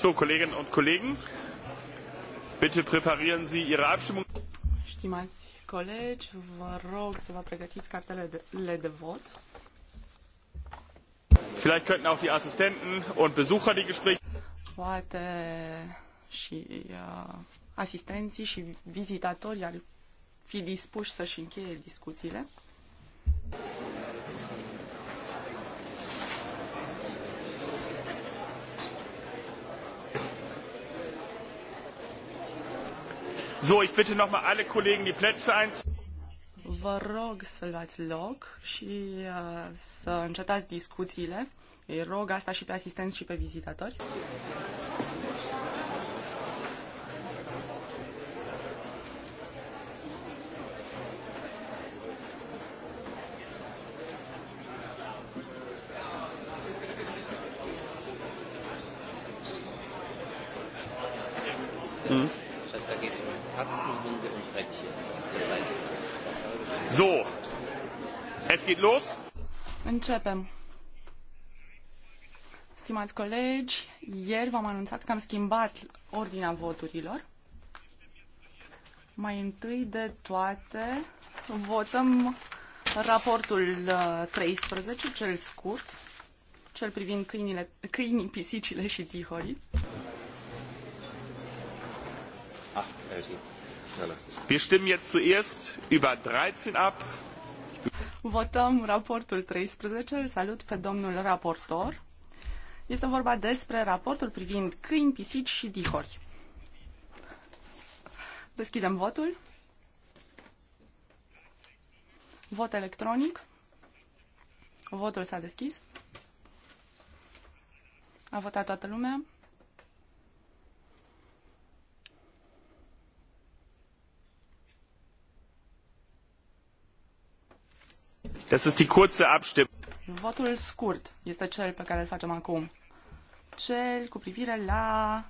So, Kolleginnen und Kollegen, bitte präparieren Sie Ihre Abstimmung. Stimați colegi, vă rog să vă pregătiți cartelele de vot. Vielleicht könnten auch die Assistenten und Besucher die Gespräche. Poate și uh, asistenții și vizitatorii ar fi dispuși să-și încheie discuțiile. Vă rog să luați loc și uh, să încetați discuțiile. Îi rog asta și pe asistenți și pe vizitatori. Începem. colegi, ieri v-am anunțat că am schimbat ordinea voturilor. Mai întâi de toate votăm raportul 13, uh, cel scurt, cel privind câinile, câinii, pisicile și tihorii. Ah, da, Wir stimmen jetzt zuerst über 13 ab. Votăm raportul 13. Îl salut pe domnul raportor. Este vorba despre raportul privind câini, pisici și dihori. Deschidem votul. Vot electronic. Votul s-a deschis. A votat toată lumea. Das ist die kurze Abstimmung. Votul scurt este cel pe care îl facem acum. Cel cu privire la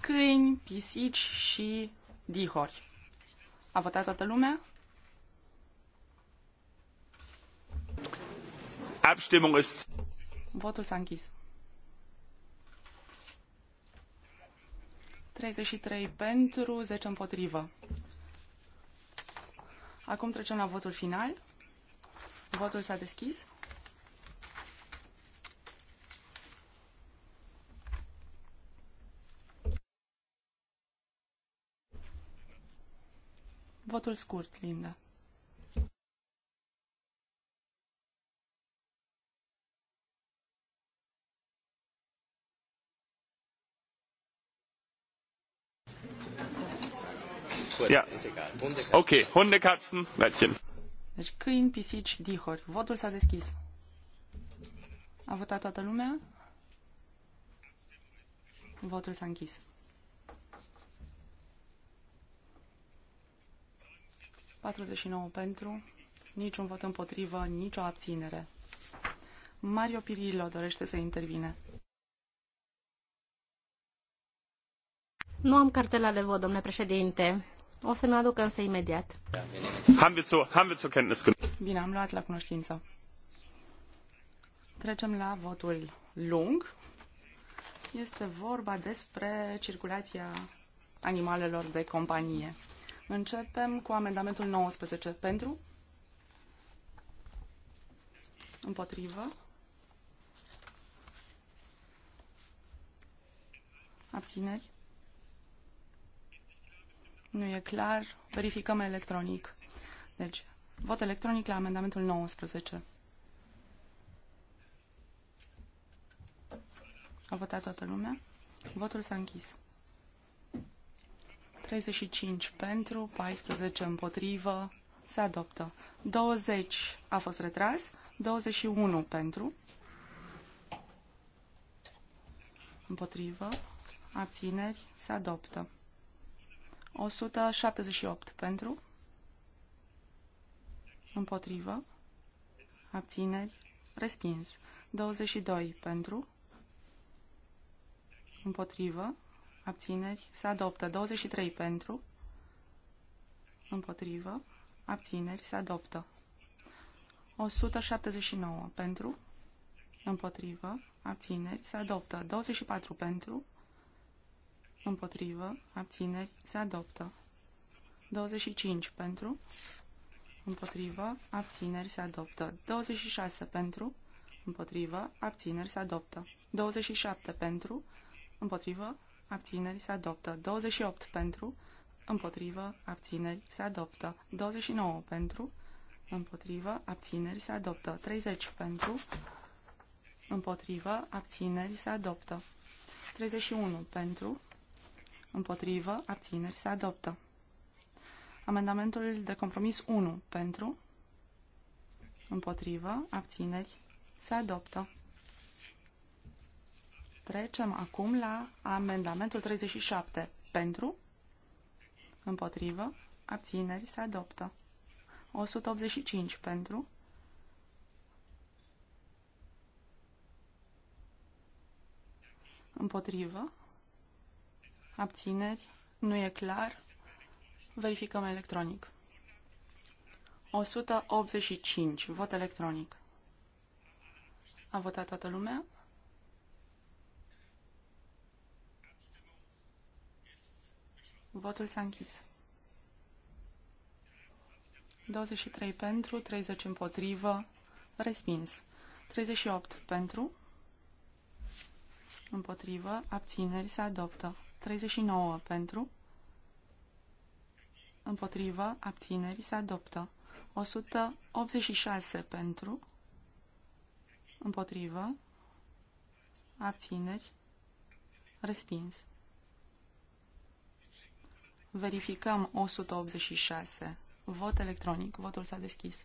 câini, pisici și dihori. A votat toată lumea? Abstimmung ist. Votul s-a închis. 33 pentru, 10 împotrivă. Acum trecem la votul final. Votul s-a deschis. Votul scurt, Linda. Ja. Okay, Hunde, Katzen, Mädchen. Deci câini, pisici, dihori. Votul s-a deschis. A votat toată lumea? Votul s-a închis. 49 pentru, niciun vot împotrivă, nicio abținere. Mario Pirillo dorește să intervine. Nu am cartela de vot, domnule președinte. O să-mi aduc însă imediat. Bine, am luat la cunoștință. Trecem la votul lung. Este vorba despre circulația animalelor de companie. Începem cu amendamentul 19. Pentru? Împotrivă? Abțineri? Nu e clar. Verificăm electronic. Deci, vot electronic la amendamentul 19. A votat toată lumea. Votul s-a închis. 35 pentru, 14 împotrivă, se adoptă. 20 a fost retras, 21 pentru, împotrivă, abțineri, se adoptă. 178 pentru, împotrivă, abțineri, respins. 22 pentru, împotrivă, abțineri, se adoptă. 23 pentru, împotrivă, abțineri, se adoptă. 179 pentru, împotrivă, abțineri, se adoptă. 24 pentru, Împotrivă. Abțineri. Se adoptă. 25 pentru. Împotrivă. Abțineri. Se adoptă. 26 pentru. Împotrivă. Abțineri. Se adoptă. 27 pentru. Împotrivă. Abțineri. Se adoptă. 28 pentru. Împotrivă. Abțineri. Se adoptă. 29 pentru. Împotrivă. Abțineri. Se adoptă. 30 pentru. Împotrivă. Abțineri. Se adoptă. 31 pentru Împotrivă. Abțineri. Se adoptă. Amendamentul de compromis 1. Pentru. Împotrivă. Abțineri. Se adoptă. Trecem acum la amendamentul 37. Pentru. Împotrivă. Abțineri. Se adoptă. 185. Pentru. Împotrivă. Abțineri? Nu e clar. Verificăm electronic. 185. Vot electronic. A votat toată lumea? Votul s-a închis. 23 pentru, 30 împotrivă, respins. 38 pentru, împotrivă, abțineri, se adoptă. 39 pentru, împotrivă, abțineri, se adoptă. 186 pentru, împotrivă, abțineri, respins. Verificăm 186. Vot electronic. Votul s-a deschis.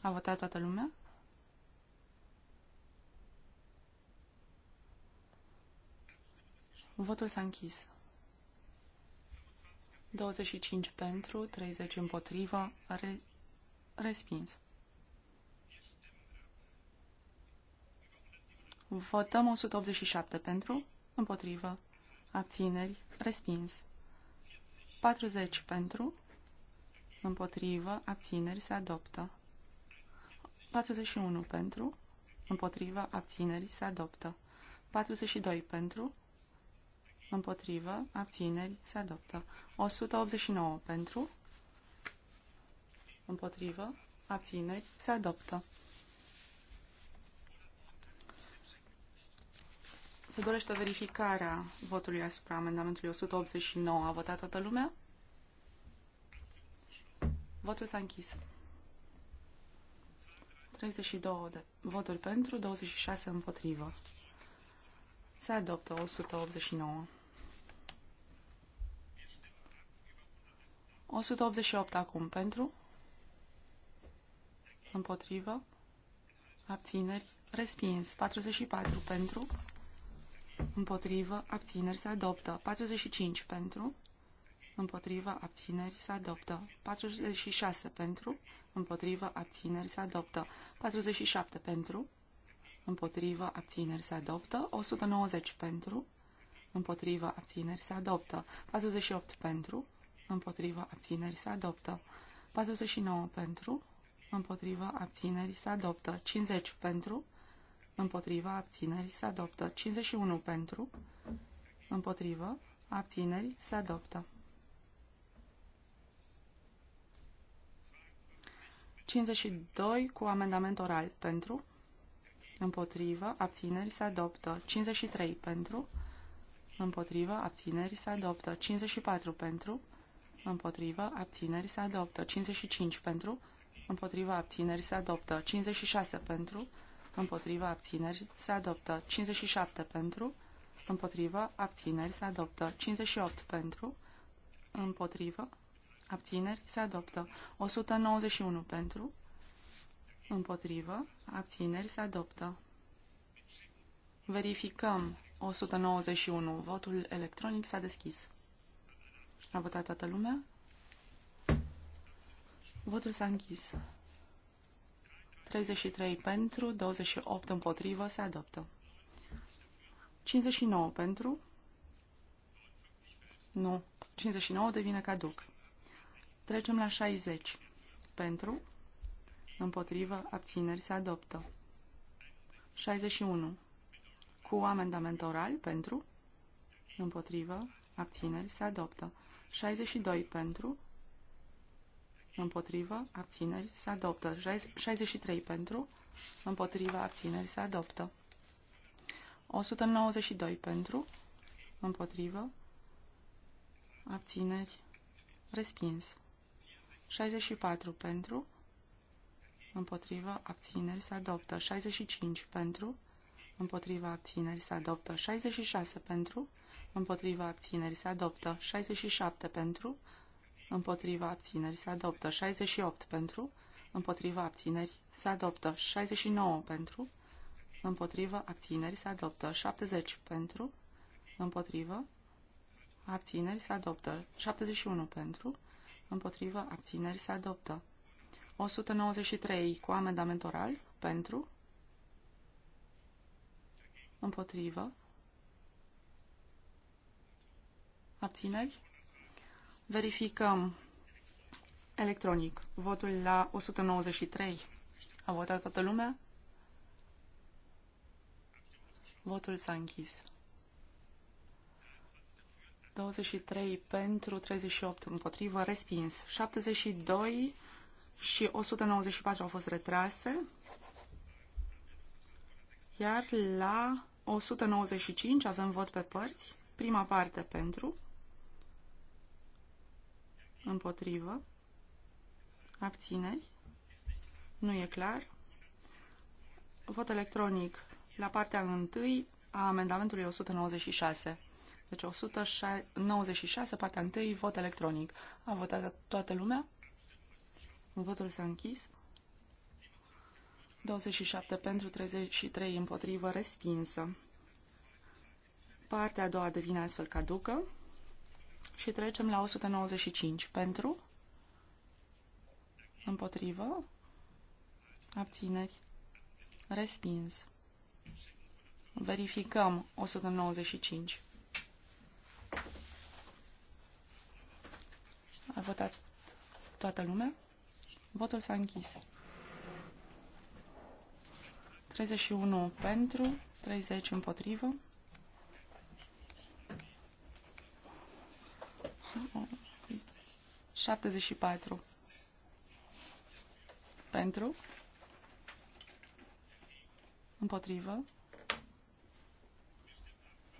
A votat toată lumea? Votul s-a închis. 25 pentru, 30 împotrivă, re respins. Votăm 187 pentru, împotrivă, abțineri, respins. 40 pentru, împotrivă, abțineri, se adoptă. 41 pentru, împotrivă, abțineri, se adoptă. 42 pentru, Împotrivă. Abțineri. Se adoptă. 189 pentru. Împotrivă. Abțineri. Se adoptă. Se dorește verificarea votului asupra amendamentului 189. A votat toată lumea? Votul s-a închis. 32 de voturi pentru, 26 împotrivă. Se adoptă 189. 188 acum pentru, împotrivă, abțineri, respins. 44 pentru, împotrivă, abțineri, se adoptă. 45 pentru, împotrivă, abțineri, se adoptă. 46 pentru, împotrivă, abțineri, se adoptă. 47 pentru, împotrivă, abțineri, se adoptă. 190 pentru, împotrivă, abțineri, se adoptă. 48 pentru, împotriva abținerii se adoptă. 49 pentru, împotriva abținerii se adoptă. 50 pentru, împotriva abținerii se adoptă. 51 pentru, împotriva abținerii se adoptă. 52 cu amendament oral pentru, Împotriva abținerii se adoptă, 53 pentru, Împotriva abținerii se adoptă, 54 pentru, împotrivă, abțineri se adoptă. 55 pentru, împotrivă, abțineri se adoptă. 56 pentru, împotrivă, abțineri se adoptă. 57 pentru, împotrivă, abțineri se adoptă. 58 pentru, împotrivă, abțineri se adoptă. 191 pentru, împotrivă, abțineri se adoptă. Verificăm 191. Votul electronic s-a deschis. A votat toată lumea? Votul s-a închis. 33 pentru, 28 împotrivă, se adoptă. 59 pentru. Nu. 59 devine caduc. Trecem la 60. Pentru. Împotrivă, abțineri, se adoptă. 61. Cu amendament oral, pentru. Împotrivă, abțineri, se adoptă. 62 pentru, împotrivă, abțineri, se adoptă. 63 pentru, împotrivă, abțineri, se adoptă. 192 pentru, împotrivă, abțineri, respins. 64 pentru, împotrivă, abțineri, se adoptă. 65 pentru, împotriva abțineri se adoptă 66 pentru, împotriva abțineri se adoptă. 67 pentru, împotriva abțineri se adoptă. 68 pentru, împotriva abțineri se adoptă. 69 pentru, împotriva abțineri se adoptă. 70 pentru, împotriva abțineri se adoptă. 71 pentru, împotriva abțineri se adoptă. 193 cu amendament oral pentru, împotrivă, Abțineri? Verificăm electronic. Votul la 193. A votat toată lumea? Votul s-a închis. 23 pentru, 38 împotrivă, respins. 72 și 194 au fost retrase. Iar la 195 avem vot pe părți. Prima parte pentru, Împotrivă. Abțineri. Nu e clar. Vot electronic la partea întâi a amendamentului 196. Deci 196, partea întâi, vot electronic. A votat toată lumea? Votul s-a închis. 27 pentru 33 împotrivă, respinsă. Partea a doua devine astfel caducă. Și trecem la 195. Pentru? Împotrivă? Abțineri? Respins. Verificăm 195. A votat toată lumea? Votul s-a închis. 31 pentru, 30 împotrivă. 74. Pentru. Împotrivă.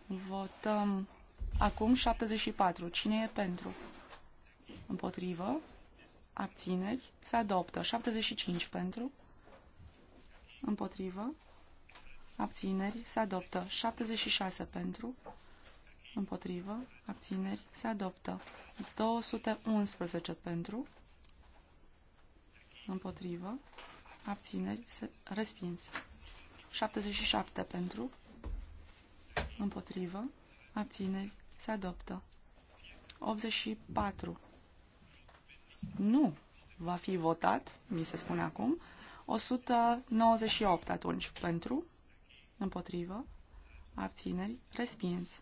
Votăm acum 74. Cine e pentru? Împotrivă. Abțineri. Se adoptă. 75 pentru. Împotrivă. Abțineri. Se adoptă. 76 pentru împotrivă, abțineri, se adoptă. 211 pentru, împotrivă, abțineri, se, respins. 77 pentru, împotrivă, abțineri, se adoptă. 84. Nu va fi votat, mi se spune acum. 198 atunci pentru, împotrivă, abțineri, respins.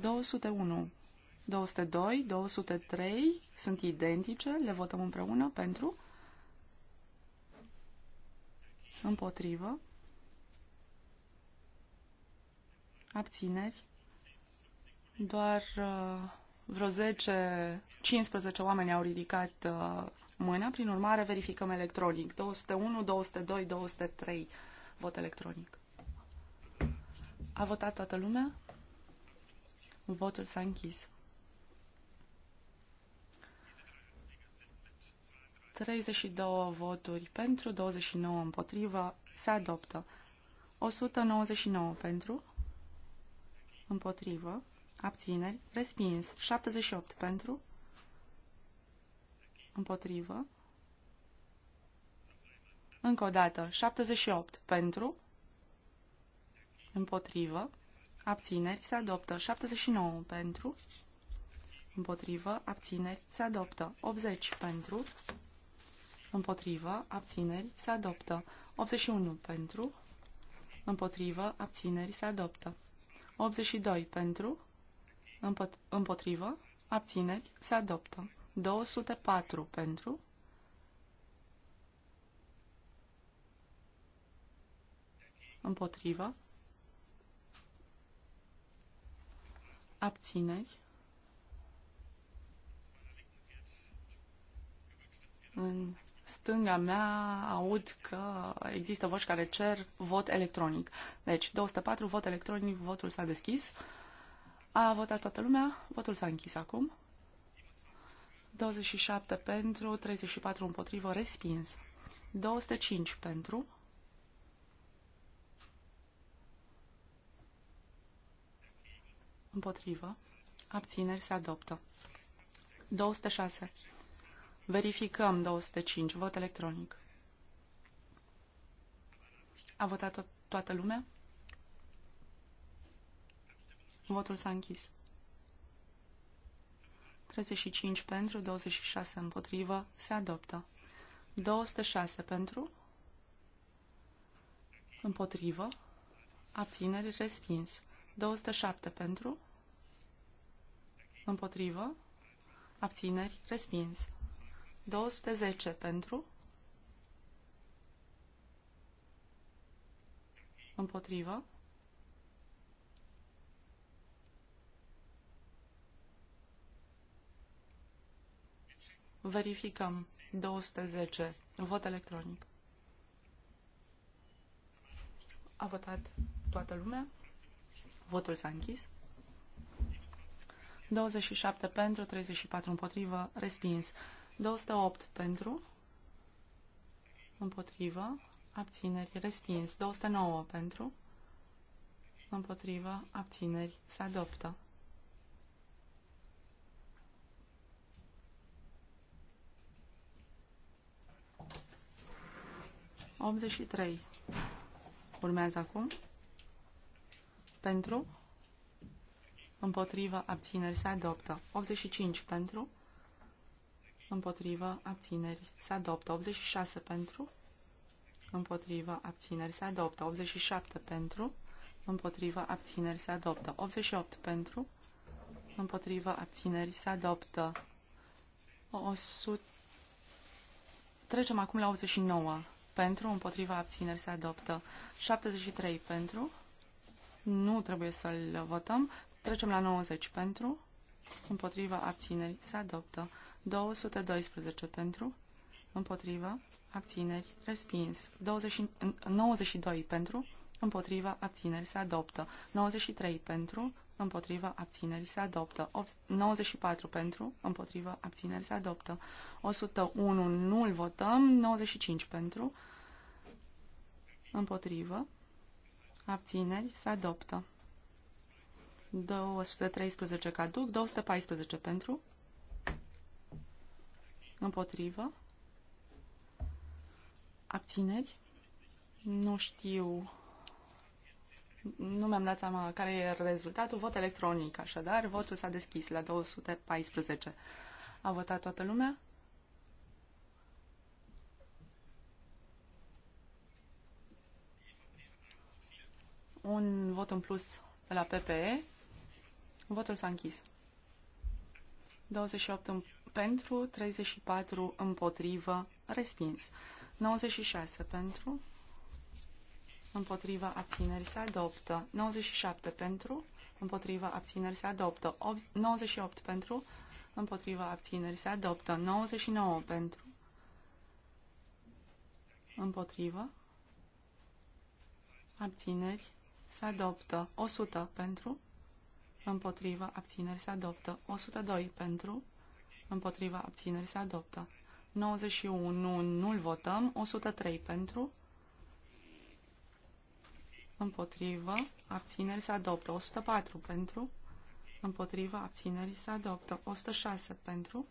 201, 202, 203 sunt identice, le votăm împreună pentru, împotrivă, abțineri, doar uh, vreo 10, 15 oameni au ridicat uh, mâna, prin urmare verificăm electronic. 201, 202, 203 vot electronic. A votat toată lumea? Votul s-a închis. 32 voturi pentru, 29 împotrivă, se adoptă. 199 pentru, împotrivă, abțineri, respins. 78 pentru, împotrivă, încă o dată, 78 pentru, împotrivă, abțineri, se adoptă. 79 pentru, împotrivă, abțineri, se adoptă. 80 pentru, împotrivă, abțineri, se adoptă. 81 pentru, împotrivă, abțineri, se adoptă. 82 pentru, împotrivă, abțineri, se adoptă. 204 pentru, împotrivă, abțineri. În stânga mea aud că există voci care cer vot electronic. Deci, 204, vot electronic, votul s-a deschis. A votat toată lumea, votul s-a închis acum. 27 pentru, 34 împotrivă, respins. 205 pentru, Împotrivă. Abțineri se adoptă. 206. Verificăm 205. Vot electronic. A votat to toată lumea? Votul s-a închis. 35 pentru, 26 împotrivă, se adoptă. 206 pentru, împotrivă, abțineri, respins. 207 pentru, Împotrivă. Abțineri. Respins. 210 pentru. Împotrivă. Verificăm. 210. Vot electronic. A votat toată lumea. Votul s-a închis. 27 pentru, 34 împotrivă, respins. 208 pentru, împotrivă, abțineri, respins. 209 pentru, împotrivă, abțineri, se adoptă. Optzeci și trei. Urmează acum. Pentru împotrivă, abțineri, se adoptă. 85 pentru, împotrivă, abțineri, se adoptă. 86 pentru, împotrivă, abțineri, se adoptă. 87 pentru, împotrivă, abțineri, se adoptă. 88 pentru, împotrivă, abțineri, se adoptă. 100... Trecem acum la 89. Pentru, împotriva, abțineri, se adoptă. 73 pentru, nu trebuie să-l votăm. Trecem la 90 pentru, împotriva abțineri se adoptă. 212 pentru, împotriva abțineri respins. 20, 92 pentru, împotriva abțineri se adoptă. 93 pentru, împotriva abțineri se adoptă. 94 pentru, împotriva abțineri se adoptă. 101 nu-l votăm, 95 pentru, împotrivă, abțineri se adoptă. 213 caduc, 214 pentru, împotrivă, abțineri, nu știu, nu mi-am dat seama care e rezultatul, vot electronic, așadar, votul s-a deschis la 214. A votat toată lumea? Un vot în plus de la PPE. Votul s-a închis. 28 pentru, 34 împotrivă, respins. 96 pentru, împotrivă, abțineri se adoptă. 97 pentru, împotrivă, abțineri se adoptă. 98 pentru, împotrivă, abțineri se adoptă. 99 pentru, împotrivă, abțineri se adoptă. 100 pentru, împotrivă, abțineri se adoptă. 102 pentru, împotrivă, abțineri se adoptă. 91 nu-l votăm, 103 pentru, împotrivă, abțineri se adoptă. 104 pentru, împotrivă, abțineri se adoptă. 106 pentru,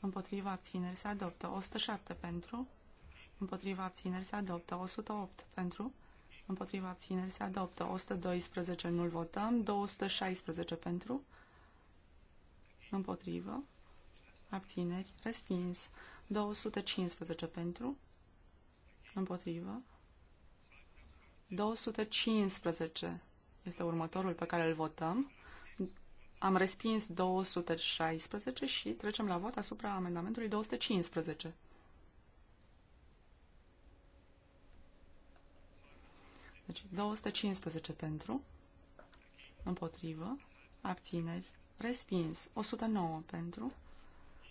împotriva abțineri se adoptă 107 pentru, împotriva abțineri se adoptă 108 pentru, împotriva abțineri se adoptă. 112 nu-l votăm, 216 pentru, împotrivă, abțineri, respins. 215 pentru, împotrivă, 215 este următorul pe care îl votăm. Am respins 216 și trecem la vot asupra amendamentului 215. Deci 215 pentru, împotrivă, abțineri, respins. 109 pentru,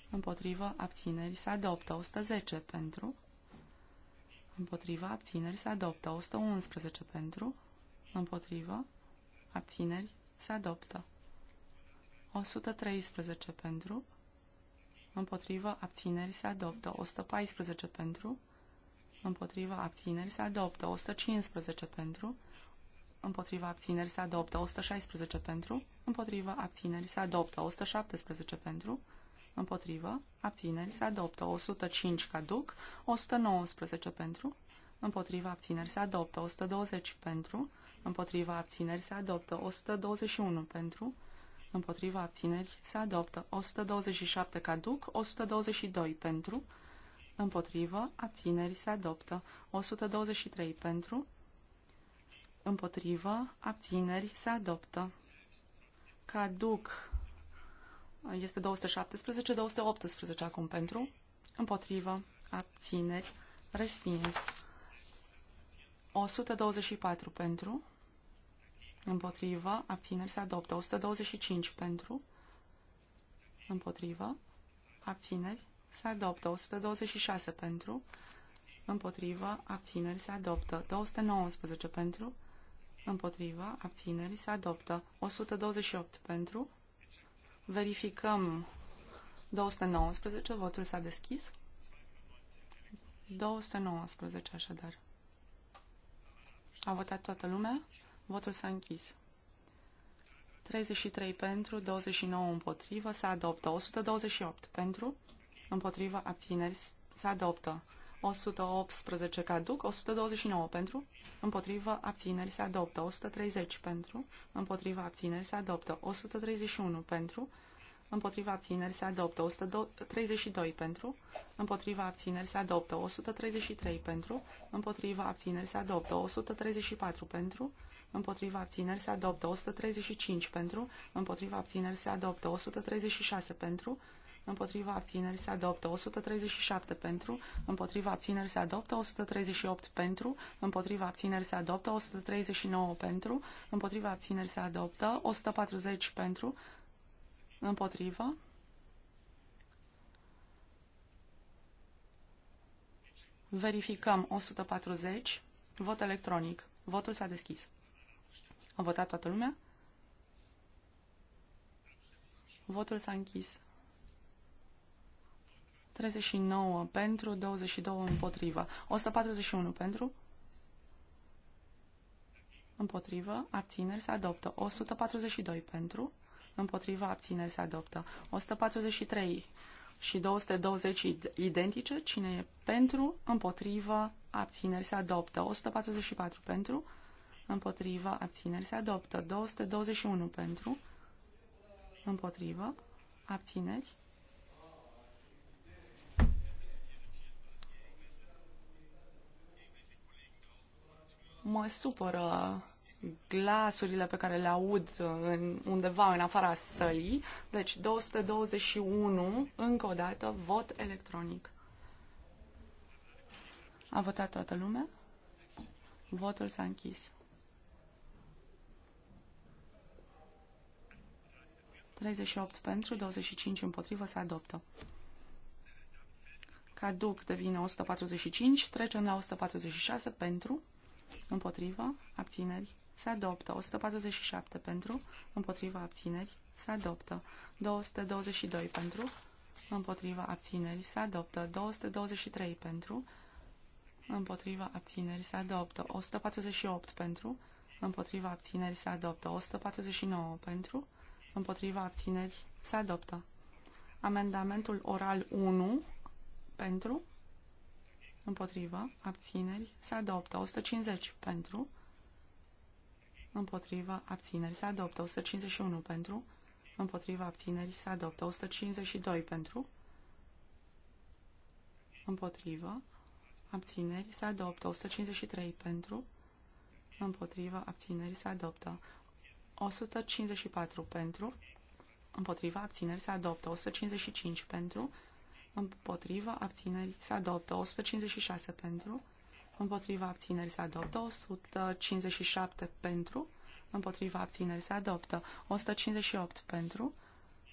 împotrivă, abțineri, se adoptă. 110 pentru, împotrivă, abțineri, se adoptă. 111 pentru, împotrivă, abțineri, se adoptă. 113 pentru, împotrivă, abțineri, se adoptă. 114 pentru, împotriva abțineri se adoptă. 115 pentru, împotriva abțineri se adoptă. 116 pentru, împotriva abțineri se adoptă. 117 pentru, împotriva abțineri se adoptă. 105 caduc, 119 pentru, împotriva abțineri se adoptă. 120 pentru, împotriva abțineri se adoptă. 121 pentru, împotriva abțineri se adoptă. 127 caduc, 122 pentru, împotrivă, abțineri se adoptă. 123 pentru, împotrivă, abțineri se adoptă. Caduc este 217, 218 acum pentru, împotrivă, abțineri, respins. 124 pentru, împotrivă, abțineri se adoptă. 125 pentru, împotrivă, abțineri, se adoptă. 126 pentru, împotrivă, abțineri, se adoptă. 219 pentru, împotrivă, abțineri, se adoptă. 128 pentru, verificăm 219, votul s-a deschis. 219 așadar. A votat toată lumea, votul s-a închis. 33 pentru, 29 împotrivă, se adoptă 128 pentru, împotriva, abțineri, se adoptă. 118 caduc, 129 pentru, împotriva, abțineri, se adoptă. 130 pentru, împotriva, abțineri, se adoptă. 131 pentru, împotriva, abțineri, se adoptă. 132 pentru, împotriva, abțineri, se adoptă. 133 pentru, împotriva, abțineri, se adoptă. 134 pentru, împotriva abțineri se adoptă 135 pentru, împotriva abțineri se adoptă 136 pentru, împotriva abținerii se adoptă 137 pentru, împotriva abținerii se adoptă 138 pentru, împotriva abținerii se adoptă 139 pentru, împotriva abținerii se adoptă 140 pentru, împotriva. Verificăm 140, vot electronic. Votul s-a deschis. A votat toată lumea? Votul s-a închis. 39 pentru, 22 împotrivă. 141 pentru, împotrivă, abțineri se adoptă. 142 pentru, împotrivă, abțineri se adoptă. 143 și 220 identice, cine e pentru, împotrivă, abțineri se adoptă. 144 pentru, împotrivă, abțineri se adoptă. 221 pentru, împotrivă, abțineri Mă supără glasurile pe care le aud în, undeva în afara sălii. Deci 221, încă o dată, vot electronic. A votat toată lumea? Votul s-a închis. 38 pentru, 25 împotrivă, se adoptă. Caduc devine 145, trecem la 146 pentru, Împotrivă. Abțineri. Se adoptă. 147 pentru. Împotrivă. Abțineri. Se adoptă. 222 pentru. Împotriva Abțineri? se adoptă 223 pentru. Împotriva Abțineri? se adoptă 148 pentru. Împotriva Abțineri? se adoptă 149 pentru. Împotriva Abțineri? se adoptă. Amendamentul oral 1 pentru. Împotrivă. Abțineri. Se adoptă. 150 pentru. Împotrivă. Abțineri. Se adoptă. 151 pentru. Împotrivă. Abțineri. Se adoptă. 152 pentru. Împotrivă. Abțineri. Se adoptă. 153 pentru. Împotrivă. Abțineri. Se adoptă. 154 pentru. Împotrivă. abțineri se adoptă 155 pentru, împotriva abținerii se adoptă. 156 pentru, împotriva abținerii se adoptă. 157 pentru, împotriva abținerii se adoptă. 158 pentru,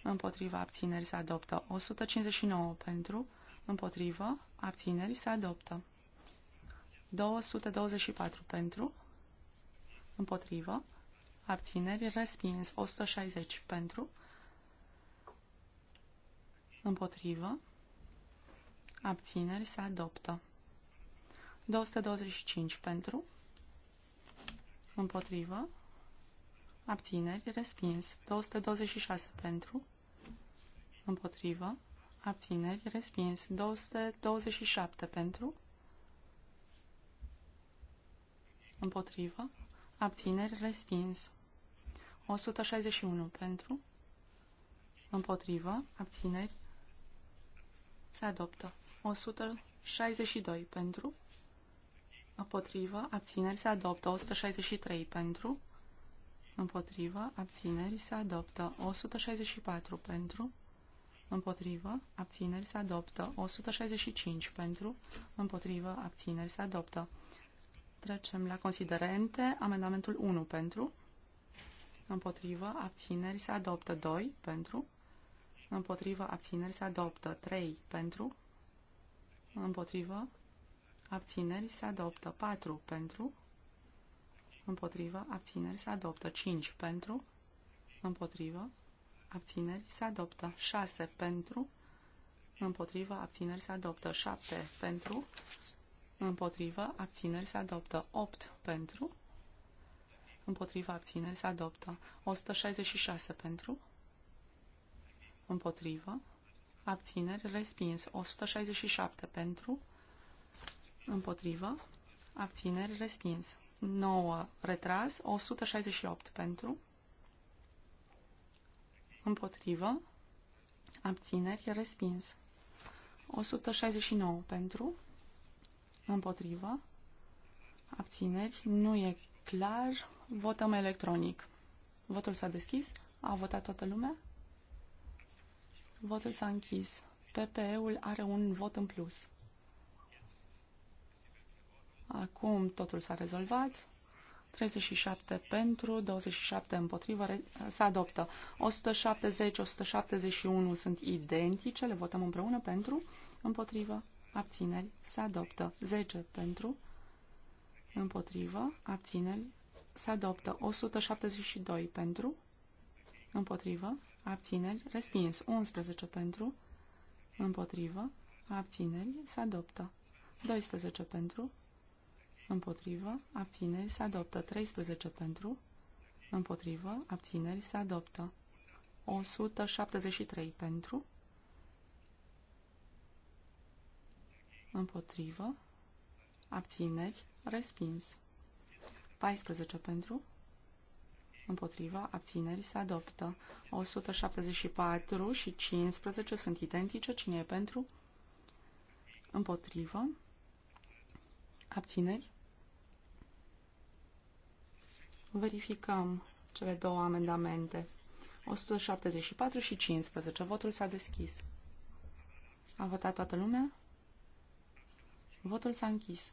împotriva abținerii se adoptă. 159 pentru, împotriva abținerii se adoptă. 224 pentru, împotriva abțineri, respins, 160 pentru, împotrivă, abțineri se adoptă. 225 pentru, împotrivă, abțineri, respins. 226 pentru, împotrivă, abțineri, respins. 227 pentru, împotrivă, abțineri, respins. 161 pentru, împotrivă, abțineri, se adoptă. 162 pentru, împotrivă, abțineri se adoptă. 163 pentru, împotrivă, abțineri se adoptă. 164 pentru, Împotrivă, abțineri se adoptă. 165 pentru, împotrivă, abțineri se adoptă. Trecem la considerente. Amendamentul 1 pentru, împotrivă, abțineri se adoptă. 2 pentru, împotrivă, abțineri se adoptă. 3 pentru, Împotrivă. Abțineri se adoptă. 4 pentru. Împotrivă. Abțineri se adoptă. 5 pentru. Împotrivă. Abțineri se adoptă. 6 pentru. Împotrivă. Abțineri se adoptă. 7 pentru. Împotrivă. Abțineri se adoptă. 8 pentru. Împotrivă. abțineri se adoptă. 166 pentru. Împotrivă abțineri, respins. 167 pentru, împotrivă, abțineri, respins. 9 retras, 168 pentru, împotrivă, abțineri, respins. 169 pentru, împotrivă, abțineri, nu e clar, votăm electronic. Votul s-a deschis, a votat toată lumea. Votul s-a închis. PPE-ul are un vot în plus. Acum totul s-a rezolvat. 37 pentru, 27 împotrivă, se adoptă. 170, 171 sunt identice, le votăm împreună pentru, împotrivă, abțineri, se adoptă. 10 pentru, împotrivă, abțineri, se adoptă. 172 pentru, împotrivă, abțineri, respins. 11 pentru, împotrivă, abțineri, se adoptă. 12 pentru, împotrivă, abțineri, se adoptă. 13 pentru, împotrivă, abțineri, se adoptă. 173 pentru, împotrivă, abțineri, respins. 14 pentru, împotriva, abținerii se adoptă. 174 și 15 sunt identice, cine e pentru, împotrivă, abțineri. Verificăm cele două amendamente. 174 și 15. Votul s-a deschis. A votat toată lumea? Votul s-a închis.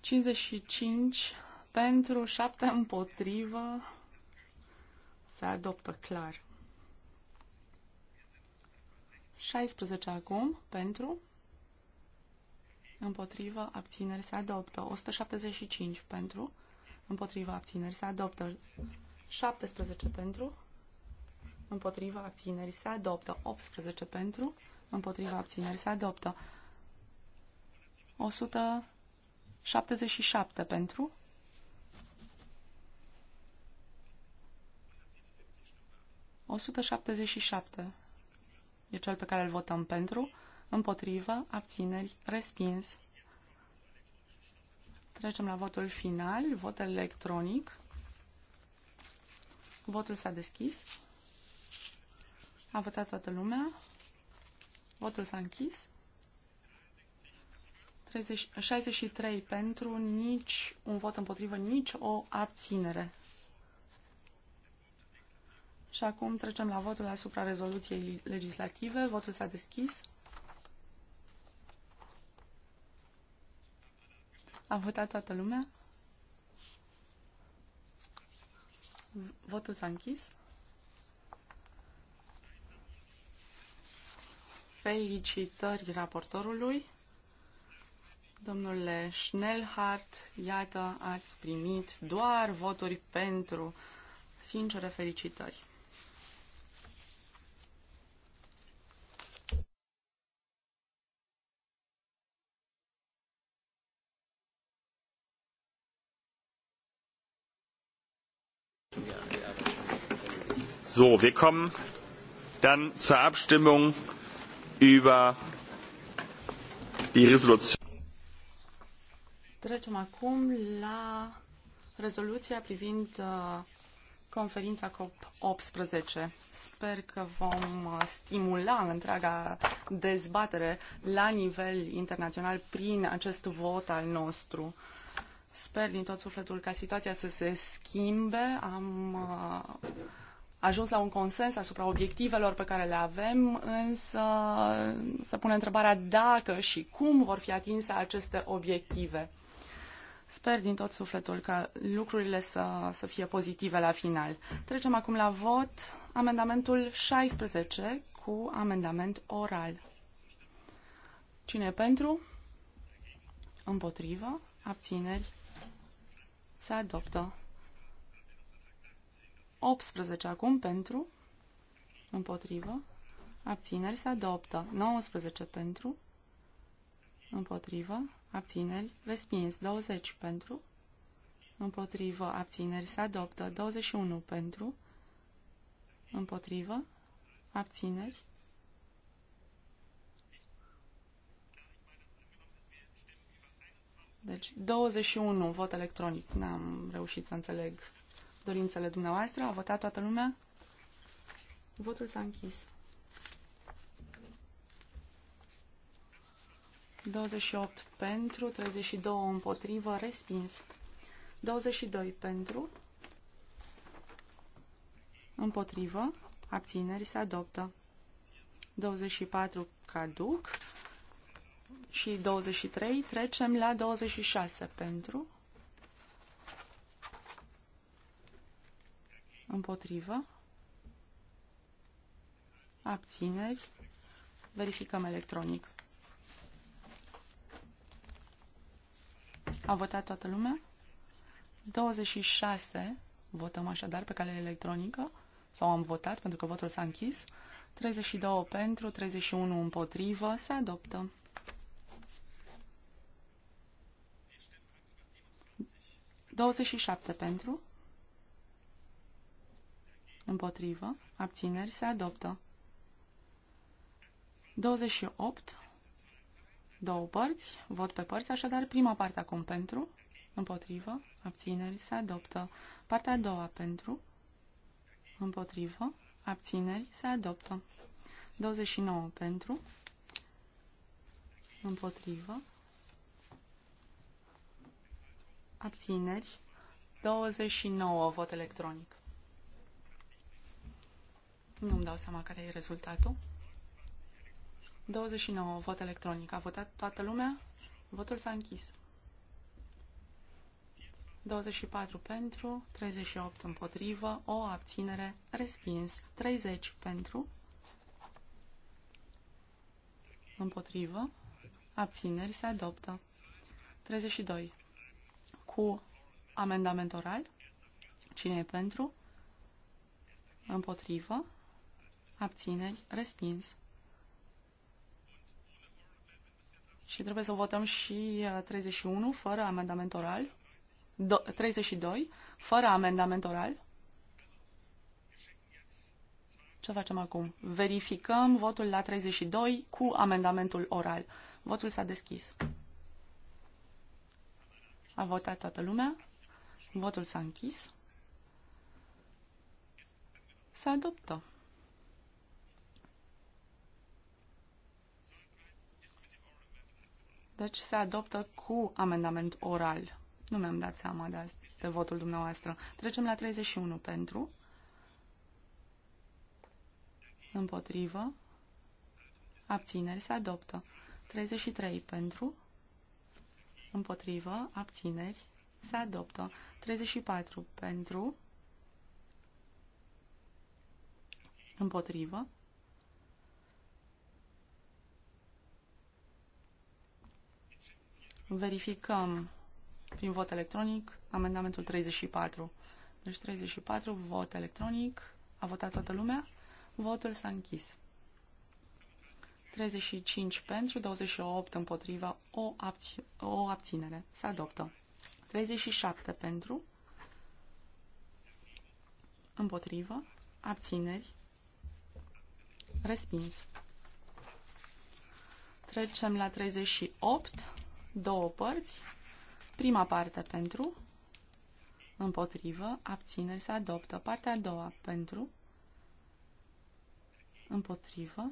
55 pentru, șapte împotrivă. Se adoptă clar. 16 acum, pentru, împotrivă, abțineri se adoptă. 175 pentru, împotrivă, abțineri se adoptă. 17 pentru, împotriva abțineri, se adoptă. 18 pentru, împotriva abțineri, se adoptă. 177 pentru, 177 e cel pe care îl votăm pentru, împotrivă, abțineri, respins. Trecem la votul final, vot electronic. Votul s-a deschis. A votat toată lumea. Votul s-a închis. 30, 63 pentru, nici un vot împotrivă, nici o abținere. Și acum trecem la votul asupra rezoluției legislative. Votul s-a deschis. A votat toată lumea? Votul s-a închis. Felicitări raportorului. Domnule Schnellhardt, iată, ați primit doar voturi pentru. Sincere felicitări. wir kommen dann zur Abstimmung über die Resolution. Trecem acum la rezoluția privind uh, conferința COP18. Sper că vom uh, stimula întreaga dezbatere la nivel internațional prin acest vot al nostru. Sper din tot sufletul ca situația să se schimbe. Am uh, ajuns la un consens asupra obiectivelor pe care le avem, însă se pune întrebarea dacă și cum vor fi atinse aceste obiective. Sper din tot sufletul că lucrurile să, să fie pozitive la final. Trecem acum la vot. Amendamentul 16 cu amendament oral. Cine e pentru? Împotrivă? Abțineri? Se adoptă. 18 acum pentru, împotrivă, abțineri se adoptă. 19 pentru, împotrivă, abțineri, respins. 20 pentru, împotrivă, abțineri se adoptă. 21 pentru, împotrivă, abțineri. Deci 21 vot electronic, n-am reușit să înțeleg dorințele dumneavoastră. A votat toată lumea? Votul s-a închis. 28 pentru, 32 împotrivă, respins. 22 pentru, împotrivă, abțineri se adoptă. 24 caduc și 23 trecem la 26 pentru, Împotrivă. Abțineri. Verificăm electronic. A votat toată lumea? 26 votăm așadar pe cale electronică sau am votat pentru că votul s-a închis. 32 pentru, 31 împotrivă, se adoptă. Douăzeci și șapte pentru, Împotrivă. Abțineri se adoptă. 28. Două părți. Vot pe părți. Așadar, prima parte acum pentru. Împotrivă. Abțineri se adoptă. Partea a doua pentru. Împotrivă. Abțineri se adoptă. 29 pentru. Împotrivă. Abțineri. 29 vot electronic. Nu-mi dau seama care e rezultatul. 29, vot electronic. A votat toată lumea? Votul s-a închis. 24 pentru, 38 împotrivă, o abținere, respins, 30 pentru, împotrivă, abțineri, se adoptă. 32. Cu amendament oral, cine e pentru, împotrivă, abțineri, respins. Și trebuie să votăm și 31 uh, fără amendament oral. Do 32 fără amendament oral. Ce facem acum? Verificăm votul la 32 cu amendamentul oral. Votul s-a deschis. A votat toată lumea. Votul s-a închis. a adoptat. Deci se adoptă cu amendament oral. Nu mi-am dat seama de, asta, de votul dumneavoastră. Trecem la 31 pentru. Împotrivă. Abțineri se adoptă. 33 pentru. Împotrivă. Abțineri se adoptă. 34 pentru. Împotrivă. Verificăm prin vot electronic amendamentul 34. Deci 34, vot electronic. A votat toată lumea. Votul s-a închis. 35 pentru, 28 împotriva, o, abț- o abținere. Se adoptă. 37 pentru, împotrivă, abțineri, respins. Trecem la 38 două părți. Prima parte pentru, împotrivă, abțineri se adoptă. Partea a doua pentru, împotrivă,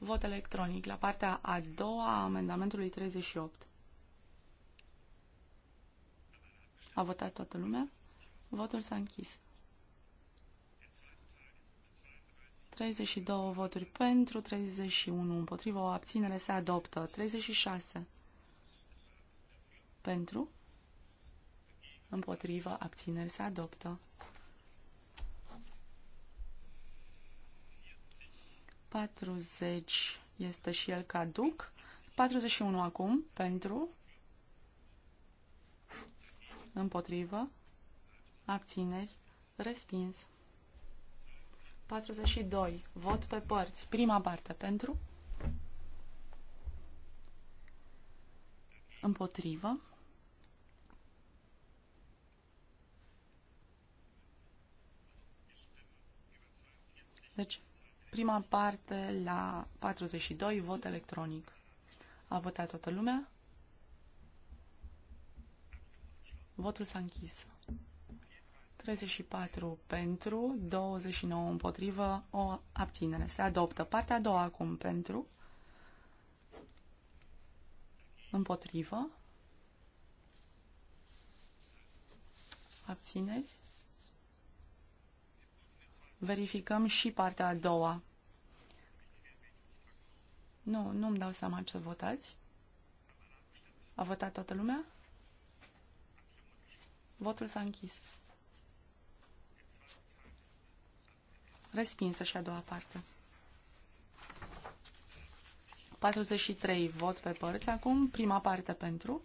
Vot electronic la partea a doua a amendamentului 38. A votat toată lumea? Votul s-a închis. 32 voturi pentru, 31 împotrivă, o abținere se adoptă. 36 pentru, împotrivă, abținere se adoptă. 40 este și el caduc. 41 acum pentru, împotrivă, abțineri, respins. 42. Vot pe părți. Prima parte pentru. Împotrivă. Deci, prima parte la 42, vot electronic. A votat toată lumea? Votul s-a închis. 34 pentru, 29 împotrivă, o abținere. Se adoptă. Partea a doua acum pentru, împotrivă, abțineri. Verificăm și partea a doua. Nu, nu-mi dau seama ce votați. A votat toată lumea? Votul s-a închis. Respinsă și a doua parte. 43 vot pe părți. Acum prima parte pentru.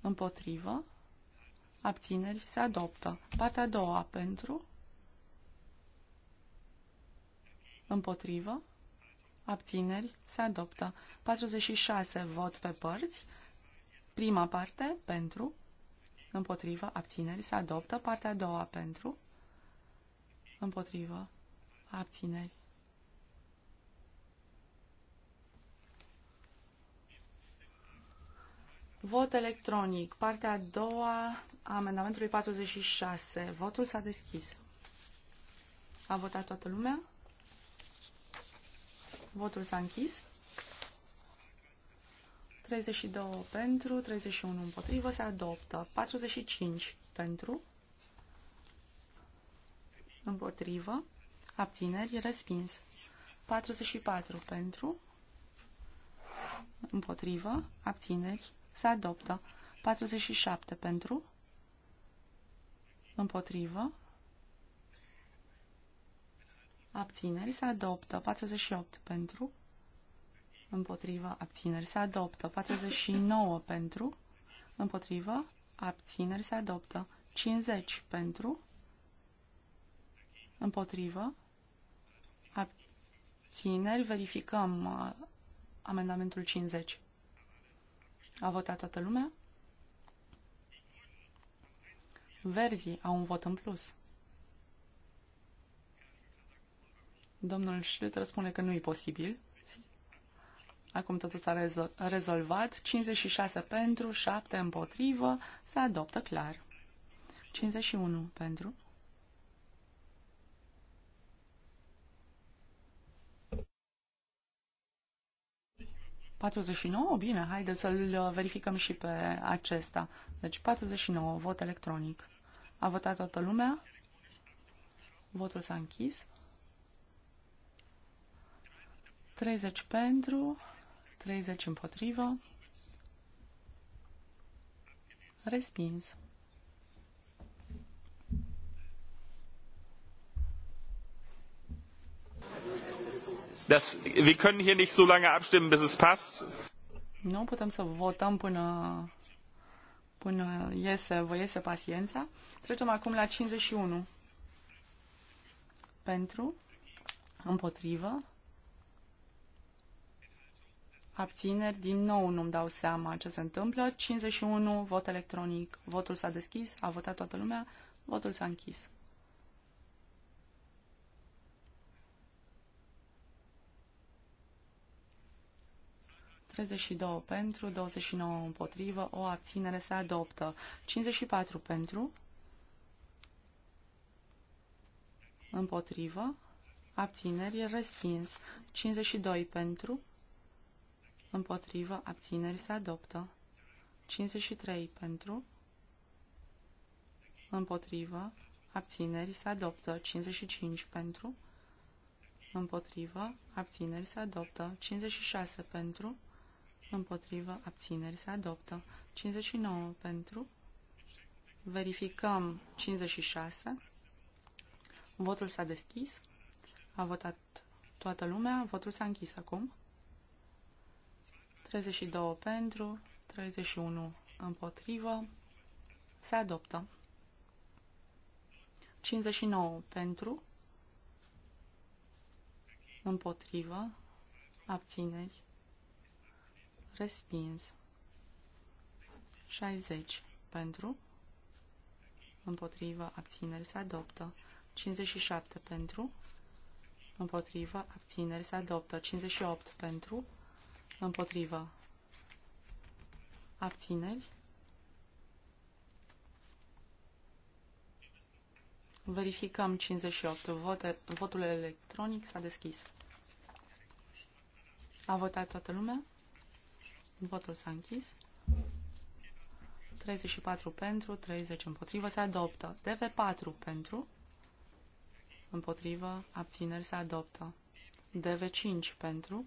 Împotrivă. Abțineri se adoptă. Partea a doua pentru. Împotrivă. Abțineri se adoptă. 46 vot pe părți. Prima parte pentru. Împotrivă. Abțineri se adoptă. Partea a doua pentru. Împotrivă. Abțineri. Vot electronic. Partea a doua a amendamentului 46. Votul s-a deschis. A votat toată lumea? Votul s-a închis. 32 pentru, 31 împotrivă, se adoptă. 45 pentru, împotrivă, abțineri, respins. 44 pentru, împotrivă, abțineri, se adoptă. 47 pentru, împotrivă, abțineri, se adoptă. 48 pentru, împotrivă, abțineri, se adoptă. 49 pentru, împotrivă, abțineri, se adoptă. 50 pentru, Împotrivă. Abțineri. Verificăm uh, amendamentul 50. A votat toată lumea? Verzii au un vot în plus. Domnul Schlüter spune că nu e posibil. Acum totul s-a rezolvat. 56 pentru, 7 împotrivă. Se adoptă clar. 51 pentru. 49? Bine, haideți să-l uh, verificăm și pe acesta. Deci 49, vot electronic. A votat toată lumea? Votul s-a închis. 30 pentru, 30 împotrivă. Respins. Das, wir können hier nicht so lange abstimmen, bis es passt. Nu putem să votăm până, până iese, vă iese paciența. Trecem acum la 51. Pentru, împotrivă, abțineri, din nou nu-mi dau seama ce se întâmplă. 51, vot electronic, votul s-a deschis, a votat toată lumea, votul s-a închis. 32 pentru, 29 împotrivă, o abținere se adoptă. 54 pentru, împotrivă, abțineri, respins. 52 pentru, împotrivă, abțineri, se adoptă. 53 pentru, împotrivă, abțineri, se adoptă. 55 pentru, împotrivă, abțineri, se adoptă. 56 pentru, împotrivă, abțineri, se adoptă. 59 pentru, verificăm 56, votul s-a deschis, a votat toată lumea, votul s-a închis acum. 32 pentru, 31 împotrivă, se adoptă. 59 pentru, împotrivă, abțineri, Respins. 60 pentru. Împotrivă. Abțineri se adoptă. 57 pentru. Împotrivă. Abțineri se adoptă. 58 pentru. Împotrivă. Abțineri. Verificăm 58. Vote, votul electronic s-a deschis. A votat toată lumea? Votul s-a închis. 34 pentru, 30 împotrivă, se adoptă. DV4 pentru, împotrivă, abțineri, se adoptă. DV5 pentru,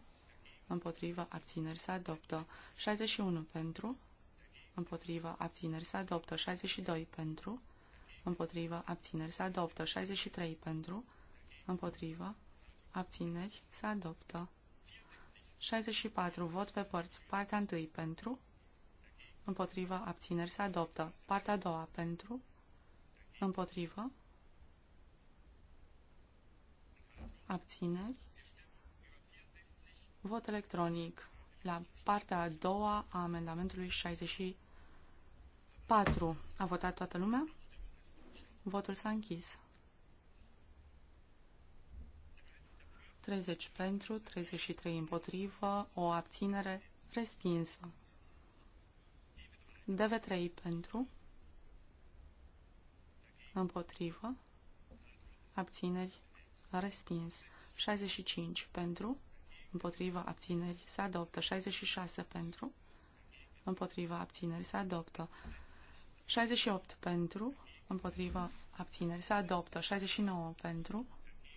împotrivă, abțineri, se adoptă. 61 pentru, împotrivă, abțineri, se adoptă. 62 pentru, împotrivă, abțineri, se adoptă. 63 pentru, împotrivă, abțineri, se adoptă. 64. Vot pe părți. Partea 1. Pentru. Împotrivă. Abțineri. Se adoptă. Partea a doua. Pentru. Împotrivă. Abțineri. Vot electronic la partea a doua a amendamentului 64. A votat toată lumea? Votul s-a închis. 30 pentru, 33 împotrivă, o abținere respinsă. DV3 pentru, împotrivă, abțineri, respins. 65 pentru, împotrivă, abțineri, se adoptă. 66 pentru, împotrivă, abțineri, se adoptă. 68 pentru, împotrivă, abțineri, se adoptă. 69 pentru,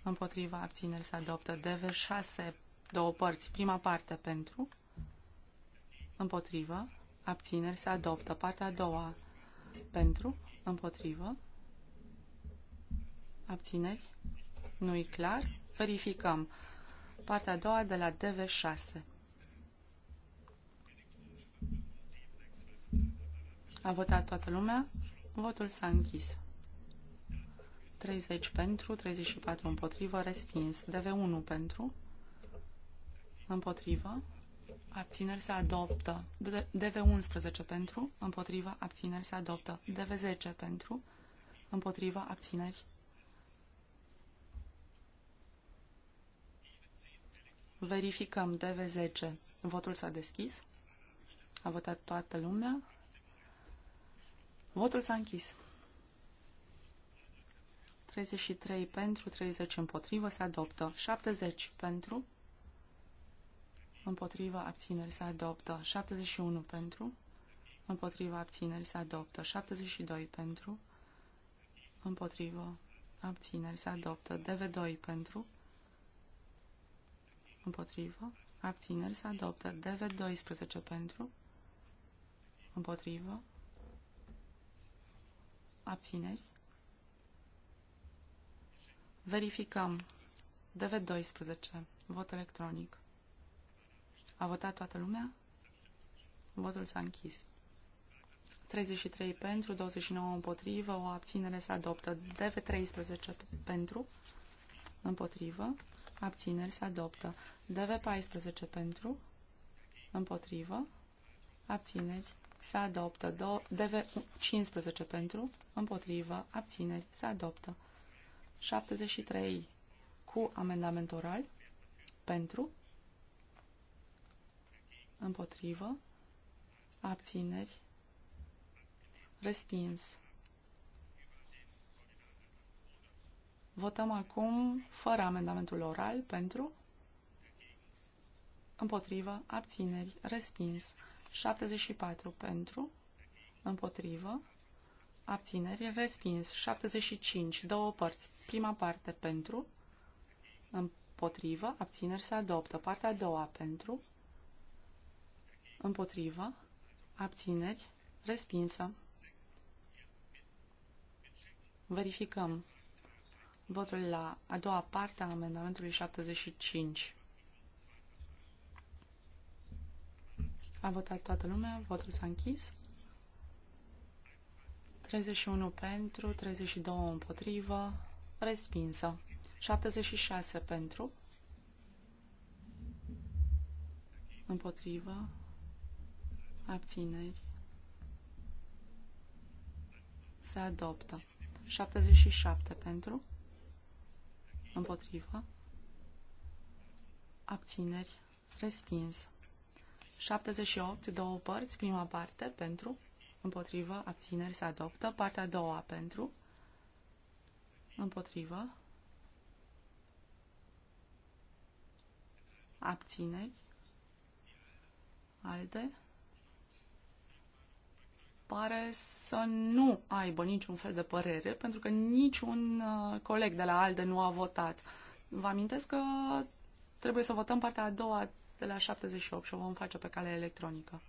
împotriva abțineri se adoptă. DV6, două părți, prima parte pentru, împotrivă, abțineri se adoptă. Partea a doua pentru, împotrivă, abțineri, nu-i clar, verificăm. Partea a doua de la DV6. A votat toată lumea? Votul s-a închis. 30 pentru, 34 împotrivă, respins. DV1 pentru, împotrivă, abțineri se adoptă. DV11 pentru, împotrivă, abțineri se adoptă. DV10 pentru, împotrivă, abțineri. Verificăm DV10. Votul s-a deschis. A votat toată lumea. Votul s-a închis. 33 pentru, 30 împotrivă, se adoptă. 70 pentru, împotrivă, abțineri, se adoptă. 71 pentru, împotrivă, abțineri, se adoptă. 72 pentru, împotrivă, abțineri, se adoptă. DV2 pentru, împotrivă, abțineri, se adoptă. DV12 pentru, împotrivă, abțineri, Verificăm. DV12. Vot electronic. A votat toată lumea? Votul s-a închis. 33 pentru, 29 împotrivă, o abținere se adoptă. DV13 pentru, împotrivă, abțineri se adoptă. DV14 pentru, împotrivă, abțineri se adoptă. DV15 pentru, împotrivă, abțineri se adoptă. 73 cu amendament oral pentru, împotrivă, abțineri, respins. Votăm acum fără amendamentul oral pentru, împotrivă, abțineri, respins. 74 pentru, împotrivă, abțineri, respins. 75, două părți. Prima parte pentru, împotrivă, abțineri se adoptă. Partea a doua pentru, împotrivă, abțineri, respinsă. Verificăm votul la a doua parte a amendamentului 75. A votat toată lumea, votul s-a închis. 31 pentru, 32 împotrivă, respinsă. 76 pentru, împotrivă, abțineri, se adoptă. 77 pentru, împotrivă, abțineri, respins. 78, două părți, prima parte, pentru, împotrivă, abțineri se adoptă. Partea a doua pentru, împotrivă, abțineri, alte, pare să nu aibă niciun fel de părere, pentru că niciun uh, coleg de la ALDE nu a votat. Vă amintesc că trebuie să votăm partea a doua de la 78 și o vom face pe cale electronică.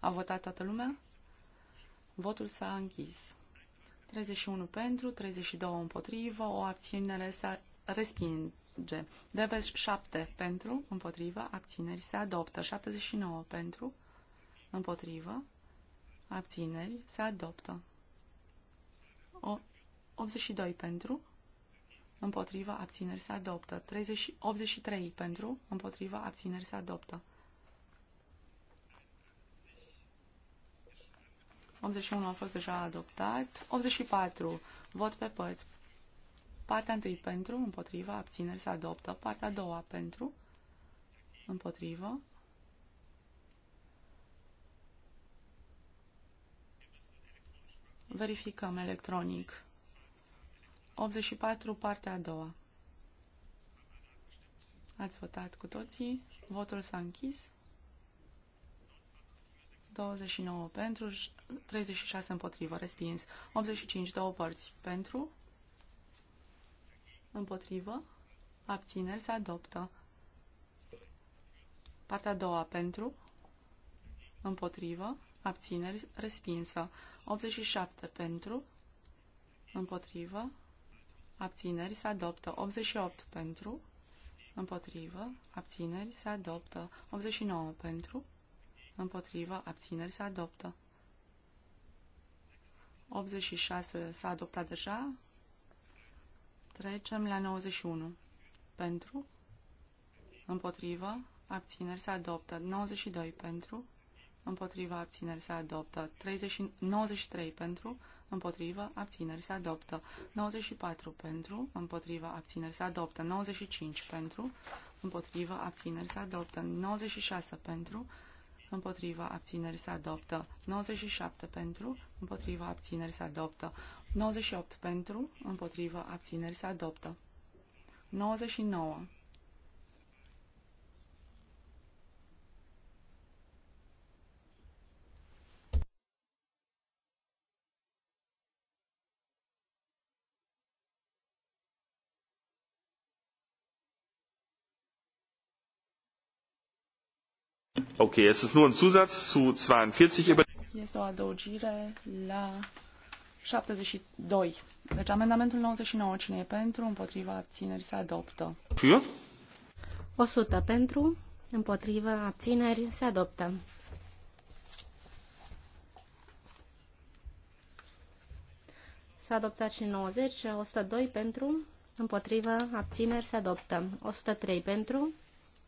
A votat toată lumea? Votul s-a închis. 31 pentru, 32 împotrivă, o abținere se respinge. Deves 7 pentru, împotrivă, abțineri se adoptă. 79 pentru, împotrivă, abțineri se adoptă. O, 82 pentru, împotrivă, abțineri se adoptă. 30, 83 pentru, împotrivă, abțineri se adoptă. 81 a fost deja adoptat. 84. Vot pe părți. Partea întâi pentru, împotriva, abțineri se adoptă. Partea a doua pentru, împotrivă. Verificăm electronic. 84, partea a doua. Ați votat cu toții. Votul s-a închis. 29 pentru, 36 împotrivă, respins. 85, două părți. Pentru, împotrivă, abțineri, se adoptă. Partea a doua, pentru, împotrivă, abțineri, respinsă. 87, pentru, împotrivă, abțineri, se adoptă. 88, pentru, împotrivă, abțineri, se adoptă. 89, pentru, împotrivă, abțineri, se adoptă. 86 s-a adoptat deja. Trecem la 91. Pentru. Împotrivă. Abțineri se adoptă. 92 pentru. Împotriva abțineri se adoptă. 30, 93 pentru. Împotrivă abțineri se adoptă. 94 pentru. Împotriva abțineri se adoptă. 95 pentru. Împotrivă abțineri se adoptă. 96 pentru împotriva abțineri se adoptă. 97 pentru, împotriva abțineri se adoptă. 98 pentru, împotriva abțineri se adoptă. 99 Okay, es ist nur ein Zusatz zu 42 über... Este o adăugire la 72. Deci amendamentul 99, cine e pentru, împotriva, abțineri, se adoptă. Für? 100 pentru, împotriva, abțineri, se adoptă. S-a adoptat și 90, 102 pentru, împotriva, abțineri, se adoptă. 103 pentru,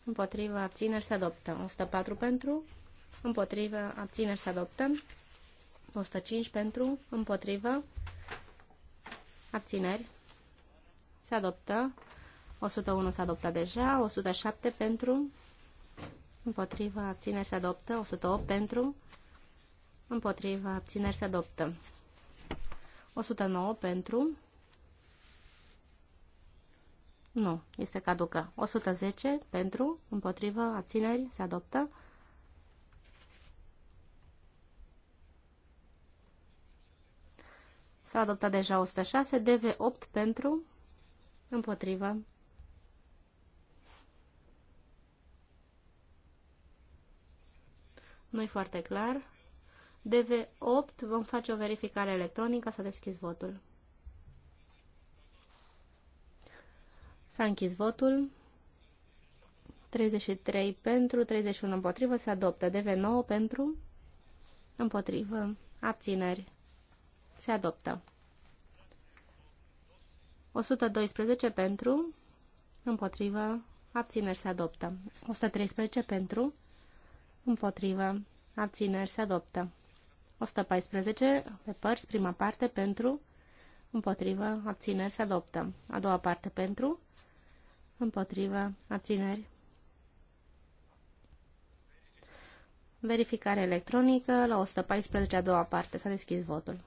împotriva abțineri se adoptă. 104 pentru, împotriva abțineri se adoptă. 105 pentru, împotriva abțineri se adoptă. 101 s-a adoptat deja, 107 pentru, împotriva abțineri se adoptă, 108 pentru, împotriva abțineri se adoptă. 109 pentru, nu, este caducă. 110 pentru, împotrivă, abțineri, se adoptă. S-a adoptat deja 106, DV8 pentru, împotrivă. nu foarte clar. DV8, vom face o verificare electronică, s-a deschis votul. S-a închis votul. 33 pentru, 31 împotrivă, se adoptă. DV9 pentru, împotrivă, abțineri, se adoptă. 112 pentru, împotrivă, abțineri, se adoptă. 113 pentru, împotrivă, abțineri, se adoptă. 114 pe părți, prima parte pentru, împotrivă, abțineri, se adoptă. A doua parte pentru, împotriva, abțineri. Verificare electronică la 114 a doua parte. S-a deschis votul.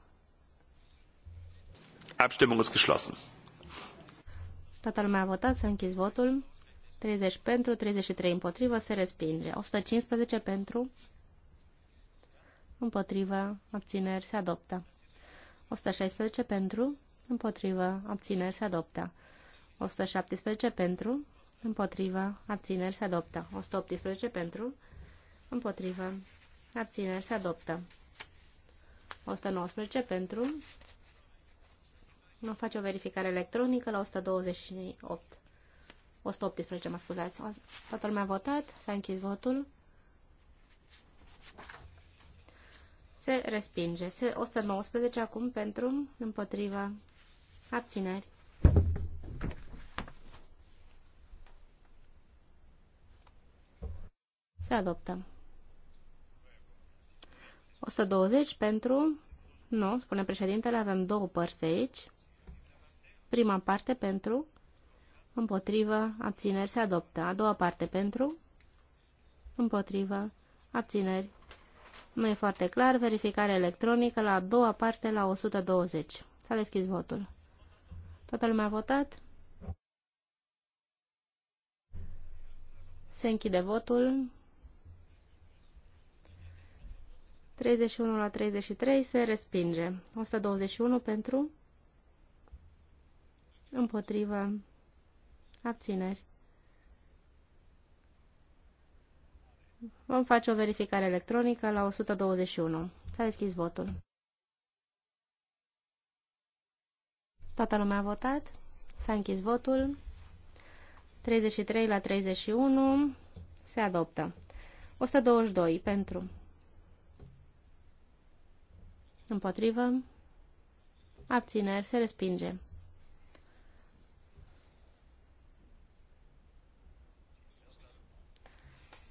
Abstimmung ist geschlossen. Toată lumea a votat, s-a închis votul. 30 pentru, 33 împotrivă, se respinge. 115 pentru, împotrivă, abțineri, se adoptă. 116 pentru, împotrivă, abțineri, se adoptă. 117 pentru, împotriva, abțineri se adoptă. 118 pentru, împotriva, abțineri se adoptă. 119 pentru, nu face o verificare electronică la 128. 118, mă scuzați. Toată lumea a votat, s-a închis votul. Se respinge. Se 119 acum pentru, împotriva, abțineri. Se adoptă. 120 pentru... Nu, spune președintele, avem două părți aici. Prima parte pentru... Împotrivă, abțineri, se adoptă. A doua parte pentru... Împotrivă, abțineri. Nu e foarte clar. Verificare electronică la a doua parte la 120. S-a deschis votul. Toată lumea a votat? Se închide votul. 31 la 33 se respinge. 121 pentru, împotrivă, abțineri. Vom face o verificare electronică la 121. S-a deschis votul. Toată lumea a votat. S-a închis votul. 33 la 31 se adoptă. 122 pentru Împotrivă. Abțineri. Se respinge.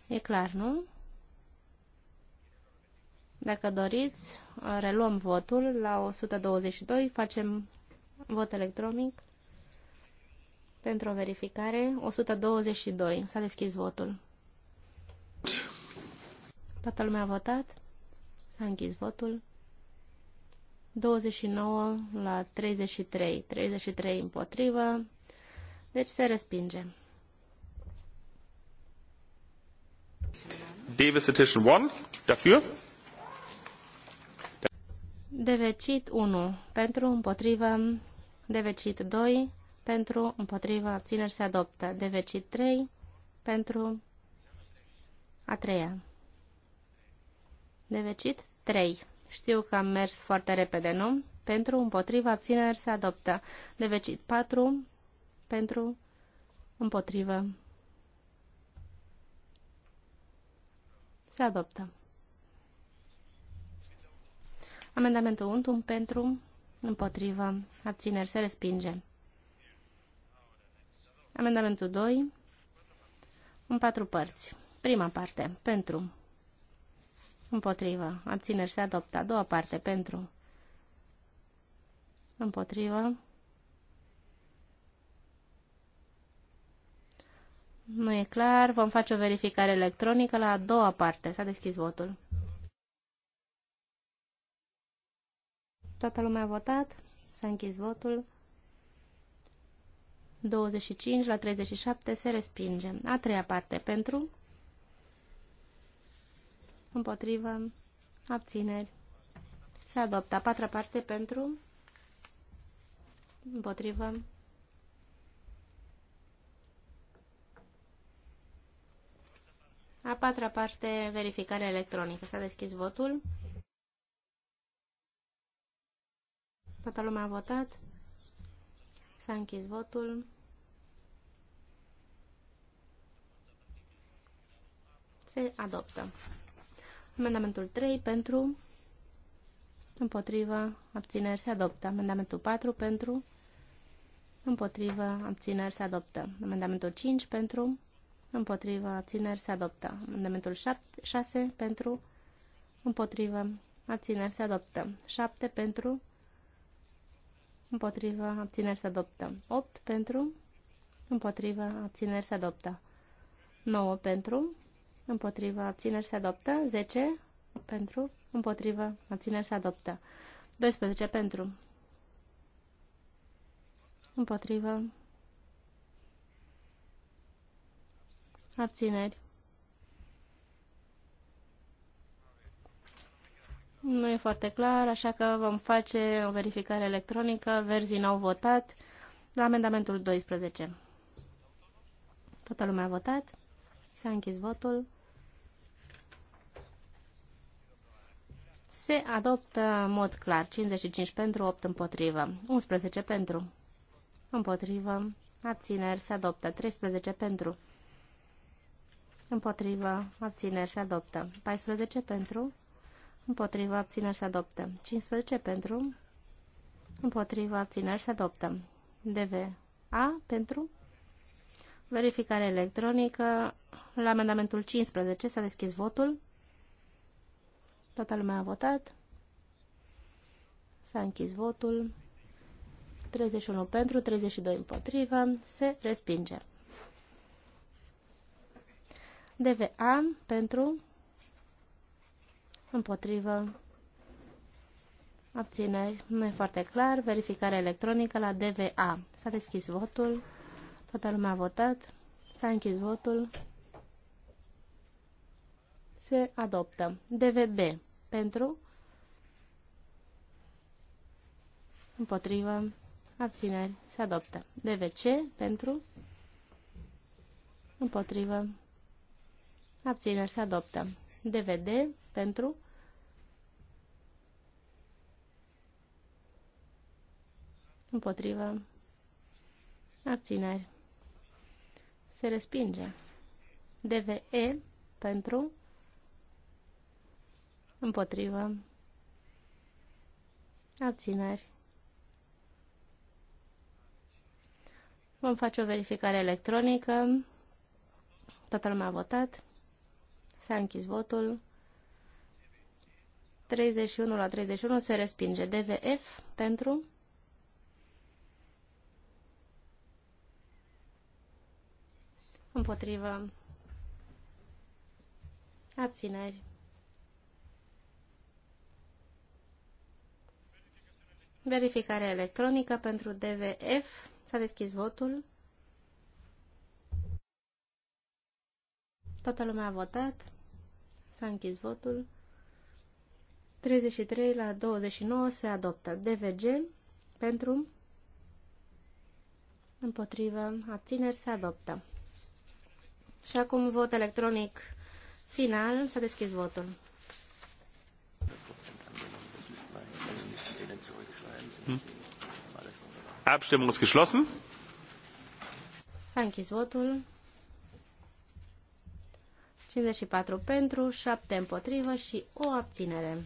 E clar, nu? Dacă doriți, reluăm votul la 122, facem vot electronic pentru o verificare. 122, s-a deschis votul. Toată lumea a votat, s-a închis votul. 29 la 33, 33 împotrivă, deci se respinge. Davis Edition 1, dafür. Devecit 1, pentru, împotrivă, devecit 2, pentru, împotrivă, abțineri se adoptă. Devecit 3, pentru, a treia. Devecit 3. Știu că am mers foarte repede, nu? Pentru, împotriva, abțineri se adoptă. De Devecit 4, pentru, împotrivă. Se adoptă. Amendamentul 1 pentru, împotrivă, abțineri se respinge. Amendamentul 2 în patru părți. Prima parte, pentru, Împotrivă. Abțineri se adoptă. A doua parte. Pentru. Împotrivă. Nu e clar. Vom face o verificare electronică la a doua parte. S-a deschis votul. Toată lumea a votat. S-a închis votul. 25 la 37 se respinge. A treia parte. Pentru împotrivă, abțineri, se adoptă. A patra parte pentru, împotrivă, a patra parte, verificare electronică. S-a deschis votul. Toată lumea a votat. S-a închis votul. Se adoptă. Amendamentul 3 pentru, împotrivă, abțineri se adoptă. Amendamentul 4 pentru, împotrivă, abțineri se adoptă. Amendamentul 5 pentru, împotrivă, abțineri se adoptă. Amendamentul 7, 6 pentru, împotrivă, abțineri se adoptă. 7 pentru, împotrivă, abțineri se adoptă. 8 pentru, împotrivă, abțineri se adoptă. 9 pentru, împotrivă, abțineri se adoptă. 10 pentru, împotrivă, abțineri se adoptă. 12 pentru, împotrivă, abțineri. Nu e foarte clar, așa că vom face o verificare electronică. Verzii n-au votat la amendamentul 12. Toată lumea a votat. S-a închis votul. Se adoptă în mod clar 55 pentru, 8 împotrivă, 11 pentru, împotrivă, abțineri, se adoptă 13 pentru, împotrivă, abțineri, se adoptă 14 pentru, împotrivă, abțineri, se adoptă 15 pentru, împotrivă, abțineri, se adoptă DV A pentru, Verificare electronică. La amendamentul 15 s-a deschis votul. Toată lumea a votat. S-a închis votul. 31 pentru, 32 împotriva. Se respinge. DVA pentru, împotrivă, abțineri. Nu e foarte clar. Verificare electronică la DVA. S-a deschis votul. Toată lumea a votat. S-a închis votul. Se adoptă. DVB pentru. Împotrivă. Abțineri. Se adoptă. DVC pentru. Împotrivă. Abțineri. Se adoptă. DVD pentru. Împotrivă. Abțineri se respinge. DVE pentru, împotrivă, abțineri. Vom face o verificare electronică. Toată lumea a votat. S-a închis votul. 31 la 31 se respinge. DVF pentru, împotrivă, abțineri. Verificare electronică pentru DVF. S-a deschis votul. Toată lumea a votat. S-a închis votul. 33 la 29 se adoptă. DVG pentru împotrivă abțineri se adoptă. Și acum vot electronic final. S-a deschis votul. Abstimmung ist geschlossen. S-a închis votul. 54 pentru, 7 împotrivă și o abținere.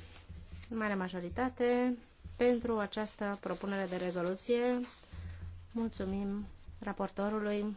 În mare majoritate pentru această propunere de rezoluție. Mulțumim raportorului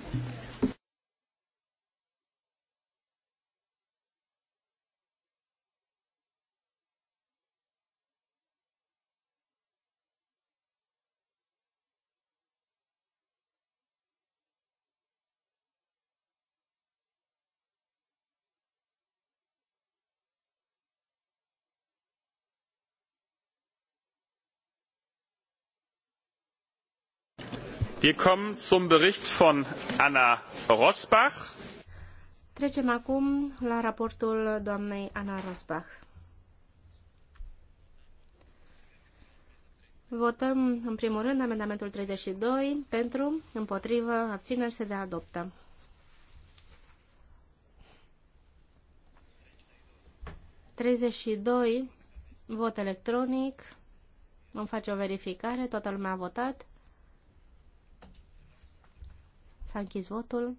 Wir kommen zum Bericht von Anna Rosbach. Trecem acum la raportul doamnei Ana Rosbach. Votăm în primul rând amendamentul 32 pentru, împotrivă, abțineri se de adoptă. Treizeci și doi, vot electronic, vom face o verificare, toată lumea a votat. S-a închis votul.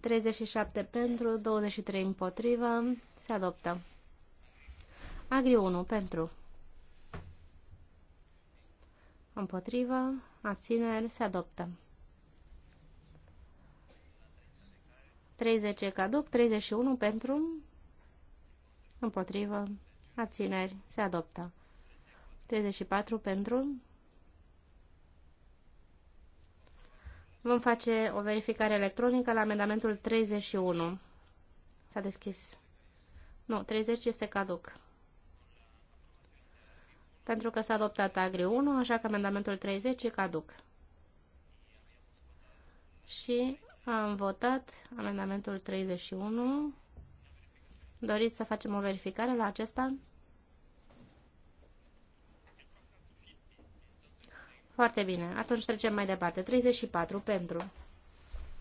37 pentru, 23 împotrivă. Se adoptă. Agri 1 pentru. Împotrivă. Abțineri. Se adoptă. 30 caduc, 31 pentru. Împotrivă. Abțineri. Se adoptă. 34 pentru. Vom face o verificare electronică la amendamentul 31. S-a deschis. Nu, 30 este caduc. Pentru că s-a adoptat Agri 1, așa că amendamentul 30 e caduc. Și am votat amendamentul 31. Doriți să facem o verificare la acesta? Foarte bine. Atunci trecem mai departe. 34 pentru.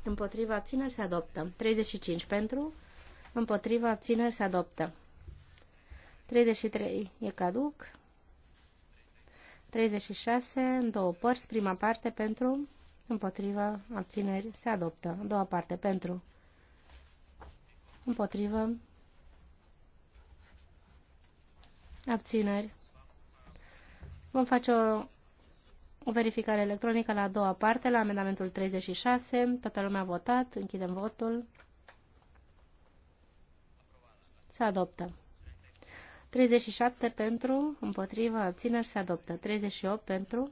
Împotriva abțineri se adoptă. 35 pentru. Împotriva abțineri se adoptă. 33 e caduc. 36 în două părți. Prima parte pentru. Împotriva abțineri se adoptă. A doua parte pentru. Împotrivă. Abțineri. Vom face o o verificare electronică la a doua parte, la amendamentul 36. Toată lumea a votat. Închidem votul. Se adoptă. 37 pentru, împotriva abțineri, se adoptă. 38 pentru,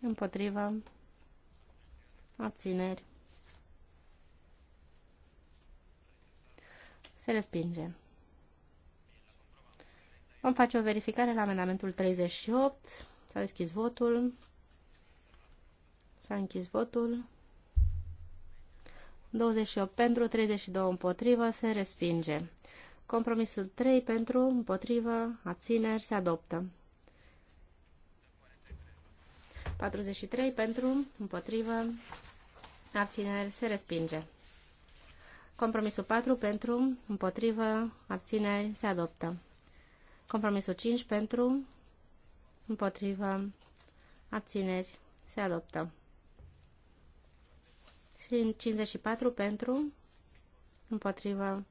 împotriva abțineri. Se respinge. Vom face o verificare la amendamentul 38. S-a deschis votul. S-a închis votul. 28 pentru, 32 împotrivă, se respinge. Compromisul 3 pentru, împotrivă, abțineri, se adoptă. 43 pentru, împotrivă, abțineri, se respinge. Compromisul 4 pentru, împotrivă, abțineri, se adoptă. Compromisul 5 pentru, împotriva abțineri, se adoptă. 54 pentru, împotriva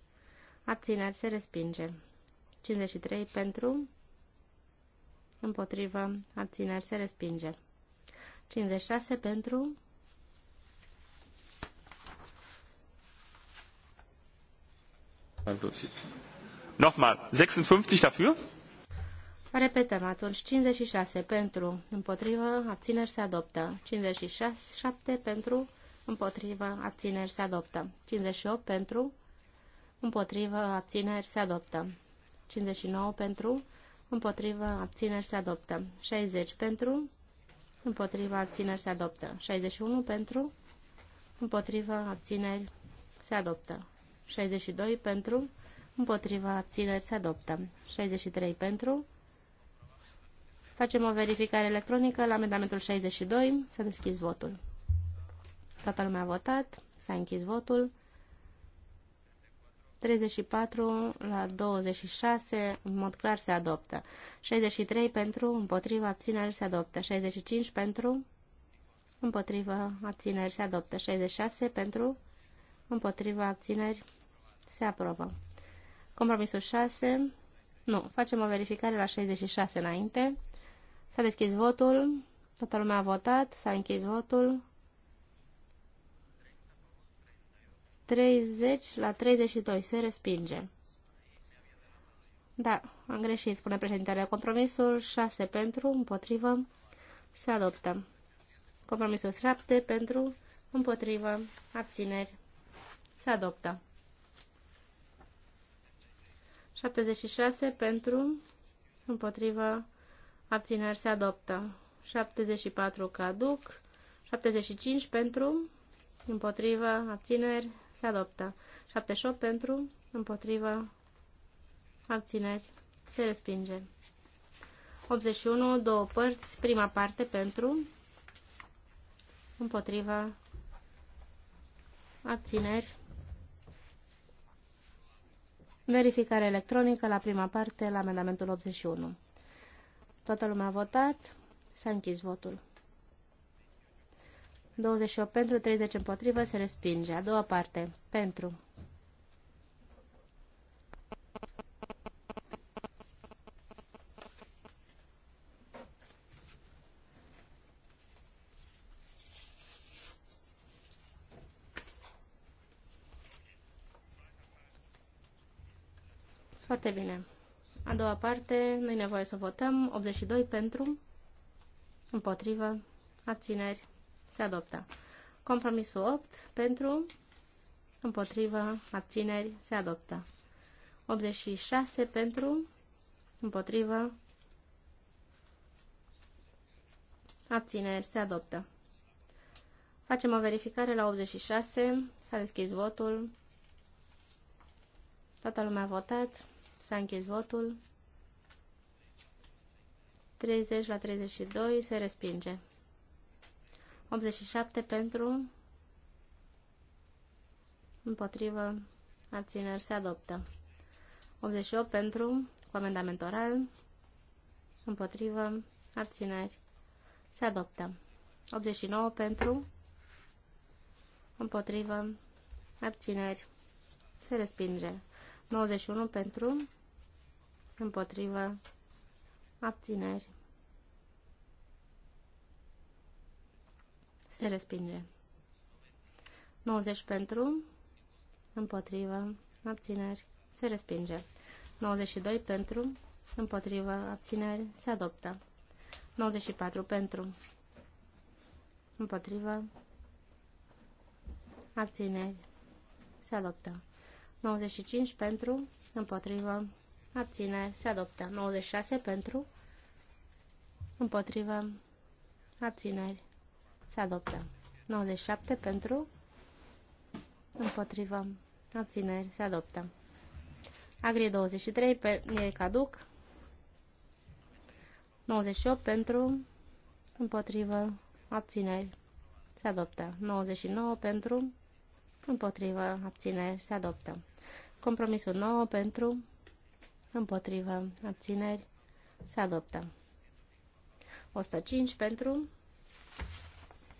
abțineri, se respinge. 53 pentru, împotriva abțineri, se respinge. 56 pentru, Nochmal, 56 dafür? Repetăm atunci 56 pentru, împotrivă, abțineri se adoptă. 56, 7 pentru, împotrivă, abțineri se adoptă. 58 pentru, împotrivă, abțineri se adoptă. 59 pentru, împotrivă, abțineri se adoptă. 60 pentru, împotrivă, abțineri se adoptă. 61 pentru, împotrivă, abțineri se adoptă. 62 pentru, împotrivă, abțineri se adoptă. 63 pentru, Facem o verificare electronică la amendamentul 62. S-a deschis votul. Toată lumea a votat. S-a închis votul. 34 la 26, în mod clar, se adoptă. 63 pentru, împotriva, abțineri, se adoptă. 65 pentru, împotriva, abțineri, se adoptă. 66 pentru, împotriva, abțineri, se aprobă. Compromisul 6, nu, facem o verificare la 66 înainte. S-a deschis votul, toată lumea a votat, s-a închis votul. 30 la 32 se respinge. Da, am greșit, spune președintele. Compromisul 6 pentru, împotrivă, se adoptă. Compromisul 7 pentru, împotrivă, abțineri, se adoptă. 76 pentru, împotrivă, abțineri se adoptă. 74 caduc, 75 pentru, împotrivă, abțineri se adoptă. 78 pentru, împotrivă, abțineri se respinge. 81, două părți, prima parte pentru, împotriva, abțineri, verificare electronică la prima parte la amendamentul 81. Toată lumea a votat. S-a închis votul. 28 pentru, 30 împotrivă, se respinge. A doua parte, pentru. Foarte bine. A doua parte, nu-i nevoie să votăm. 82 pentru, împotrivă, abțineri, se adoptă. Compromisul 8 pentru, împotrivă, abțineri, se adoptă. 86 pentru, împotrivă, abțineri, se adoptă. Facem o verificare la 86, s-a deschis votul, toată lumea a votat, S-a închis votul. 30 la 32 se respinge. 87 pentru, împotrivă, abțineri se adoptă. 88 pentru, cu amendament oral, împotrivă, abțineri se adoptă. 89 pentru, împotrivă, abțineri se respinge. 91 pentru, împotrivă, abțineri, se respinge. 90 pentru, împotrivă, abțineri, se respinge. 92 pentru, împotrivă, abțineri, se adoptă. 94 pentru, împotrivă, abțineri, se adoptă. 95 pentru, împotrivă, Abține. se adoptă. 96 pentru, împotrivă, abțineri, se adoptă. 97 pentru, împotrivă, abțineri, se adoptă. Agri 23 pe, e caduc. 98 pentru, împotrivă, abțineri, se adoptă. 99 pentru, împotrivă, abțineri, se adoptă. Compromisul 9 pentru, împotrivă, abțineri, se adoptă. 105 pentru,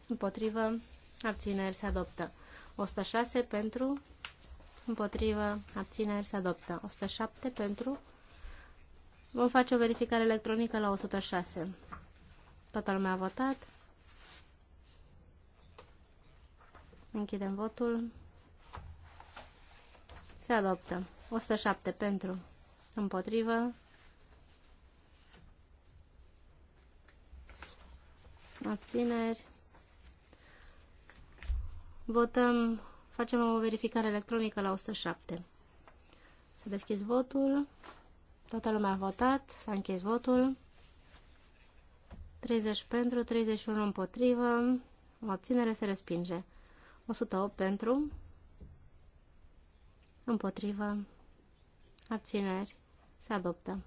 împotrivă, abțineri, se adoptă. 106 pentru, împotrivă, abțineri, se adoptă. 107 pentru, vom face o verificare electronică la 106. Toată lumea a votat. Închidem votul. Se adoptă. 107 pentru. Împotrivă. Abțineri. Votăm, facem o verificare electronică la 107. S-a deschis votul. Toată lumea a votat. S-a închis votul. 30 pentru, 31 împotrivă. O abținere se respinge. 108 pentru. Împotrivă. Abțineri. Se adoptă.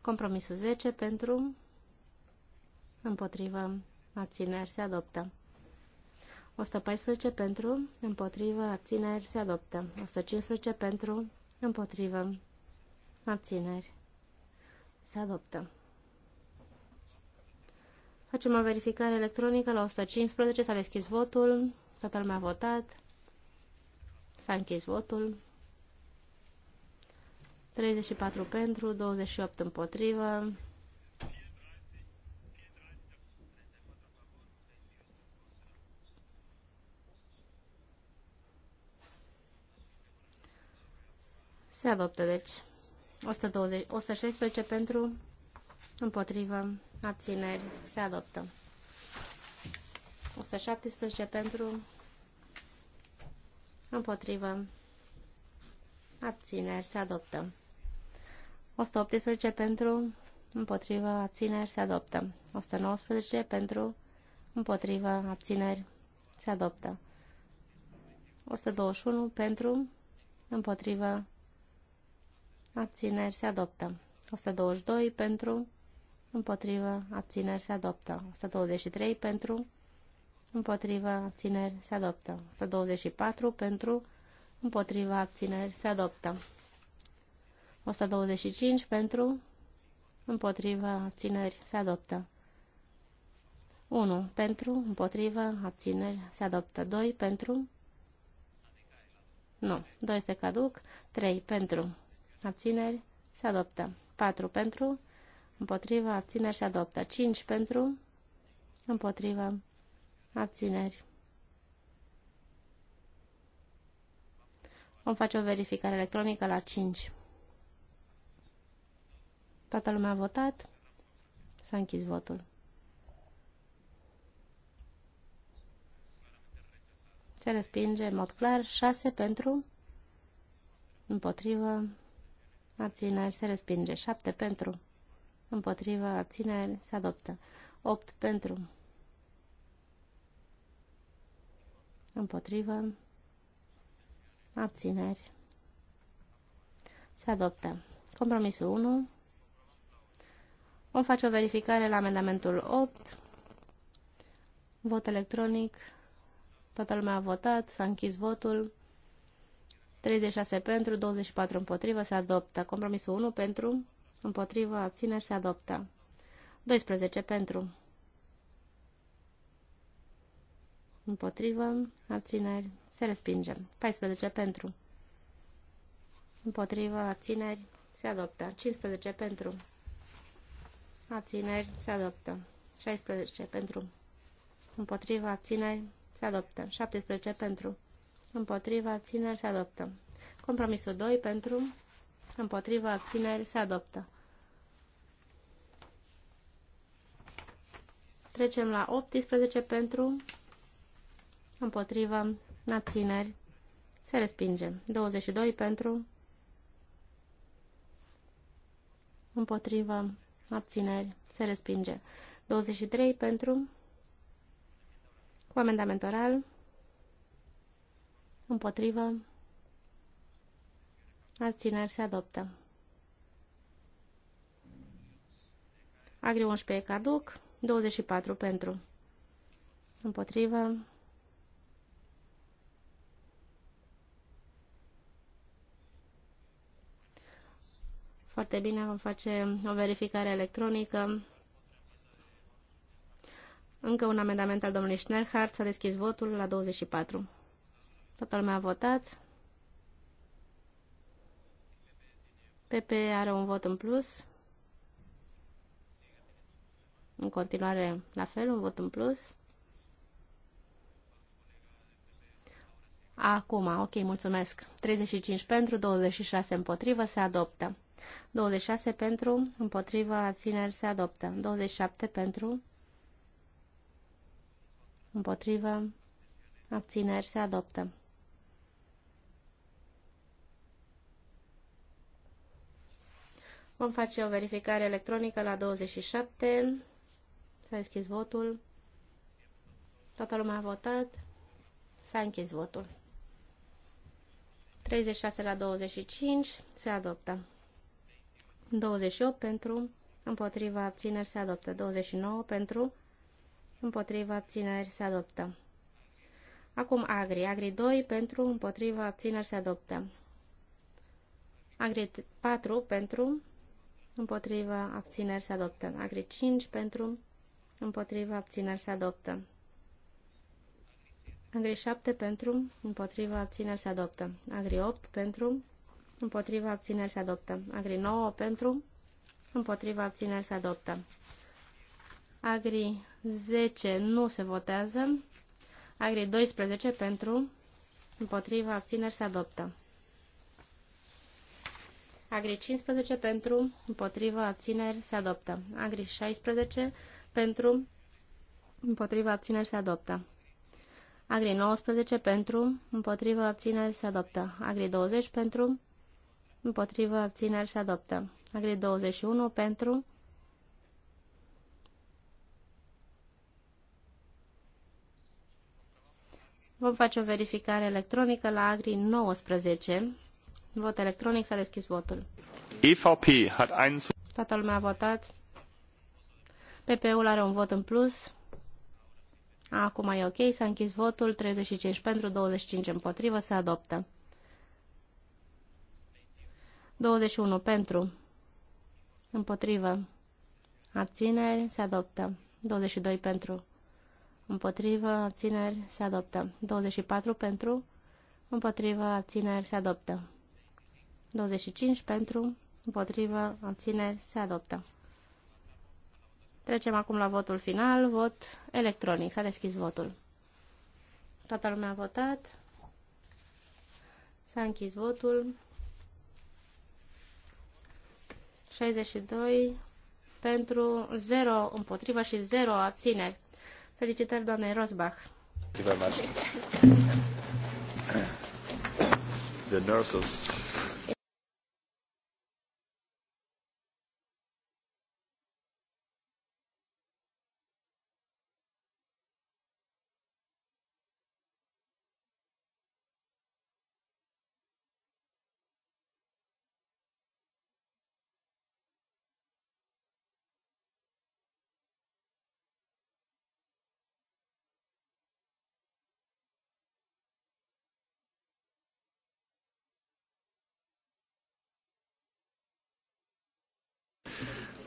Compromisul 10 pentru, împotrivă, abțineri. Se adoptă. 114 pentru, împotrivă, abțineri. Se adoptă. 115 pentru, împotrivă, abțineri. Se adoptă. Facem o verificare electronică la 115. S-a deschis votul. Toată lumea a votat. S-a închis votul. 34 pentru, 28 împotrivă. Se adoptă, deci, 120, 116 pentru, împotrivă, abțineri, se adoptă. 117 pentru, împotrivă, abțineri, se adoptă. 118 pentru, împotriva, abțineri, se adoptă. 119 pentru, împotriva, abțineri, se adoptă. 121 pentru, împotriva, abțineri, se adoptă. 122 pentru, împotriva, abțineri, se adoptă. 123 pentru, împotriva, abțineri, se adoptă. 124 pentru, împotriva, abțineri, se adoptă. 125 pentru, împotrivă, abțineri, se adoptă. 1 pentru, împotrivă, abțineri, se adoptă. 2 pentru, nu, 2 este caduc, 3 pentru, abțineri, se adoptă. 4 pentru, împotrivă, abțineri, se adoptă. 5 pentru, împotrivă, abțineri. Vom face o verificare electronică la 5. Toată lumea a votat. S-a închis votul. Se respinge în mod clar 6 pentru, împotrivă, abțineri, se respinge 7 pentru, împotrivă, abțineri, se adoptă 8 pentru, împotrivă, abțineri, se adoptă. Compromisul 1 Vom face o verificare la amendamentul 8. Vot electronic. Toată lumea a votat, s-a închis votul. 36 pentru, 24 împotrivă, se adoptă. Compromisul 1 pentru, împotrivă, abțineri, se adoptă. 12 pentru, împotrivă, abțineri, se respinge. 14 pentru, împotrivă, abțineri, se adoptă. 15 pentru, abțineri, se adoptă. 16 pentru, împotriva, abțineri, se adoptă. 17 pentru, împotriva, abțineri, se adoptă. Compromisul 2 pentru, împotriva, abțineri, se adoptă. Trecem la 18 pentru, împotriva, abțineri, se respinge. 22 pentru, Împotriva abțineri, se respinge. 23 pentru, cu amendament oral, împotrivă, abțineri, se adoptă. Agri 11 caduc, 24 pentru, împotrivă, Foarte bine, vom face o verificare electronică. Încă un amendament al domnului Schnellhardt. S-a deschis votul la 24. Toată lumea a votat. PP are un vot în plus. În continuare, la fel, un vot în plus. Acum, ok, mulțumesc. 35 pentru, 26 împotrivă, se adoptă. 26 pentru, împotrivă, abțineri se adoptă. 27 pentru, împotrivă, abțineri se adoptă. Vom face o verificare electronică la 27. S-a deschis votul. Toată lumea a votat. S-a închis votul. 36 la 25 se adoptă. 28 pentru, împotriva abțineri se adoptă. 29 pentru, împotriva abțineri se adoptă. Acum Agri. Agri 2 pentru, împotriva abțineri se adoptă. Agri 4 pentru, împotriva abțineri se adoptă. Agri 5 pentru, împotriva abțineri se adoptă. Agri 7 pentru, împotriva abțineri se adoptă. Agri 8 pentru, împotriva abțineri se adoptă. Agri 9 pentru, împotriva abțineri se adoptă. Agri 10 nu se votează. Agri 12 pentru, împotriva abțineri se adoptă. Agri 15 pentru, împotriva abțineri se adoptă. Agri 16 pentru, împotriva abțineri se adoptă. Agri 19 pentru, împotriva abțineri se adoptă. Agri 20 pentru, împotrivă, abțineri, se adoptă. Agri 21 pentru, Vom face o verificare electronică la Agri 19. Vot electronic, s-a deschis votul. EVP hat ein... Toată lumea a votat. PP-ul are un vot în plus. Acum e ok, s-a închis votul, 35 pentru, 25 împotrivă, se adoptă. 21 pentru, împotrivă, abțineri, se adoptă. 22 pentru, împotrivă, abțineri, se adoptă. 24 pentru, împotrivă, abțineri, se adoptă. 25 pentru, împotrivă, abțineri, se adoptă. Trecem acum la votul final, vot electronic. S-a deschis votul. Toată lumea a votat. S-a închis votul. 62 pentru 0 împotrivă și 0 abțineri. Felicitări doamnei Rosbach. The nurses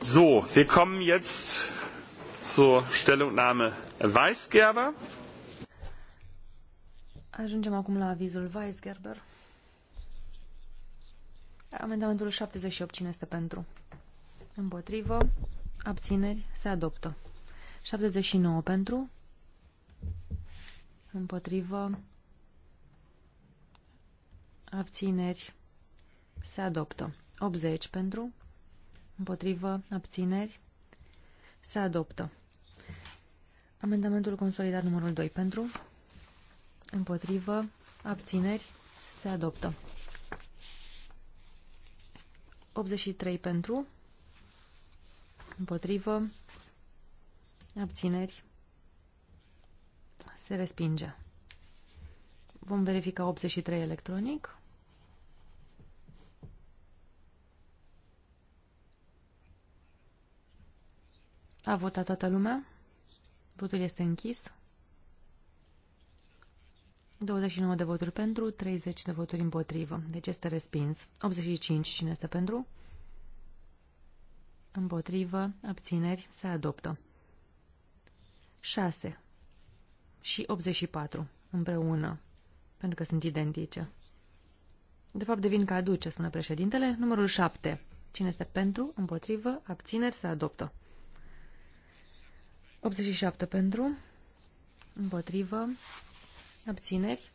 So, wir kommen jetzt zur Stellungnahme Weisgerber. Ajungem acum la avizul Weisgerber. Amendamentul 78, cine este pentru? Împotrivă, abțineri, se adoptă. 79 pentru, împotrivă, abțineri, se adoptă. 80 pentru, împotrivă, abțineri, se adoptă. Amendamentul consolidat numărul 2 pentru, împotrivă, abțineri, se adoptă. 83 pentru, împotrivă, abțineri, se respinge. Vom verifica 83 electronic. A votat toată lumea? Votul este închis. 29 de voturi pentru, 30 de voturi împotrivă. Deci este respins. 85. Cine este pentru? Împotrivă. Abțineri. Se adoptă. 6 și 84 împreună, pentru că sunt identice. De fapt, devin caduce, spune președintele. Numărul 7. Cine este pentru, împotrivă, abțineri, se adoptă. 87 pentru, împotrivă, abțineri,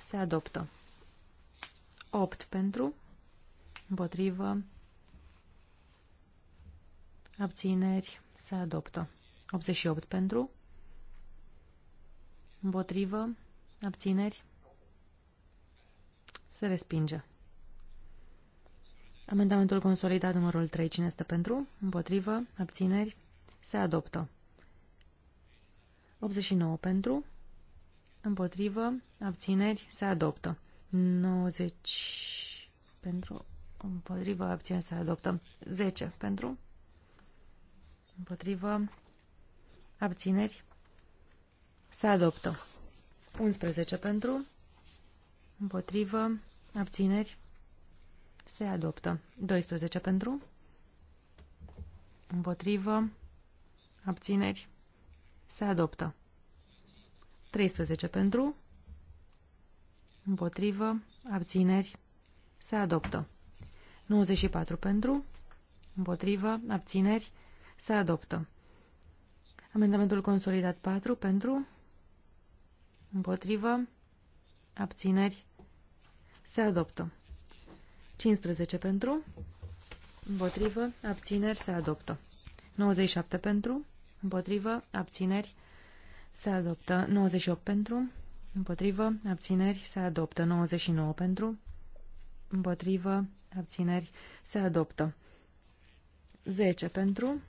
se adoptă. 8 pentru, împotrivă, abțineri, se adoptă. 88 pentru, împotrivă, abțineri, se respinge. Amendamentul consolidat numărul 3. Cine este pentru? Împotrivă? Abțineri? Se adoptă. 89 pentru? Împotrivă? Abțineri? Se adoptă. 90 pentru? Împotrivă? Abțineri? Se adoptă. 10 pentru? Împotrivă? Abțineri? Se adoptă. 11 pentru? Împotrivă? Abțineri? Se adoptă. 12 pentru. Împotrivă. Abțineri. Se adoptă. 13 pentru. Împotrivă. Abțineri. Se adoptă. 94 pentru. Împotrivă. Abțineri. Se adoptă. Amendamentul consolidat 4 pentru. Împotrivă. Abțineri. Se adoptă. 15 pentru, împotrivă, abțineri, se adoptă. 97 pentru, împotrivă, abțineri, se adoptă. 98 pentru, împotrivă, abțineri, se adoptă. 99 pentru, împotrivă, abțineri, se adoptă. 10 pentru,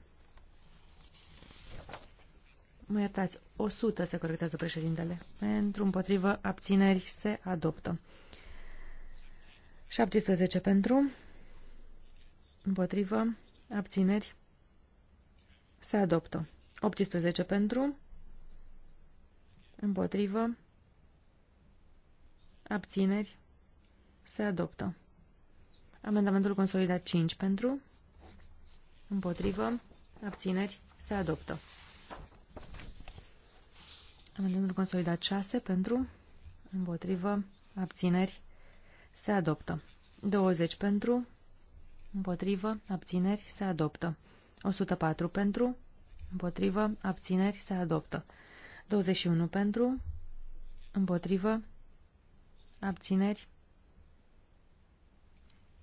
mă iertați, 100 se corectează președintele. Pentru, împotrivă, abțineri, se adoptă. 17 pentru, împotrivă, abțineri, se adoptă. 18 pentru, împotrivă, abțineri, se adoptă. Amendamentul consolidat 5 pentru, împotrivă, abțineri, se adoptă. Amendamentul consolidat 6 pentru, împotrivă, abțineri, se adoptă. 20 pentru, împotrivă, abțineri, se adoptă. 104 pentru, împotrivă, abțineri, se adoptă. 21 pentru, împotrivă, abțineri,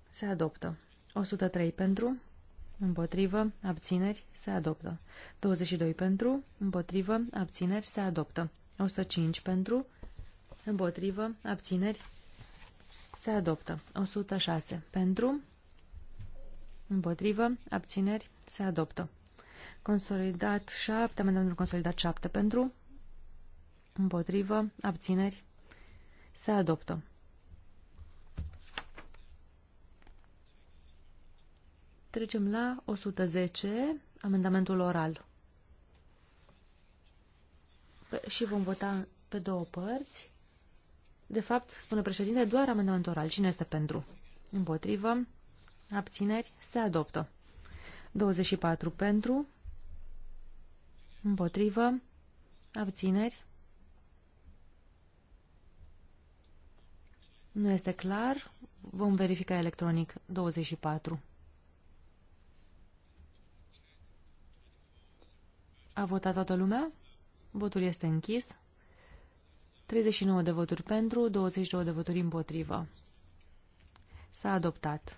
se adoptă. 103 pentru, împotrivă, abțineri, se adoptă. 22 pentru, împotrivă, abțineri, se adoptă. 105 pentru, împotrivă, abțineri, se adoptă. 106. Pentru. Împotrivă. Abțineri. Se adoptă. Consolidat 7. Amendamentul consolidat 7. Pentru. Împotrivă. Abțineri. Se adoptă. Trecem la 110. Amendamentul oral. Pe, și vom vota pe două părți. De fapt, spune președinte, doar amendamentul oral. Cine este pentru? Împotrivă. Abțineri. Se adoptă. 24 pentru. Împotrivă. Abțineri. Nu este clar. Vom verifica electronic. 24. A votat toată lumea? Votul este închis. 39 de voturi pentru, 22 de voturi împotrivă. S-a adoptat.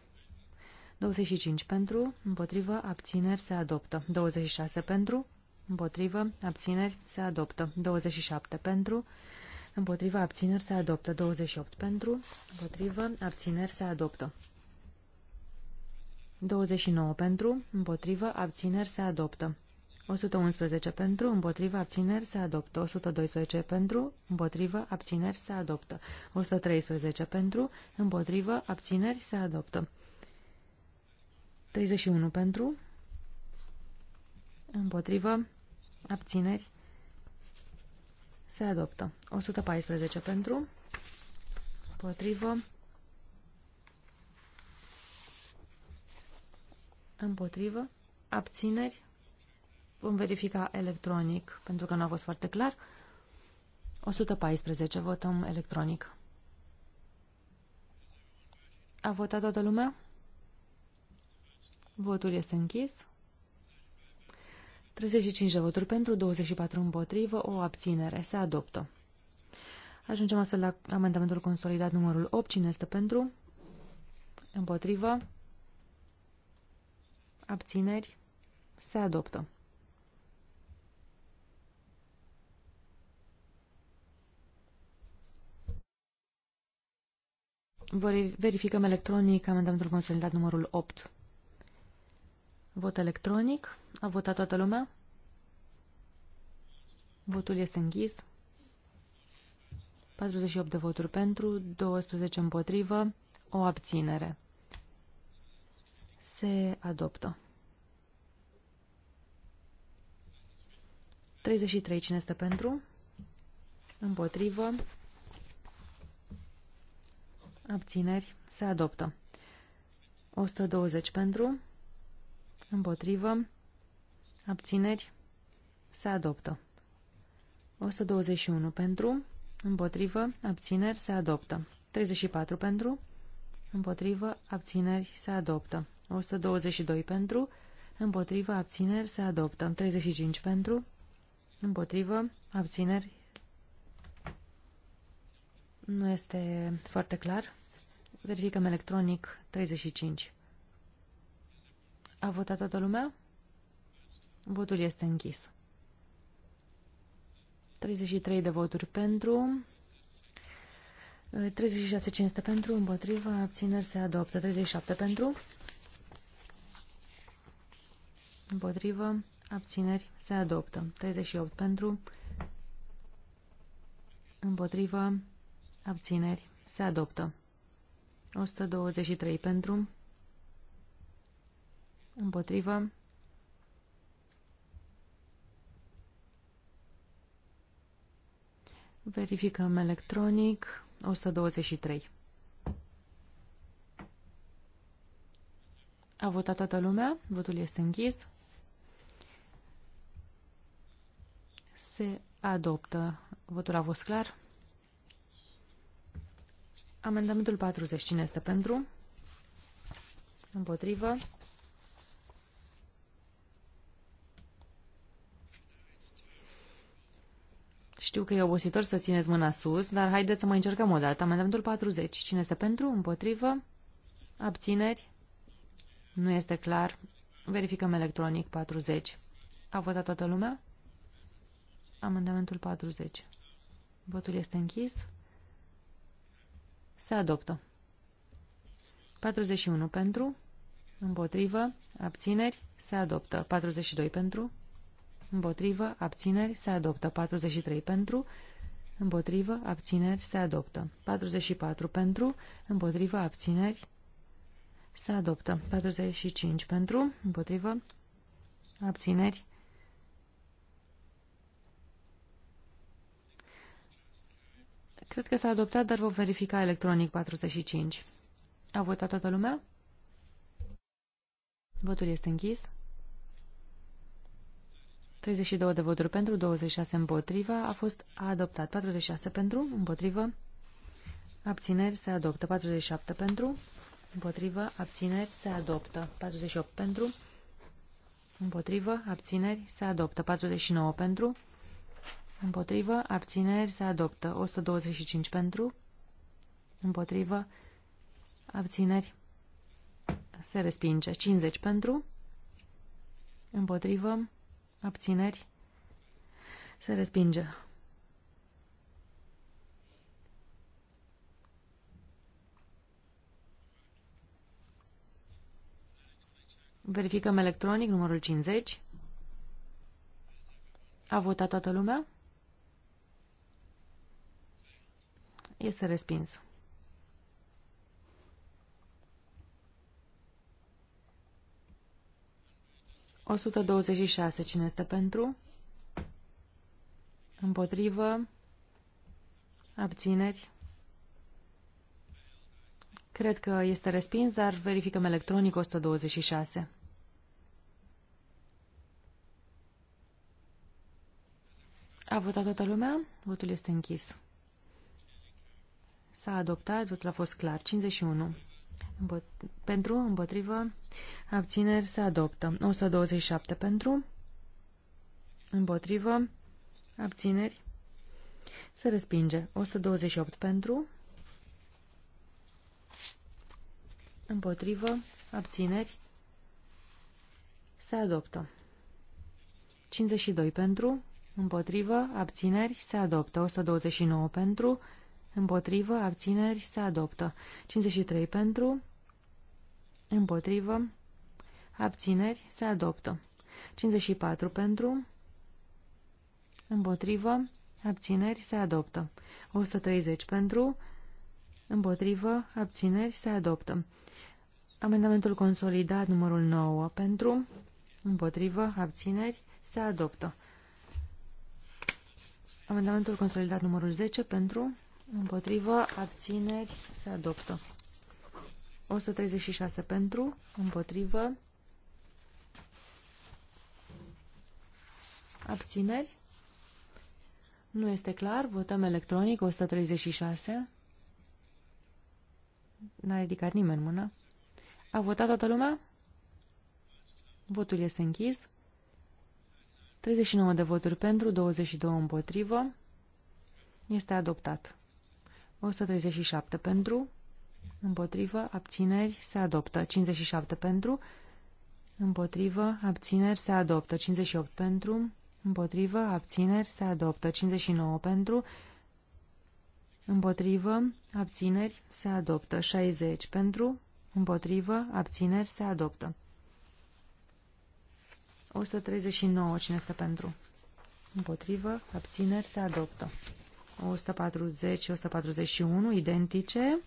25 pentru, împotrivă, abțineri, se adoptă. 26 pentru, împotrivă, abțineri, se adoptă. 27 pentru, împotrivă, abțineri, se adoptă. 28 pentru, împotrivă, abțineri, se adoptă. 29 pentru, împotrivă, abțineri, se adoptă. 111 pentru, împotrivă, abțineri se adoptă. 112 pentru, împotrivă, abțineri se adoptă. 113 pentru, împotrivă, abțineri se adoptă. 31 pentru, împotrivă, abțineri se adoptă. 114 pentru, împotrivă, împotrivă, abțineri Vom verifica electronic, pentru că nu a fost foarte clar. 114, votăm electronic. A votat toată lumea? Votul este închis. 35 de voturi pentru, 24 împotrivă, o abținere. Se adoptă. Ajungem astfel la amendamentul consolidat numărul 8. Cine este pentru? Împotrivă? Abțineri? Se adoptă. Verificăm electronic amendamentul consolidat numărul 8. Vot electronic. A votat toată lumea? Votul este închis. 48 de voturi pentru, 12 împotrivă, o abținere. Se adoptă. 33. Cine este pentru? Împotrivă. Abțineri. Se adoptă. 120 pentru. Împotrivă. Abțineri. Se adoptă. 121 pentru. Împotrivă. Abțineri. Se adoptă. 34 pentru. Împotrivă. Abțineri. Se adoptă. 122 pentru. Împotrivă. Abțineri. Se adoptă. 35 pentru. Împotrivă. Abțineri. Nu este foarte clar. Verificăm electronic 35. A votat toată lumea? Votul este închis. 33 de voturi pentru, 36 eh, 500 pentru, împotriva, abțineri se adoptă, 37 pentru, împotriva, abțineri se adoptă, 38 pentru, împotriva, Abțineri. Se adoptă. 123 pentru. Împotrivă. Verificăm electronic. 123. A votat toată lumea. Votul este închis. Se adoptă. Votul a fost clar. Amendamentul 40. Cine este pentru? Împotrivă. Știu că e obositor să țineți mâna sus, dar haideți să mai încercăm o dată. Amendamentul 40. Cine este pentru? Împotrivă? Abțineri? Nu este clar. Verificăm electronic 40. A votat toată lumea? Amendamentul 40. Votul este închis. Se adoptă. 41 pentru, împotrivă, abțineri, se adoptă. 42 pentru, împotrivă, abțineri, se adoptă. 43 pentru, împotrivă, abțineri, se adoptă. 44 pentru, împotrivă, abțineri, se adoptă. 45 pentru, împotrivă, abțineri, Cred că s-a adoptat, dar vom verifica electronic 45. A votat toată lumea? Votul este închis. 32 de voturi pentru, 26 împotriva. A fost adoptat 46 pentru, împotrivă. Abțineri se adoptă 47 pentru, împotrivă. Abțineri se adoptă 48 pentru, împotrivă. Abțineri se adoptă 49 pentru, Împotrivă, abțineri se adoptă. 125 pentru. Împotrivă, abțineri se respinge. 50 pentru. Împotrivă, abțineri se respinge. Verificăm electronic numărul 50. A votat toată lumea? Este respins. O sută douăzeci și șase. Cine este pentru? Împotrivă? Abțineri? Cred că este respins, dar verificăm electronic 126. A votat toată lumea? Votul este închis. S-a adoptat, totul a fost clar. 51. Pentru, împotrivă, abțineri se adoptă. 127 pentru, împotrivă, abțineri se respinge. 128 pentru, împotrivă, abțineri se adoptă. 52 pentru, împotrivă, abțineri se adoptă. 129 pentru, Împotrivă, abțineri, se adoptă. 53 pentru, împotrivă, abțineri, se adoptă. 54 pentru, împotrivă, abțineri, se adoptă. 130 pentru, împotrivă, abțineri, se adoptă. Amendamentul consolidat numărul 9 pentru, împotrivă, abțineri, se adoptă. Amendamentul consolidat numărul 10 pentru, Împotrivă, abțineri, se adoptă. 136 pentru, împotrivă, abțineri. Nu este clar, votăm electronic, 136. N-a ridicat nimeni mână. A votat toată lumea? Votul este închis. 39 de voturi pentru, 22 împotrivă. Este adoptat. 137 pentru, împotrivă, abțineri, se adoptă. 57 pentru, împotrivă, abțineri, se adoptă. 58 pentru, împotrivă, abțineri, se adoptă. 59 pentru, împotrivă, abțineri, se adoptă. 60 pentru, împotrivă, abțineri, se adoptă. 139, cine este pentru? Împotrivă, abțineri, se adoptă. 140 și 141 identice.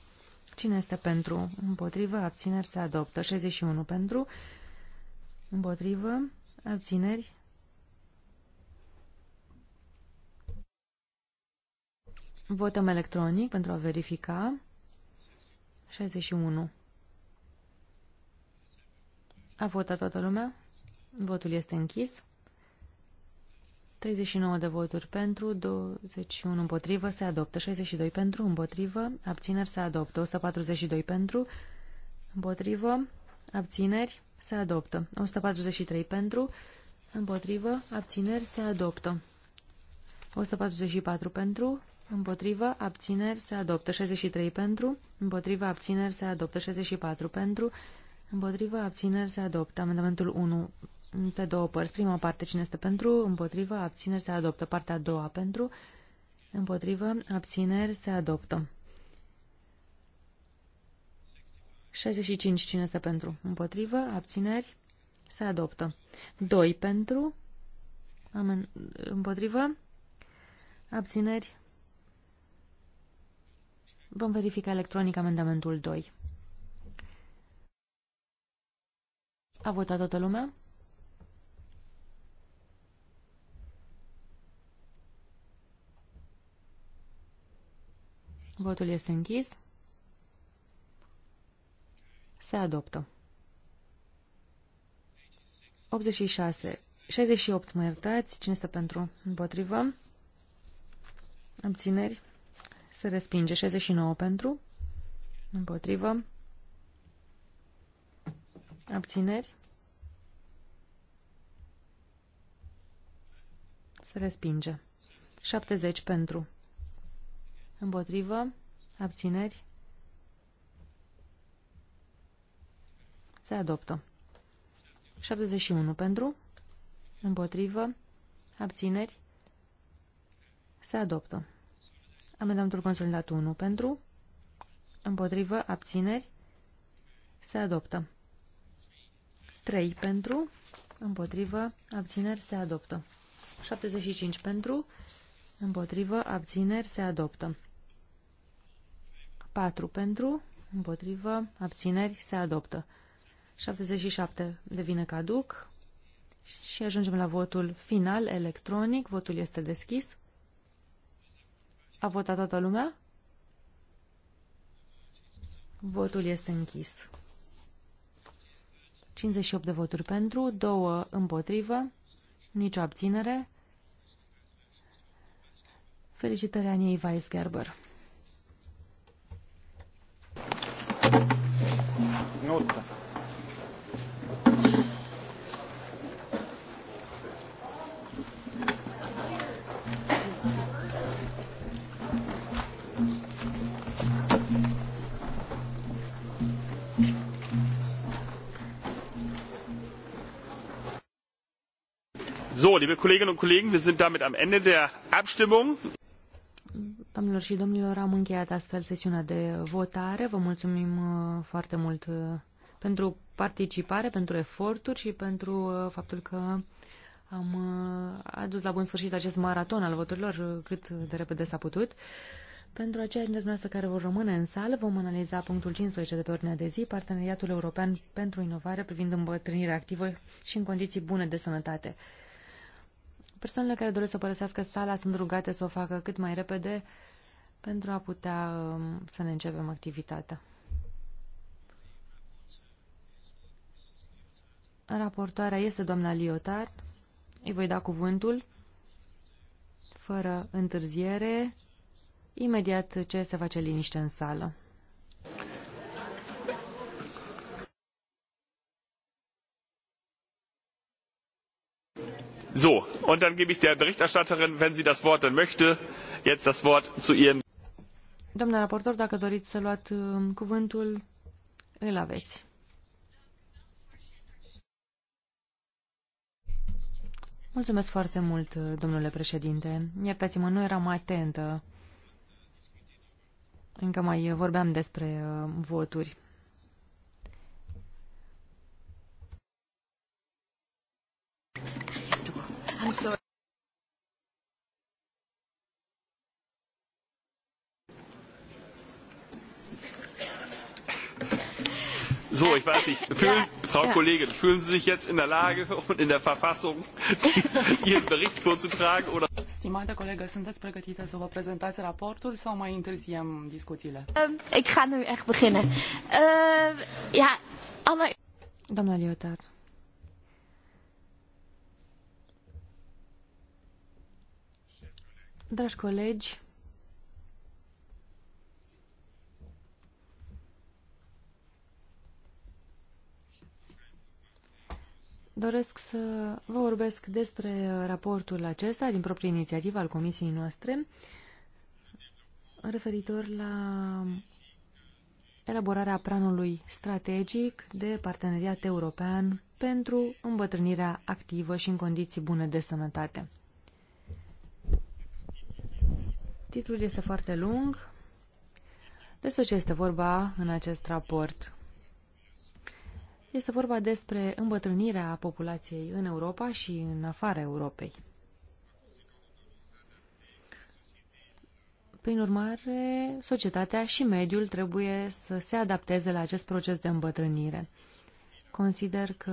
Cine este pentru? Împotrivă, abțineri se adoptă. 61 pentru, împotrivă, abțineri. Votăm electronic pentru a verifica. 61. A votat toată lumea? Votul este închis. 39 de voturi pentru, 21 împotrivă, se adoptă. 62 pentru, împotrivă, abțineri, se adoptă. 142 pentru, împotrivă, abțineri, se adoptă. 143 pentru, împotrivă, abțineri, se adoptă. 144 pentru, împotrivă, abțineri, se adoptă. 63 pentru, împotrivă, abțineri, se adoptă. 64 pentru, împotrivă, abțineri, se adoptă. Amendamentul 1 pe două părți. Prima parte, cine este pentru, împotrivă, abțineri, se adoptă. Partea a doua, pentru, împotrivă, abțineri, se adoptă. 65, cine este pentru, împotrivă, abțineri, se adoptă. 2 pentru, amen, împotrivă, abțineri, Vom verifica electronic amendamentul 2. A votat toată lumea? Votul este închis. Se adoptă. 86. 68, mă iertați. Cine este pentru? Împotrivă. Abțineri. Se respinge. 69 pentru. Împotrivă. Abțineri. Se respinge. 70 pentru. Împotrivă. Abțineri. Se adoptă. 71 pentru. Împotrivă. Abțineri. Se adoptă. Amendamentul consolidat 1 pentru. Împotrivă. Abțineri. Se adoptă. 3 pentru. Împotrivă. Abțineri. Se adoptă. 75 pentru. Împotrivă. Abțineri. Se adoptă. 4 pentru, împotrivă, abțineri, se adoptă. 77 devine caduc și ajungem la votul final, electronic. Votul este deschis. A votat toată lumea? Votul este închis. 58 de voturi pentru, 2 împotrivă, nicio abținere. Felicitări Aniei Weisgerber. So, liebe Kolleginnen und Kollegen, wir sind damit am Ende der Abstimmung. Doamnelor și domnilor, am încheiat astfel sesiunea de votare. Vă mulțumim uh, foarte mult uh, pentru participare, pentru eforturi și pentru uh, faptul că am adus la bun sfârșit acest maraton al voturilor cât de repede s-a putut. Pentru aceia dintre dumneavoastră care vor rămâne în sală, vom analiza punctul 15 de pe ordinea de zi, Parteneriatul European pentru Inovare privind îmbătrânirea activă și în condiții bune de sănătate. Persoanele care doresc să părăsească sala sunt rugate să o facă cât mai repede pentru a putea um, să ne începem activitatea. Raportoarea este doamna Liotar. Îi voi da cuvântul fără întârziere, imediat ce se face liniște în sală. So, und dann gebe ich der Berichterstatterin, wenn sie das Wort dann möchte, jetzt das Wort zu ihren. Doamna raportor, dacă doriți să luați um, cuvântul, îl aveți. Mulțumesc foarte mult, domnule președinte. Iertați-mă, nu eram atentă. Încă mai vorbeam despre uh, voturi. So, ich weiß nicht, fühlen, ja, Frau ja. Kollegin, fühlen Sie sich jetzt in der Lage und in der Verfassung, Ihren Bericht vorzutragen? Oder? Stimate colegă, sunteți pregătită să vă prezentați raportul sau mai întârziem discuțiile? Ehm, ich kann ga echt beginnen. Uh, ja, alle... Doamna Liotard. Dragi colegi, doresc să vă vorbesc despre raportul acesta din proprie inițiativă al comisiei noastre referitor la elaborarea planului strategic de parteneriat european pentru îmbătrânirea activă și în condiții bune de sănătate. Titlul este foarte lung. Despre ce este vorba în acest raport? Este vorba despre îmbătrânirea populației în Europa și în afara Europei. Prin urmare, societatea și mediul trebuie să se adapteze la acest proces de îmbătrânire. Consider că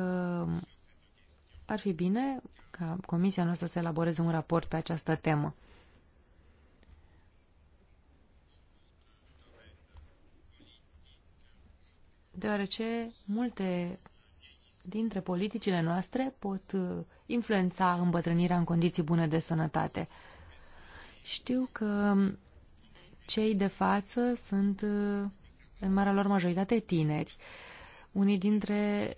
ar fi bine ca comisia noastră să elaboreze un raport pe această temă. deoarece multe dintre politicile noastre pot uh, influența îmbătrânirea în condiții bune de sănătate. Știu că cei de față sunt uh, în marea lor majoritate tineri. Unii dintre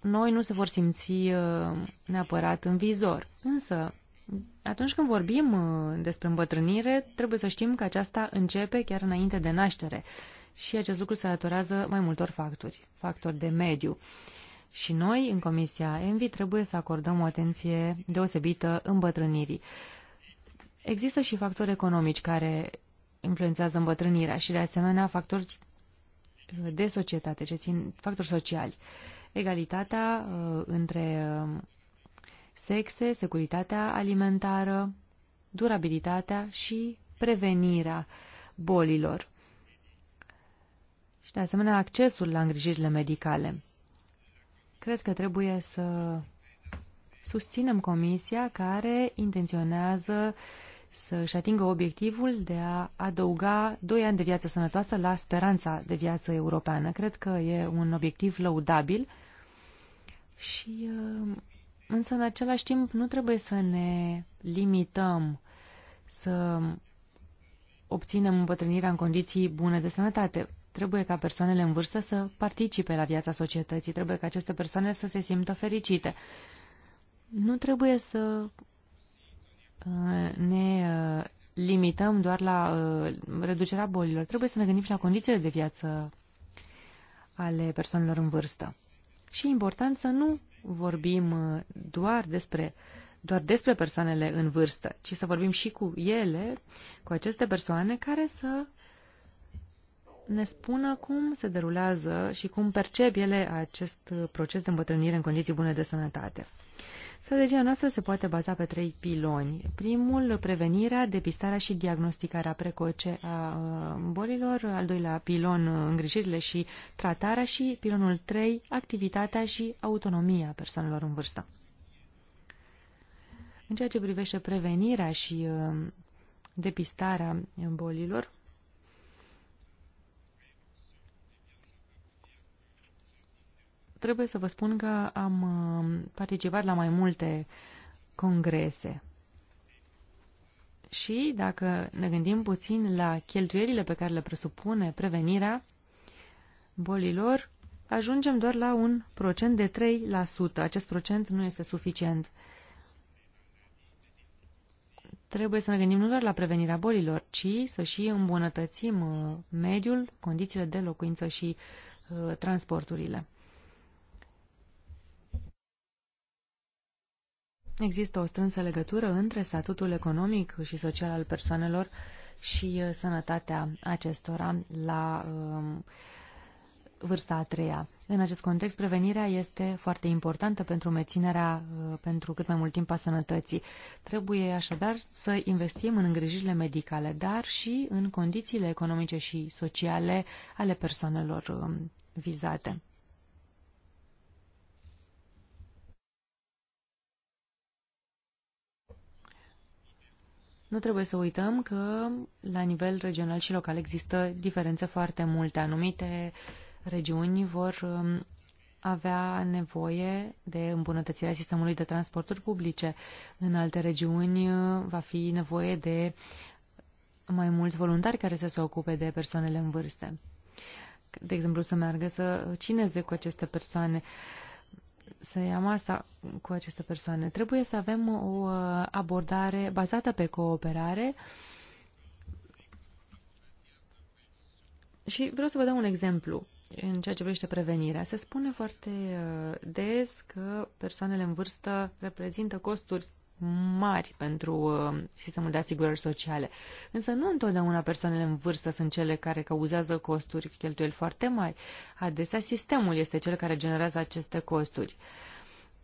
noi nu se vor simți uh, neapărat în vizor. Însă, atunci când vorbim despre îmbătrânire, trebuie să știm că aceasta începe chiar înainte de naștere și acest lucru se datorează mai multor factori, factori de mediu. Și noi, în Comisia Envi, trebuie să acordăm o atenție deosebită îmbătrânirii. Există și factori economici care influențează îmbătrânirea și, de asemenea, factori de societate, ce țin factori sociali. Egalitatea uh, între uh, sexe, securitatea alimentară, durabilitatea și prevenirea bolilor și, de asemenea, accesul la îngrijirile medicale. Cred că trebuie să susținem comisia care intenționează să-și atingă obiectivul de a adăuga 2 ani de viață sănătoasă la speranța de viață europeană. Cred că e un obiectiv lăudabil și uh, însă în același timp nu trebuie să ne limităm să obținem îmbătrânirea în condiții bune de sănătate. Trebuie ca persoanele în vârstă să participe la viața societății, trebuie ca aceste persoane să se simtă fericite. Nu trebuie să uh, ne uh, limităm doar la uh, reducerea bolilor, trebuie să ne gândim și la condițiile de viață ale persoanelor în vârstă. Și e important să nu vorbim doar despre doar despre persoanele în vârstă, ci să vorbim și cu ele, cu aceste persoane care să ne spună cum se derulează și cum percep ele acest proces de îmbătrânire în condiții bune de sănătate. Strategia noastră se poate baza pe trei piloni. Primul, prevenirea, depistarea și diagnosticarea precoce a bolilor. Al doilea pilon, îngrijirile și tratarea. Și pilonul 3, activitatea și autonomia persoanelor în vârstă. În ceea ce privește prevenirea și depistarea bolilor, trebuie să vă spun că am uh, participat la mai multe congrese. Și dacă ne gândim puțin la cheltuielile pe care le presupune prevenirea bolilor, ajungem doar la un procent de 3%. Acest procent nu este suficient. Trebuie să ne gândim nu doar la prevenirea bolilor, ci să și îmbunătățim uh, mediul, condițiile de locuință și uh, transporturile. Există o strânsă legătură între statutul economic și social al persoanelor și uh, sănătatea acestora la um, vârsta a treia. În acest context, prevenirea este foarte importantă pentru menținerea uh, pentru cât mai mult timp a sănătății. Trebuie așadar să investim în îngrijirile medicale, dar și în condițiile economice și sociale ale persoanelor um, vizate. Nu trebuie să uităm că la nivel regional și local există diferențe foarte multe. Anumite regiuni vor um, avea nevoie de îmbunătățirea sistemului de transporturi publice. În alte regiuni uh, va fi nevoie de mai mulți voluntari care să se ocupe de persoanele în vârstă. De exemplu, să meargă să cineze cu aceste persoane. Uh, să ia asta cu aceste persoane. Trebuie să avem o abordare bazată pe cooperare și vreau să vă dau un exemplu în ceea ce privește prevenirea. Se spune foarte uh, des că persoanele în vârstă reprezintă costuri mari pentru uh, sistemul de asigurări sociale. Însă nu întotdeauna persoanele în vârstă sunt cele care cauzează costuri, cheltuieli foarte mari. Adesea sistemul este cel care generează aceste costuri.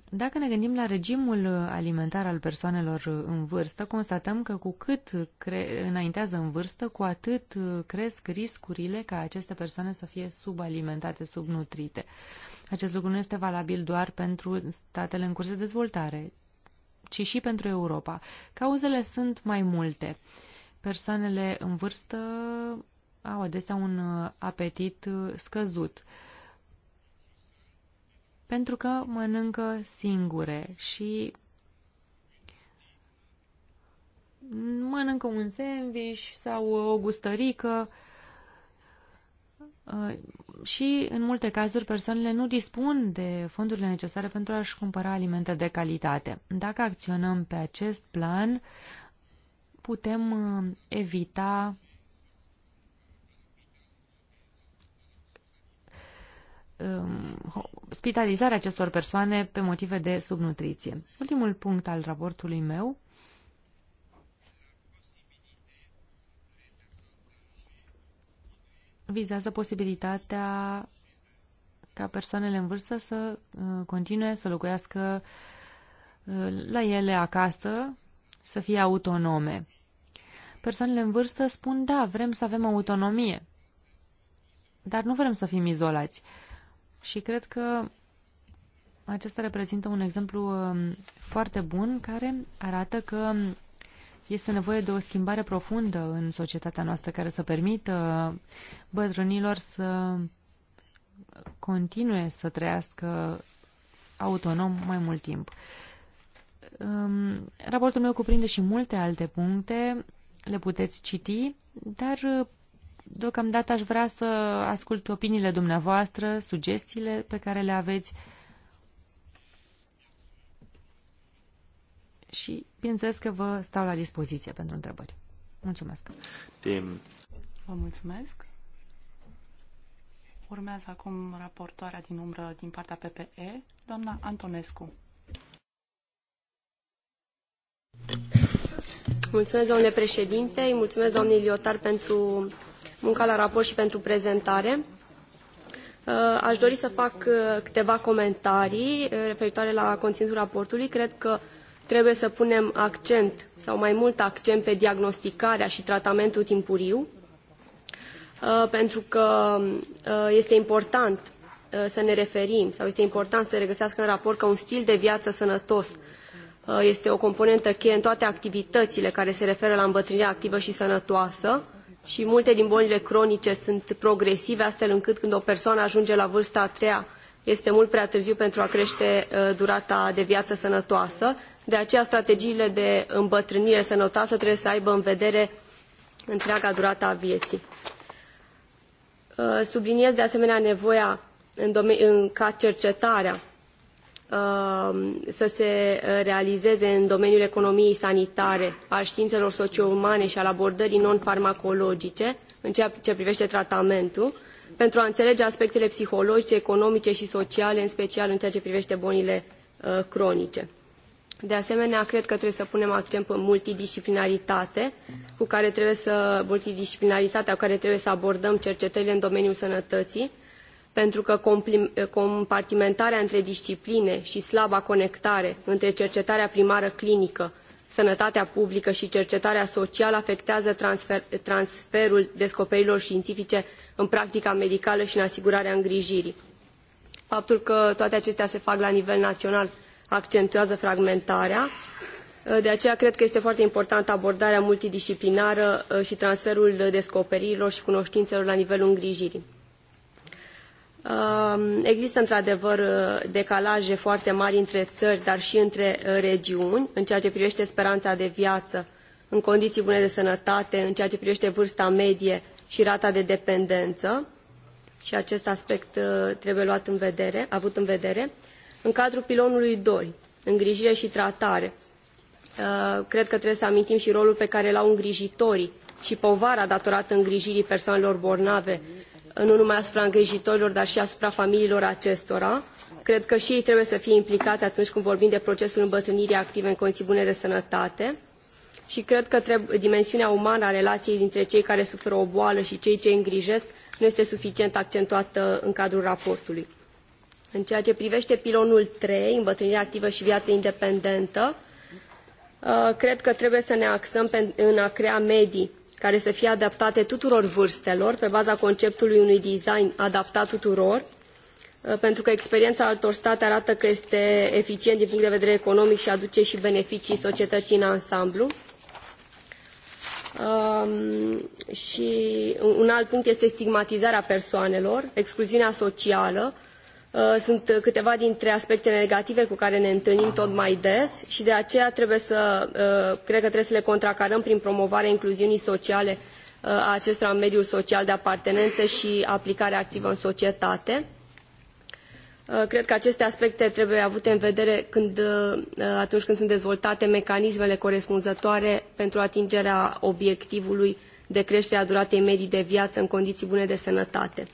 Dacă ne gândim la regimul alimentar al persoanelor uh, în vârstă, constatăm că cu cât cre- înaintează în vârstă, cu atât uh, cresc riscurile ca aceste persoane să fie subalimentate, subnutrite. Acest lucru nu este valabil doar pentru statele în curs de dezvoltare, ci și pentru Europa. Cauzele sunt mai multe. Persoanele în vârstă au adesea un uh, apetit uh, scăzut pentru că mănâncă singure și mănâncă un sandwich sau o gustărică Uh, și, în multe cazuri, persoanele nu dispun de fondurile necesare pentru a-și cumpăra alimente de calitate. Dacă acționăm pe acest plan, putem uh, evita um, spitalizarea acestor persoane pe motive de subnutriție. Ultimul punct al raportului meu vizează posibilitatea ca persoanele în vârstă să uh, continue să locuiască uh, la ele acasă, să fie autonome. Persoanele în vârstă spun, da, vrem să avem autonomie, dar nu vrem să fim izolați. Și cred că acesta reprezintă un exemplu um, foarte bun care arată că este nevoie de o schimbare profundă în societatea noastră care să permită bătrânilor să continue să trăiască autonom mai mult timp. Raportul meu cuprinde și multe alte puncte, le puteți citi, dar deocamdată aș vrea să ascult opiniile dumneavoastră, sugestiile pe care le aveți și bineînțeles că vă stau la dispoziție pentru întrebări. Mulțumesc. Tim. Vă mulțumesc. Urmează acum raportoarea din umbră din partea PPE, doamna Antonescu. Mulțumesc, domnule președinte, îi mulțumesc doamnei Iliotar, pentru munca la raport și pentru prezentare. Uh, aș dori să fac uh, câteva comentarii uh, referitoare la conținutul raportului. Cred că trebuie să punem accent sau mai mult accent pe diagnosticarea și tratamentul timpuriu, uh, pentru că uh, este important uh, să ne referim sau este important să regăsească în raport că un stil de viață sănătos este o componentă cheie în toate activitățile care se referă la îmbătrânirea activă și sănătoasă și multe din bolile cronice sunt progresive, astfel încât când o persoană ajunge la vârsta a treia, este mult prea târziu pentru a crește durata de viață sănătoasă. De aceea, strategiile de îmbătrânire sănătoasă trebuie să aibă în vedere întreaga durată a vieții. Uh, subliniez de asemenea nevoia în ca cercetarea uh, să se uh, realizeze în domeniul economiei sanitare, al științelor socio-umane și al abordării non-farmacologice în ceea ce privește tratamentul, pentru a înțelege aspectele psihologice, economice și sociale, în special în ceea ce privește bolile cronice. De asemenea, cred că trebuie să punem accent pe multidisciplinaritate, cu care trebuie să, multidisciplinaritatea cu care trebuie să abordăm cercetările în domeniul sănătății, pentru că compartimentarea între discipline și slaba conectare între cercetarea primară clinică, sănătatea publică și cercetarea socială afectează transfer, transferul descoperirilor științifice în practica medicală și în asigurarea îngrijirii. Faptul că toate acestea se fac la nivel național accentuează fragmentarea. Uh, de aceea cred că este foarte importantă abordarea multidisciplinară uh, și transferul descoperirilor și cunoștințelor la nivelul îngrijirii. Uh, există într-adevăr decalaje foarte mari între țări, dar și între regiuni, în ceea ce privește speranța de viață, în condiții bune de sănătate, în ceea ce privește vârsta medie și rata de dependență. Și acest aspect trebuie luat în vedere, avut în vedere. Uh, în cadrul pilonului 2, îngrijire și tratare, uh, cred că trebuie să amintim și rolul pe care îl au îngrijitorii și povara datorată îngrijirii persoanelor bolnave, uh, nu numai asupra îngrijitorilor, dar și asupra familiilor acestora. Cred că și ei trebuie să fie implicați atunci când vorbim de procesul îmbătrânirii active în condiții bune de sănătate și cred că dimensiunea umană a relației dintre cei care suferă o boală și cei ce îngrijesc nu este suficient accentuată în cadrul raportului. În ceea ce privește pilonul 3, îmbătrânirea activă și viață independentă, uh, cred că trebuie să ne axăm în a crea medii care să fie adaptate tuturor vârstelor, pe baza conceptului unui design adaptat tuturor, uh, pentru că experiența altor state arată că este eficient din punct de vedere economic și aduce și beneficii societății în ansamblu. Um, și un alt punct este stigmatizarea persoanelor, excluziunea socială, Uh, sunt câteva dintre aspectele negative cu care ne întâlnim tot mai des i de aceea trebuie să, uh, cred că trebuie să le contracarăm prin promovarea incluziunii sociale uh, a acestora în mediul social de apartenență i aplicarea activă în societate. Cred că aceste aspecte trebuie avute în vedere când, atunci când sunt dezvoltate mecanismele corespunzătoare pentru atingerea obiectivului de creștere a duratei medii de viață în condiții bune de sănătate.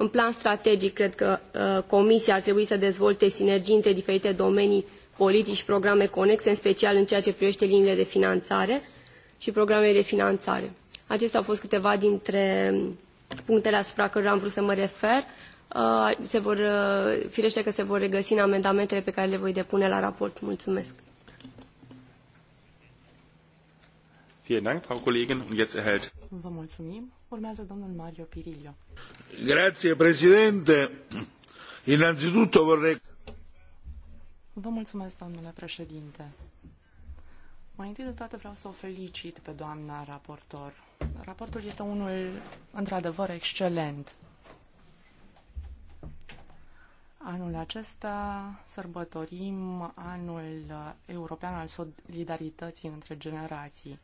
În plan strategic, cred că uh, Comisia ar trebui să dezvolte sinergii între diferite domenii politici și programe conexe, în special în ceea ce privește liniile de finanțare și programele de finanțare. Acestea au fost câteva dintre um, punctele asupra cărora am vrut să mă refer. Uh, se vor, uh, firește că se vor regăsi în amendamentele pe care le voi depune la raport. Mulțumesc! Vă mulțumim. Urmează domnul Mario Pirillo. Grazie, președinte. Innanzitutto vorrei... Vă mulțumesc, domnule președinte. Mai întâi de toate vreau să o felicit pe doamna raportor. Raportul este unul, într-adevăr, excelent. Anul acesta sărbătorim anul european al solidarității între generații.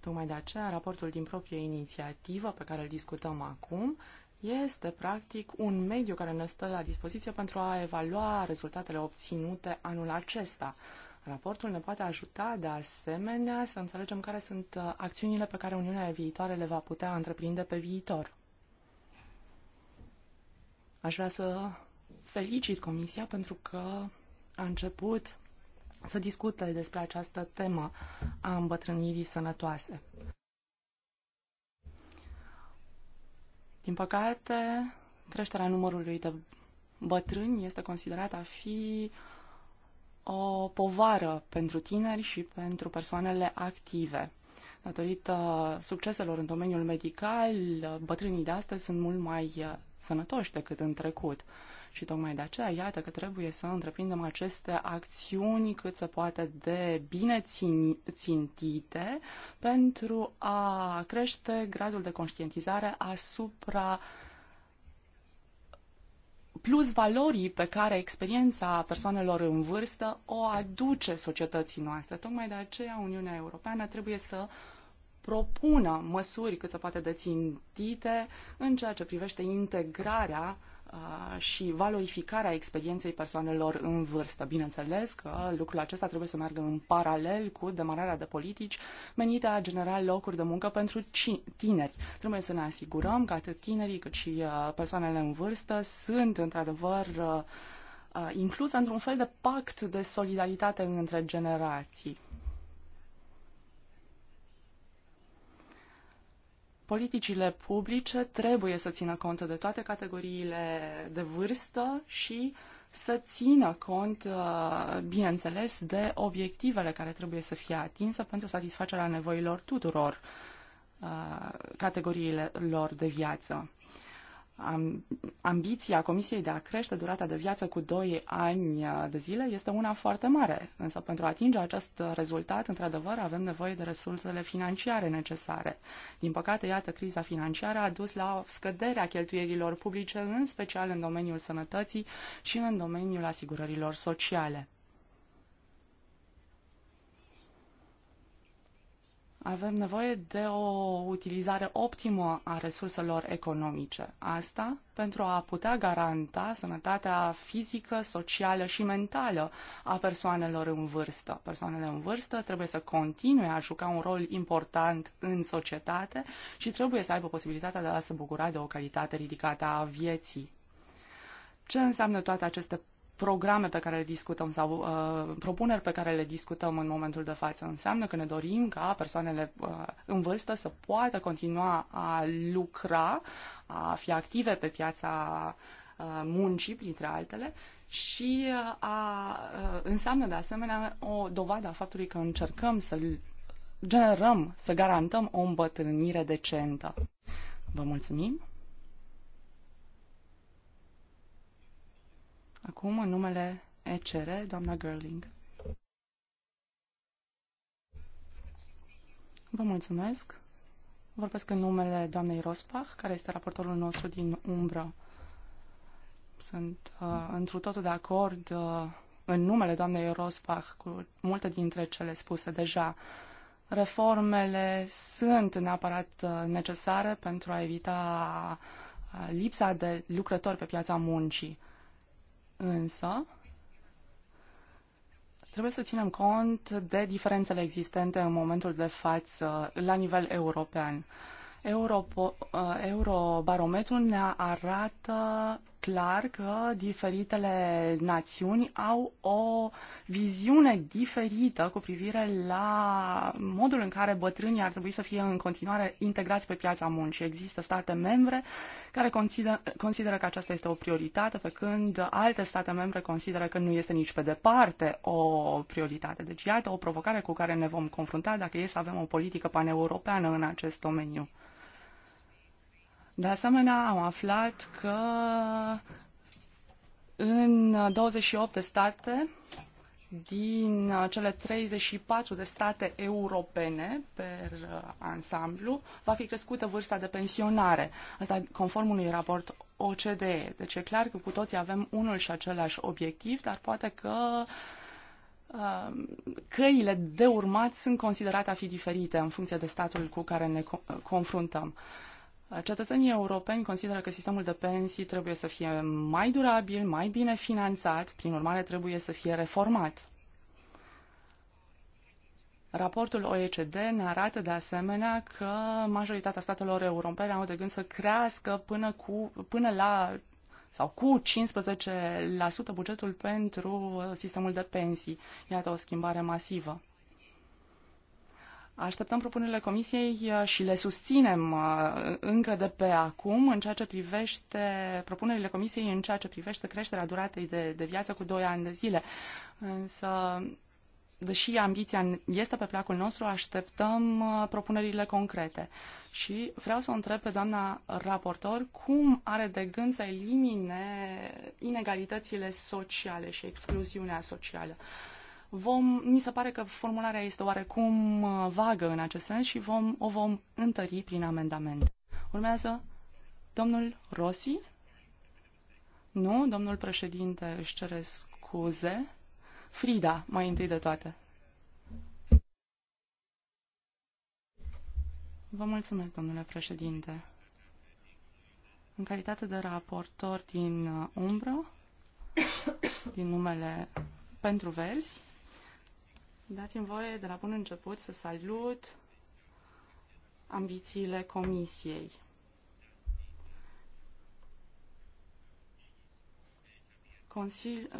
Tocmai de aceea, raportul din proprie inițiativă pe care îl discutăm acum este practic un mediu care ne stă la dispoziție pentru a evalua rezultatele obținute anul acesta. Raportul ne poate ajuta de asemenea să înțelegem care sunt uh, acțiunile pe care Uniunea viitoare le va putea întreprinde pe viitor. Aș vrea să felicit Comisia pentru că a început să discute despre această temă a îmbătrânirii sănătoase. Din păcate, creșterea numărului de bătrâni este considerată a fi o povară pentru tineri și pentru persoanele active. Datorită succeselor în domeniul medical, bătrânii de astăzi sunt mult mai eh, sănătoși decât în trecut. Și tocmai de aceea, iată că trebuie să întreprindem aceste acțiuni cât se poate de bine țintite pentru a crește gradul de conștientizare asupra plus valorii pe care experiența persoanelor în vârstă o aduce societății noastre. Tocmai de aceea Uniunea Europeană trebuie să propună măsuri cât se poate de țintite în ceea ce privește integrarea uh, și valorificarea experienței persoanelor în vârstă. Bineînțeles că lucrul acesta trebuie să meargă în paralel cu demararea de politici menite a genera locuri de muncă pentru tineri. Trebuie să ne asigurăm că atât tinerii cât și persoanele în vârstă sunt într-adevăr inclusă într-un fel de pact de solidaritate între generații. Politicile publice trebuie să țină cont de toate categoriile de vârstă și să țină cont, uh, bineînțeles, de obiectivele care trebuie să fie atinse pentru satisfacerea nevoilor tuturor uh, categoriilor de viață ambiția Comisiei de a crește durata de viață cu 2 ani uh, de zile este una foarte mare, însă pentru a atinge acest rezultat, într-adevăr, avem nevoie de resursele financiare necesare. Din păcate, iată, criza financiară a dus la scăderea cheltuierilor publice, în special în domeniul sănătății și în domeniul asigurărilor sociale. Avem nevoie de o utilizare optimă a resurselor economice. Asta pentru a putea garanta sănătatea fizică, socială și mentală a persoanelor în vârstă. Persoanele în vârstă trebuie să continue a juca un rol important în societate și trebuie să aibă posibilitatea de a se bucura de o calitate ridicată a vieții. Ce înseamnă toate aceste programe pe care le discutăm sau uh, propuneri pe care le discutăm în momentul de față. Înseamnă că ne dorim ca persoanele uh, în vârstă să poată continua a lucra, a fi active pe piața uh, muncii, printre altele, și uh, a, uh, înseamnă de asemenea o dovadă a faptului că încercăm să generăm, să garantăm o îmbătrânire decentă. Vă mulțumim! Acum, în numele ECR, doamna Gerling. Vă mulțumesc. Vorbesc în numele doamnei Rosbach, care este raportorul nostru din umbră. Sunt uh, întru totul de acord uh, în numele doamnei Rosbach cu multe dintre cele spuse deja. Reformele sunt neapărat uh, necesare pentru a evita uh, lipsa de lucrători pe piața muncii. Însă, trebuie să ținem cont de diferențele existente în momentul de față la nivel european. Uh, Eurobarometrul ne arată clar că diferitele națiuni au o viziune diferită cu privire la modul în care bătrânii ar trebui să fie în continuare integrați pe piața muncii. Există state membre care consideră, consideră că aceasta este o prioritate, pe când alte state membre consideră că nu este nici pe departe o prioritate. Deci, iată o provocare cu care ne vom confrunta dacă e să avem o politică paneuropeană în acest domeniu. De asemenea, am aflat că în 28 de state din cele 34 de state europene per ansamblu va fi crescută vârsta de pensionare. Asta conform unui raport OCDE. Deci e clar că cu toții avem unul și același obiectiv, dar poate că um, căile de urmat sunt considerate a fi diferite în funcție de statul cu care ne confruntăm. Cetățenii europeni consideră că sistemul de pensii trebuie să fie mai durabil, mai bine finanțat, prin urmare trebuie să fie reformat. Raportul OECD ne arată de asemenea că majoritatea statelor europene au de gând să crească până, cu, până la sau cu 15% bugetul pentru uh, sistemul de pensii. Iată o schimbare masivă. Așteptăm propunerile Comisiei uh, și le susținem uh, încă de pe acum în ceea ce privește propunerile Comisiei în ceea ce privește creșterea duratei de, de viață cu 2 ani de zile. Însă, deși ambiția este pe placul nostru, așteptăm uh, propunerile concrete. Și vreau să o întreb pe doamna raportor cum are de gând să elimine inegalitățile sociale și excluziunea socială. Uh, vom, mi se pare că formularea este oarecum uh, vagă în acest sens și vom, o vom întări prin amendament. Urmează domnul Rossi. Nu, domnul președinte își cere scuze. Frida, mai întâi de toate. Vă mulțumesc, domnule președinte. În calitate de raportor din uh, umbră, din numele pentru verzi, Dați-mi voie de la bun început să salut ambițiile Comisiei.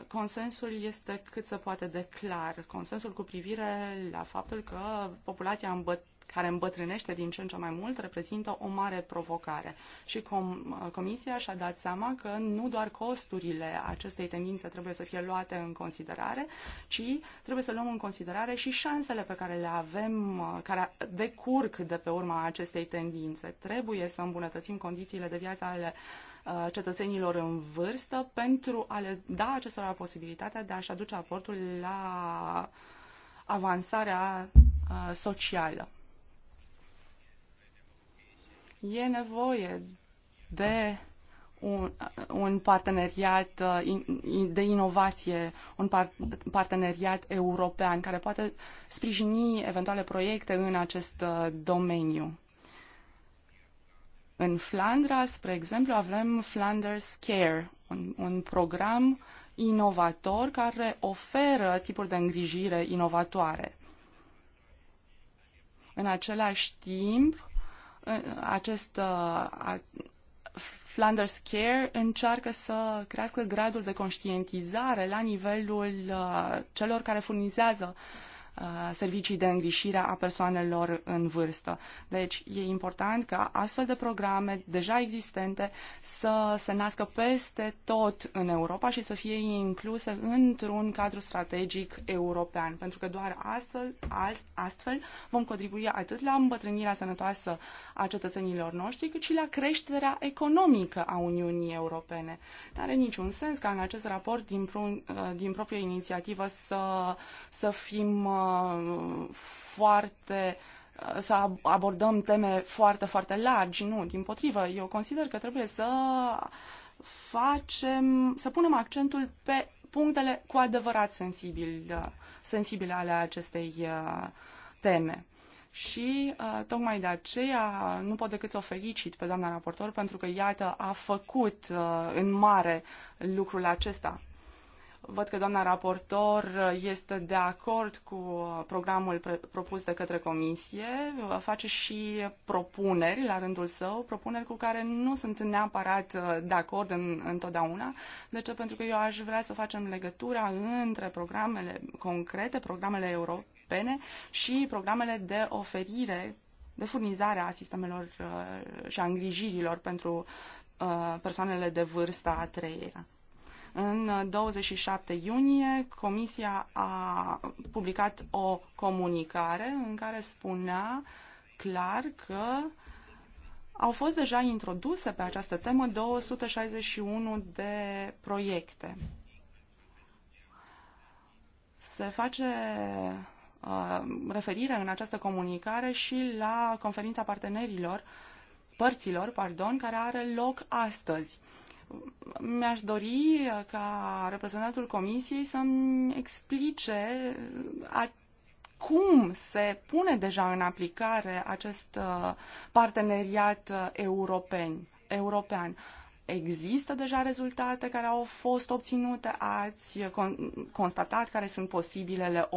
consensul este cât se poate de clar. Consensul cu privire la faptul că populația îmbătrânește care îmbătrânește din ce în ce mai mult, reprezintă o mare provocare. Și com- Comisia și-a dat seama că nu doar costurile acestei tendințe trebuie să fie luate în considerare, ci trebuie să luăm în considerare și șansele pe care le avem, care decurg de pe urma acestei tendințe. Trebuie să îmbunătățim condițiile de viață ale uh, cetățenilor în vârstă pentru a le da acestora posibilitatea de a-și aduce aportul la avansarea uh, socială. E nevoie de un, un parteneriat uh, de inovație, un par, parteneriat european care poate sprijini eventuale proiecte în acest uh, domeniu. În Flandra, spre exemplu, avem Flanders Care, un, un program inovator care oferă tipuri de îngrijire inovatoare. În același timp, Uh, acest uh, Flanders Care încearcă să crească gradul de conștientizare la nivelul uh, celor care furnizează uh, Uh, servicii de îngrijire a persoanelor în vârstă. Deci e important ca astfel de programe deja existente să se nască peste tot în Europa și să fie incluse într-un cadru strategic european, pentru că doar astfel, astfel vom contribui atât la îmbătrânirea sănătoasă a cetățenilor noștri, cât și la creșterea economică a Uniunii Europene. Nu are niciun sens ca în acest raport din, prun, uh, din proprie inițiativă să, să fim uh, foarte să abordăm teme foarte, foarte largi. Nu, din potrivă, eu consider că trebuie să facem, să punem accentul pe punctele cu adevărat sensibile, sensibile ale acestei teme. Și tocmai de aceea nu pot decât să o felicit pe doamna raportor pentru că, iată, a făcut în mare lucrul acesta. Văd că doamna raportor este de acord cu programul propus de către comisie, face și propuneri la rândul său, propuneri cu care nu sunt neapărat de acord în, întotdeauna. De ce? Pentru că eu aș vrea să facem legătura între programele concrete, programele europene și programele de oferire, de furnizare a sistemelor uh, și a îngrijirilor pentru uh, persoanele de vârsta a treia. În 27 iunie, Comisia a publicat o comunicare în care spunea clar că au fost deja introduse pe această temă 261 de proiecte. Se face uh, referire în această comunicare și la conferința partenerilor, părților, pardon, care are loc astăzi. Uh, mi-aș dori ca reprezentantul Comisiei să-mi explice a, cum se pune deja în aplicare acest uh, parteneriat uh, european. european. Există deja rezultate care au fost obținute? Ați uh, constatat care sunt posibilele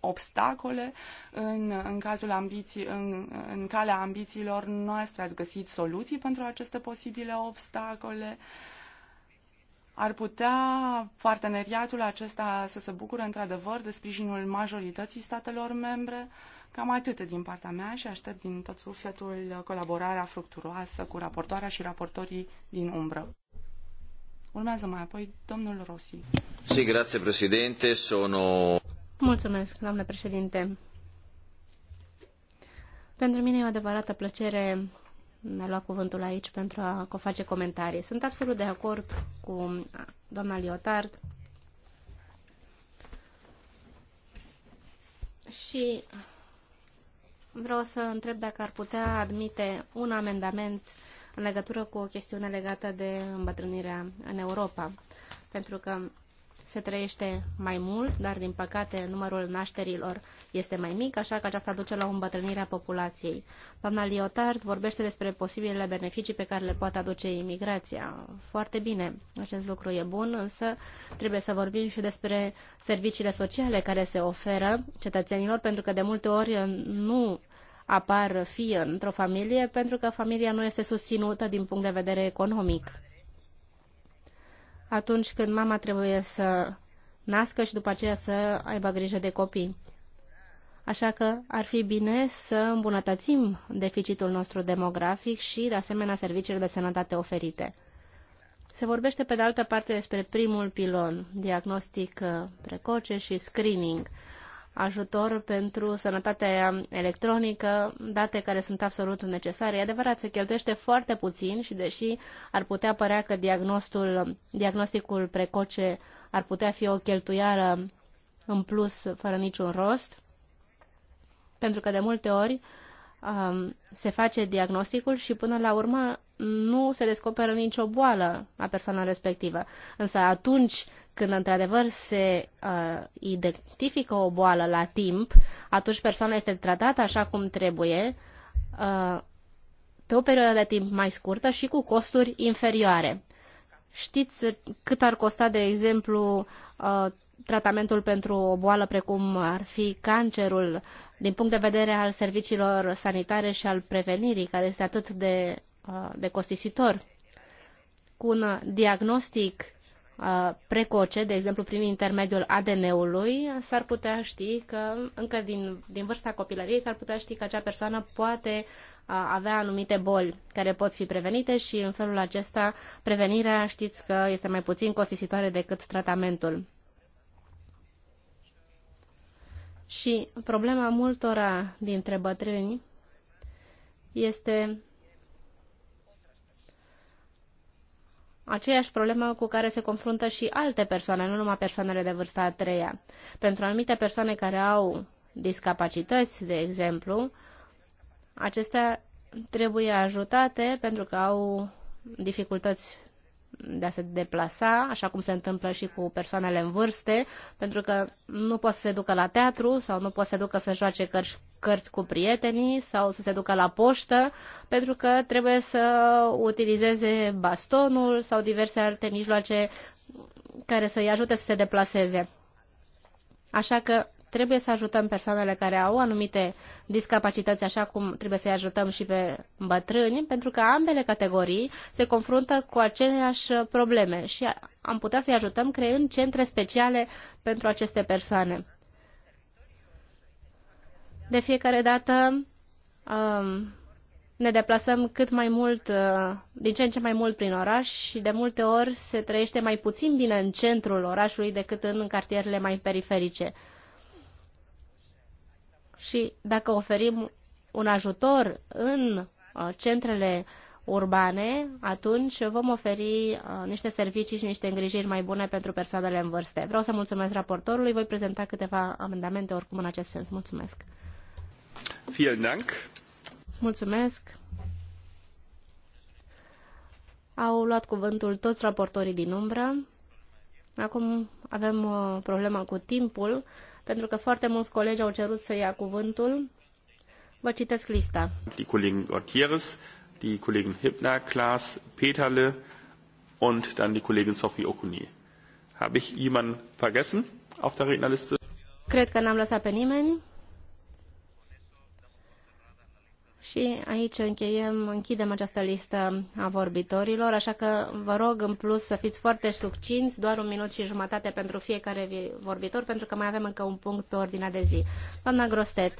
obstacole în, în cazul ambiții, în, în calea ambițiilor noastre? Ați găsit soluții pentru aceste posibile obstacole? Ar putea parteneriatul acesta să se bucure într-adevăr de sprijinul majorității statelor membre? Cam atât din partea mea și aștept din tot sufletul colaborarea fructuroasă cu raportoarea și raportorii din umbră. Urmează mai apoi domnul Rossi. Sì, grazie Presidente, sono... Mulțumesc, președinte. Pentru mine e o adevărată plăcere a lua cuvântul aici pentru a face comentarii. Sunt absolut de acord cu doamna Liotard și vreau să întreb dacă ar putea admite un amendament în legătură cu o chestiune legată de îmbătrânirea în Europa. Pentru că se trăiește mai mult, dar din păcate numărul nașterilor este mai mic, așa că aceasta duce la o îmbătrânire a populației. Doamna Liotard vorbește despre posibilele beneficii pe care le poate aduce imigrația. Foarte bine, acest lucru e bun, însă trebuie să vorbim și despre serviciile sociale care se oferă cetățenilor, pentru că de multe ori nu apar fie într-o familie, pentru că familia nu este susținută din punct de vedere economic atunci când mama trebuie să nască și după aceea să aibă grijă de copii. Așa că ar fi bine să îmbunătățim deficitul nostru demografic și, de asemenea, serviciile de sănătate oferite. Se vorbește, pe de altă parte, despre primul pilon, diagnostic uh, precoce și screening ajutor pentru sănătatea electronică, date care sunt absolut necesare. E adevărat, se cheltuiește foarte puțin și deși ar putea părea că diagnostul, diagnosticul precoce ar putea fi o cheltuială în plus fără niciun rost, pentru că de multe ori um, se face diagnosticul și până la urmă nu se descoperă nicio boală la persoana respectivă. Însă atunci când într-adevăr se uh, identifică o boală la timp, atunci persoana este tratată așa cum trebuie, uh, pe o perioadă de timp mai scurtă și cu costuri inferioare. Știți cât ar costa, de exemplu, uh, tratamentul pentru o boală precum ar fi cancerul, din punct de vedere al serviciilor sanitare și al prevenirii, care este atât de, uh, de costisitor? Cu un diagnostic precoce, de exemplu prin intermediul ADN-ului, s-ar putea ști că încă din, din vârsta copilăriei s-ar putea ști că acea persoană poate avea anumite boli care pot fi prevenite și în felul acesta prevenirea știți că este mai puțin costisitoare decât tratamentul. Și problema multora dintre bătrâni este aceeași problemă cu care se confruntă și alte persoane, nu numai persoanele de vârsta a treia. Pentru anumite persoane care au discapacități, de exemplu, acestea trebuie ajutate pentru că au dificultăți de a se deplasa, așa cum se întâmplă și cu persoanele în vârste, pentru că nu pot să se ducă la teatru sau nu pot să se ducă să joace cărți cărți cu prietenii sau să se ducă la poștă, pentru că trebuie să utilizeze bastonul sau diverse alte mijloace care să-i ajute să se deplaseze. Așa că trebuie să ajutăm persoanele care au anumite discapacități, așa cum trebuie să-i ajutăm și pe bătrâni, pentru că ambele categorii se confruntă cu aceleași probleme și am putea să-i ajutăm creând centre speciale pentru aceste persoane. De fiecare dată um, ne deplasăm cât mai mult, uh, din ce în ce mai mult prin oraș și de multe ori se trăiește mai puțin bine în centrul orașului decât în cartierele mai periferice. Și dacă oferim un ajutor în uh, centrele urbane, atunci vom oferi uh, niște servicii și niște îngrijiri mai bune pentru persoanele în vârstă. Vreau să mulțumesc raportorului, voi prezenta câteva amendamente oricum în acest sens. Mulțumesc! Mulțumesc. Au luat cuvântul toți raportorii din umbră. Acum avem uh, problema cu timpul, pentru că foarte mulți colegi au cerut să ia cuvântul. Vă citesc lista. Die Kollegen Gutierrez, die Kollegen Hübner, Klaas, Peterle und dann die Kollegin Sophie Okuni. Habe ich jemanden vergessen auf der Rednerliste? Cred că n-am lăsat pe nimeni. Și aici încheiem, închidem această listă a vorbitorilor, așa că vă rog în plus să fiți foarte succinți, doar un minut și jumătate pentru fiecare vorbitor, pentru că mai avem încă un punct pe ordinea de zi. Doamna Grostet,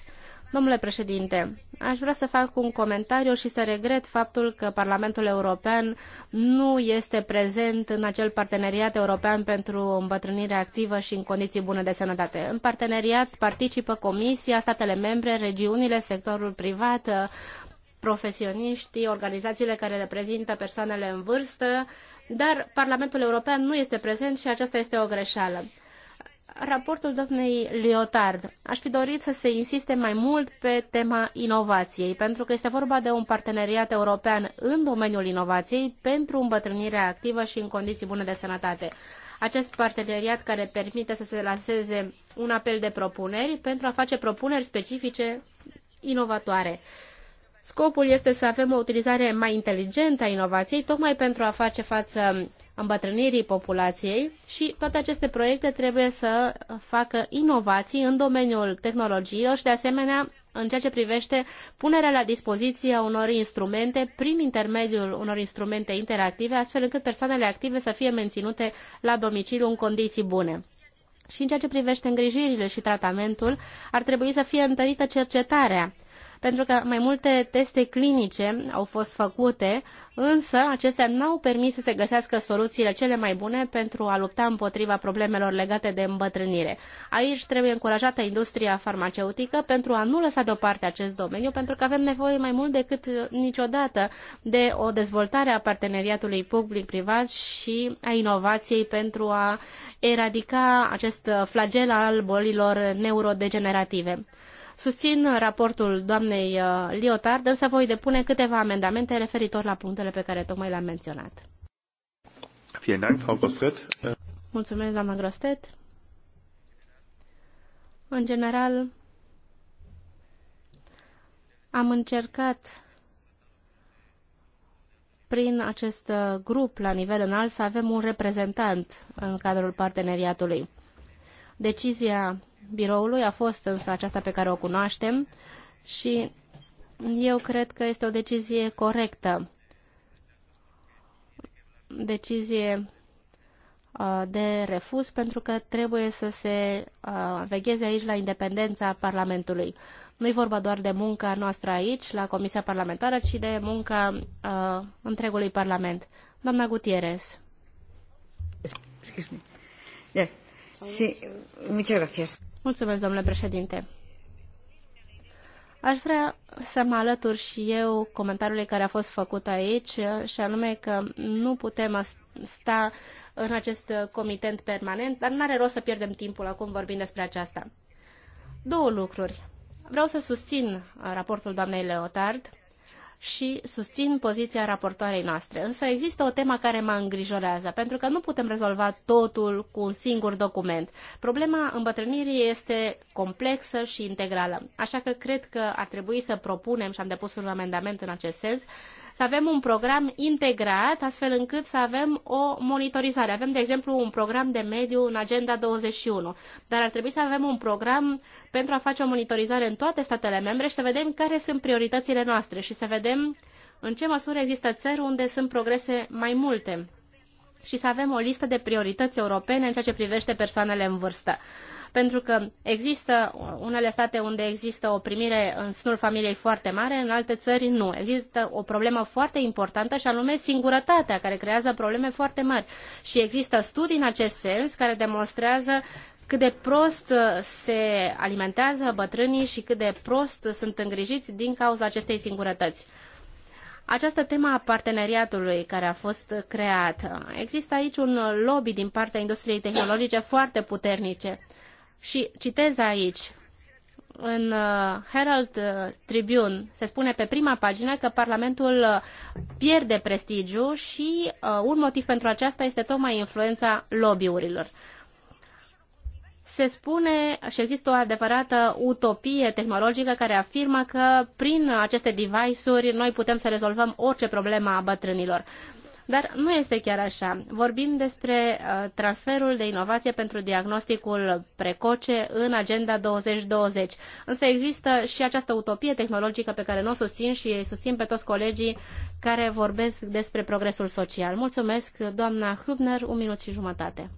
Domnule președinte, aș vrea să fac un comentariu și să regret faptul că Parlamentul European nu este prezent în acel parteneriat european pentru îmbătrânire activă și în condiții bune de sănătate. În parteneriat participă Comisia, statele membre, regiunile, sectorul privat, profesioniștii, organizațiile care reprezintă persoanele în vârstă, dar Parlamentul European nu este prezent și aceasta este o greșeală raportul domnului Lyotard. Aș fi dorit să se insiste mai mult pe tema inovației, pentru că este vorba de un parteneriat european în domeniul inovației pentru îmbătrânirea activă și în condiții bune de sănătate. Acest parteneriat care permite să se lanseze un apel de propuneri pentru a face propuneri specifice inovatoare. Scopul este să avem o utilizare mai inteligentă a inovației, tocmai pentru a face față îmbătrânirii populației și toate aceste proiecte trebuie să facă inovații în domeniul tehnologiilor și de asemenea în ceea ce privește punerea la dispoziție a unor instrumente prin intermediul unor instrumente interactive, astfel încât persoanele active să fie menținute la domiciliu în condiții bune. Și în ceea ce privește îngrijirile și tratamentul, ar trebui să fie întărită cercetarea pentru că mai multe teste clinice au fost făcute însă acestea nu au permis să se găsească soluțiile cele mai bune pentru a lupta împotriva problemelor legate de îmbătrânire. Aici trebuie încurajată industria farmaceutică pentru a nu lăsa deoparte acest domeniu, pentru că avem nevoie mai mult decât niciodată de o dezvoltare a parteneriatului public-privat și a inovației pentru a eradica acest flagel al bolilor neurodegenerative. Susțin uh, raportul doamnei uh, Liotard, însă voi depune câteva amendamente referitor la punctele pe care tocmai le-am menționat. Mulțumesc, doamna Grostet. În general, am încercat prin acest uh, grup la nivel înalt să avem un reprezentant în cadrul parteneriatului. Decizia biroului a fost însă aceasta pe care o cunoaștem și eu cred că este o decizie corectă. Decizie de refuz pentru că trebuie să se vegheze aici la independența Parlamentului. Nu e vorba doar de munca noastră aici, la Comisia Parlamentară, ci de munca uh, întregului Parlament. Doamna Gutierrez. Excuse me. Yeah. Sí, muchas gracias. Mulțumesc, domnule președinte. Aș vrea să mă alătur și eu comentariului care a fost făcut aici, și anume că nu putem sta în acest comitent permanent, dar nu are rost să pierdem timpul acum vorbind despre aceasta. Două lucruri. Vreau să susțin raportul doamnei Leotard și susțin poziția raportoarei noastre. Însă există o temă care mă îngrijorează, pentru că nu putem rezolva totul cu un singur document. Problema îmbătrânirii este complexă și integrală, așa că cred că ar trebui să propunem, și am depus un amendament în acest sens, să avem un program integrat, astfel încât să avem o monitorizare. Avem, de exemplu, un program de mediu în Agenda 21, dar ar trebui să avem un program pentru a face o monitorizare în toate statele membre și să vedem care sunt prioritățile noastre și să vedem în ce măsură există țări unde sunt progrese mai multe și să avem o listă de priorități europene în ceea ce privește persoanele în vârstă pentru că există unele state unde există o primire în sânul familiei foarte mare, în alte țări nu. Există o problemă foarte importantă și anume singurătatea, care creează probleme foarte mari. Și există studii în acest sens care demonstrează cât de prost se alimentează bătrânii și cât de prost sunt îngrijiți din cauza acestei singurătăți. Această temă a parteneriatului care a fost creat, există aici un lobby din partea industriei tehnologice foarte puternice și citez aici, în uh, Herald uh, Tribune se spune pe prima pagină că Parlamentul uh, pierde prestigiu și un motiv pentru aceasta este tocmai influența lobbyurilor. Se spune și există o adevărată utopie tehnologică care afirmă că prin aceste device-uri noi putem să rezolvăm orice problemă a bătrânilor. Uh, dar nu este chiar așa. Vorbim despre uh, transferul de inovație pentru diagnosticul precoce în Agenda 2020. Însă există și această utopie tehnologică pe care nu o susțin și îi susțin pe toți colegii care vorbesc despre progresul social. Mulțumesc, doamna Hübner, un minut și jumătate.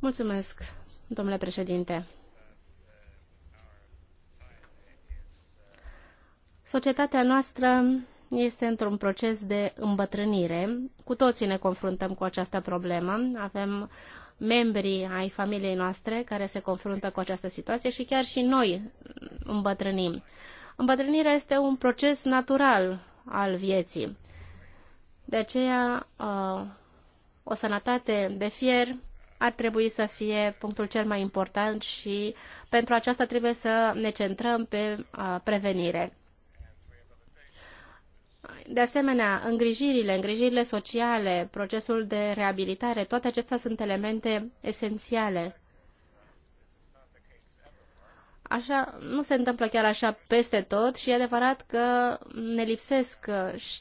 Mulțumesc, domnule președinte. Societatea noastră este într-un proces de îmbătrânire. Cu toții ne confruntăm cu această problemă. Avem membrii ai familiei noastre care se confruntă cu această situație și chiar și noi îmbătrânim. Îmbătrânirea este un proces natural al vieții. De aceea, ă, o sănătate de fier ar trebui să fie punctul cel mai important și pentru aceasta trebuie să ne centrăm pe ă, prevenire. De asemenea, îngrijirile, îngrijirile sociale, procesul de reabilitare, toate acestea sunt elemente esențiale. Așa, nu se întâmplă chiar așa peste tot și e adevărat că ne, lipsesc,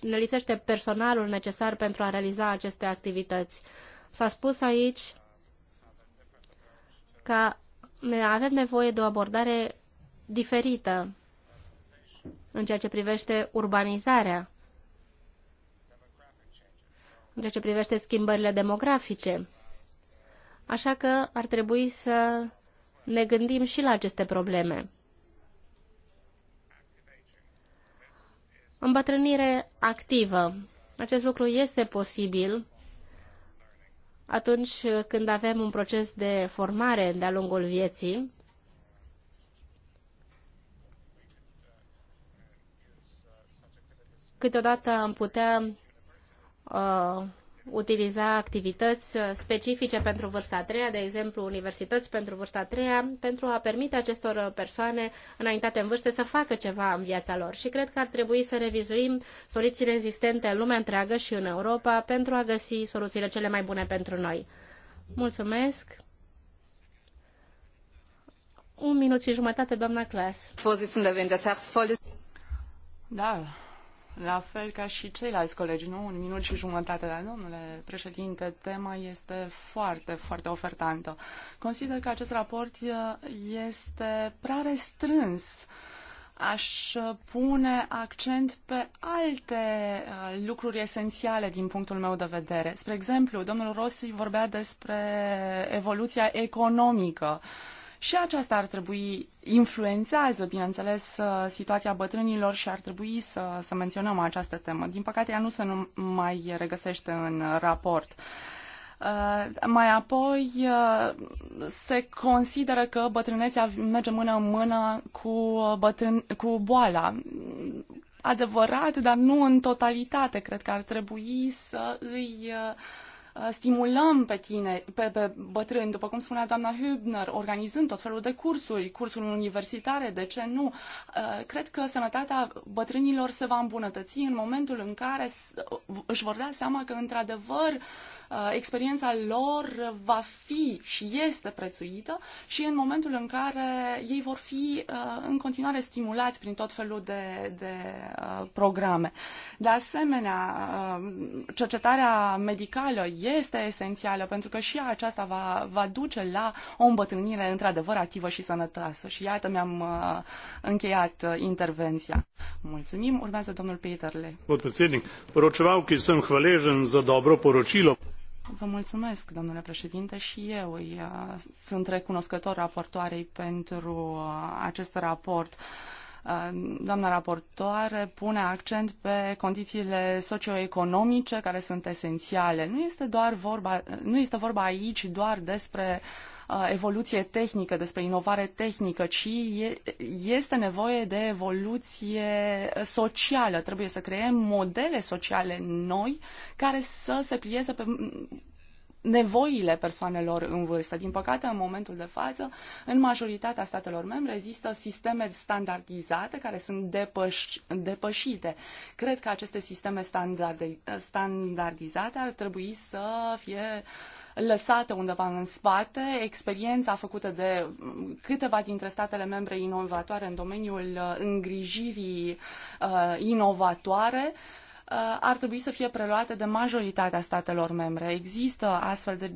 ne lipsește personalul necesar pentru a realiza aceste activități. S-a spus aici că avem nevoie de o abordare diferită în ceea ce privește urbanizarea ceea ce privește schimbările demografice. Așa că ar trebui să ne gândim și la aceste probleme. Îmbătrânire activă. Acest lucru este posibil atunci când avem un proces de formare de-a lungul vieții, câteodată am putea uh, utiliza activități specifice pentru vârsta a treia, de exemplu universități pentru vârsta a treia, pentru a permite acestor persoane înaintate în vârstă să facă ceva în viața lor. Și cred că ar trebui să revizuim soluțiile existente în lumea întreagă și în Europa pentru a găsi soluțiile cele mai bune pentru noi. Mulțumesc! Un minut și jumătate, doamna Clas. Da, la fel ca și ceilalți colegi, nu? Un minut și jumătate, dar domnule președinte, tema este foarte, foarte ofertantă. Consider că acest raport este prea restrâns aș pune accent pe alte lucruri esențiale din punctul meu de vedere. Spre exemplu, domnul Rossi vorbea despre evoluția economică. Și aceasta ar trebui, influențează, bineînțeles, uh, situația bătrânilor și ar trebui să, să menționăm această temă. Din păcate, ea nu se nu mai regăsește în raport. Uh, mai apoi uh, se consideră că bătrânețea merge mână în mână cu, uh, bătrân, cu boala. Adevărat, dar nu în totalitate. Cred că ar trebui să îi uh, Uh, stimulăm pe tine, pe, pe bătrâni, după cum spunea doamna Hübner, organizând tot felul de cursuri, cursuri universitare, de ce nu? Uh, cred că sănătatea bătrânilor se va îmbunătăți în momentul în care uh, își vor da seama că, într-adevăr, Uh, experiența lor va fi și este prețuită și în momentul în care ei vor fi uh, în continuare stimulați prin tot felul de, de uh, programe. De asemenea, cercetarea medicală este esențială pentru că și aceasta va, va duce la o îmbătrânire într-adevăr activă și sănătoasă. Și iată, mi-am încheiat intervenția. Mulțumim. Urmează domnul Peterle. Podpredsednik, poročevalki sem hvaležen za dobro poročilo. Vă mulțumesc, domnule președinte, și eu uh, sunt recunoscător raportoarei pentru uh, acest raport uh, doamna raportoare pune accent pe condițiile socioeconomice care sunt esențiale. Nu este, doar vorba, nu este vorba aici doar despre Uh, evoluție tehnică, despre inovare tehnică, ci este nevoie de evoluție socială. Trebuie să creăm modele sociale noi care să se plieze pe nevoile persoanelor în vârstă. Din păcate, în momentul de față, în majoritatea statelor membre există sisteme standardizate care sunt depăș- depășite. Cred că aceste sisteme standarde, standardizate ar trebui să fie uh, Lăsată undeva în spate. Experiența făcută de câteva dintre statele membre inovatoare în domeniul uh, îngrijirii uh, inovatoare uh, ar trebui să fie preluate de majoritatea statelor membre. Există astfel de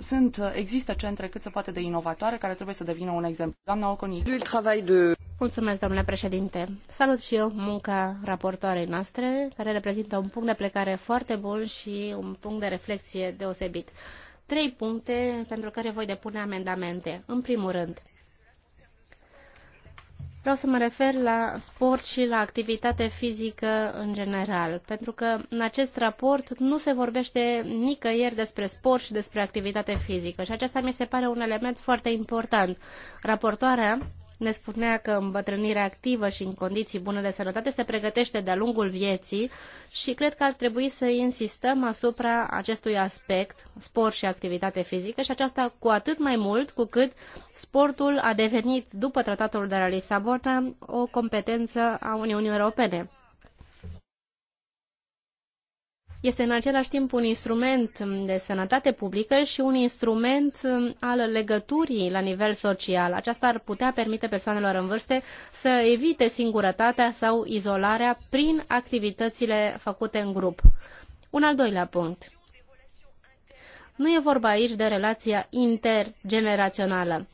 sunt există centre cât se poate de inovatoare care trebuie să devină un exemplu. Doamna Oconi. Mulțumesc, domnule președinte. Salut și eu munca raportoarei noastre, care reprezintă un punct de plecare foarte bun și un punct de reflexie deosebit trei puncte pentru care voi depune amendamente. În primul rând, Vreau să mă refer la sport și la activitate fizică în general, pentru că în acest raport nu se vorbește nicăieri despre sport și despre activitate fizică și aceasta mi se pare un element foarte important. Raportoarea ne spunea că îmbătrânirea activă și în condiții bune de sănătate se pregătește de-a lungul vieții și cred că ar trebui să insistăm asupra acestui aspect, sport și activitate fizică și aceasta cu atât mai mult cu cât sportul a devenit după tratatul de la Lisabona o competență a Uniunii Europene. Este în același timp un instrument de sănătate publică și un instrument um, al legăturii la nivel social. Aceasta ar putea permite persoanelor în vârste să evite singurătatea sau izolarea prin activitățile făcute în grup. Un al doilea punct. Nu e vorba aici de relația intergenerațională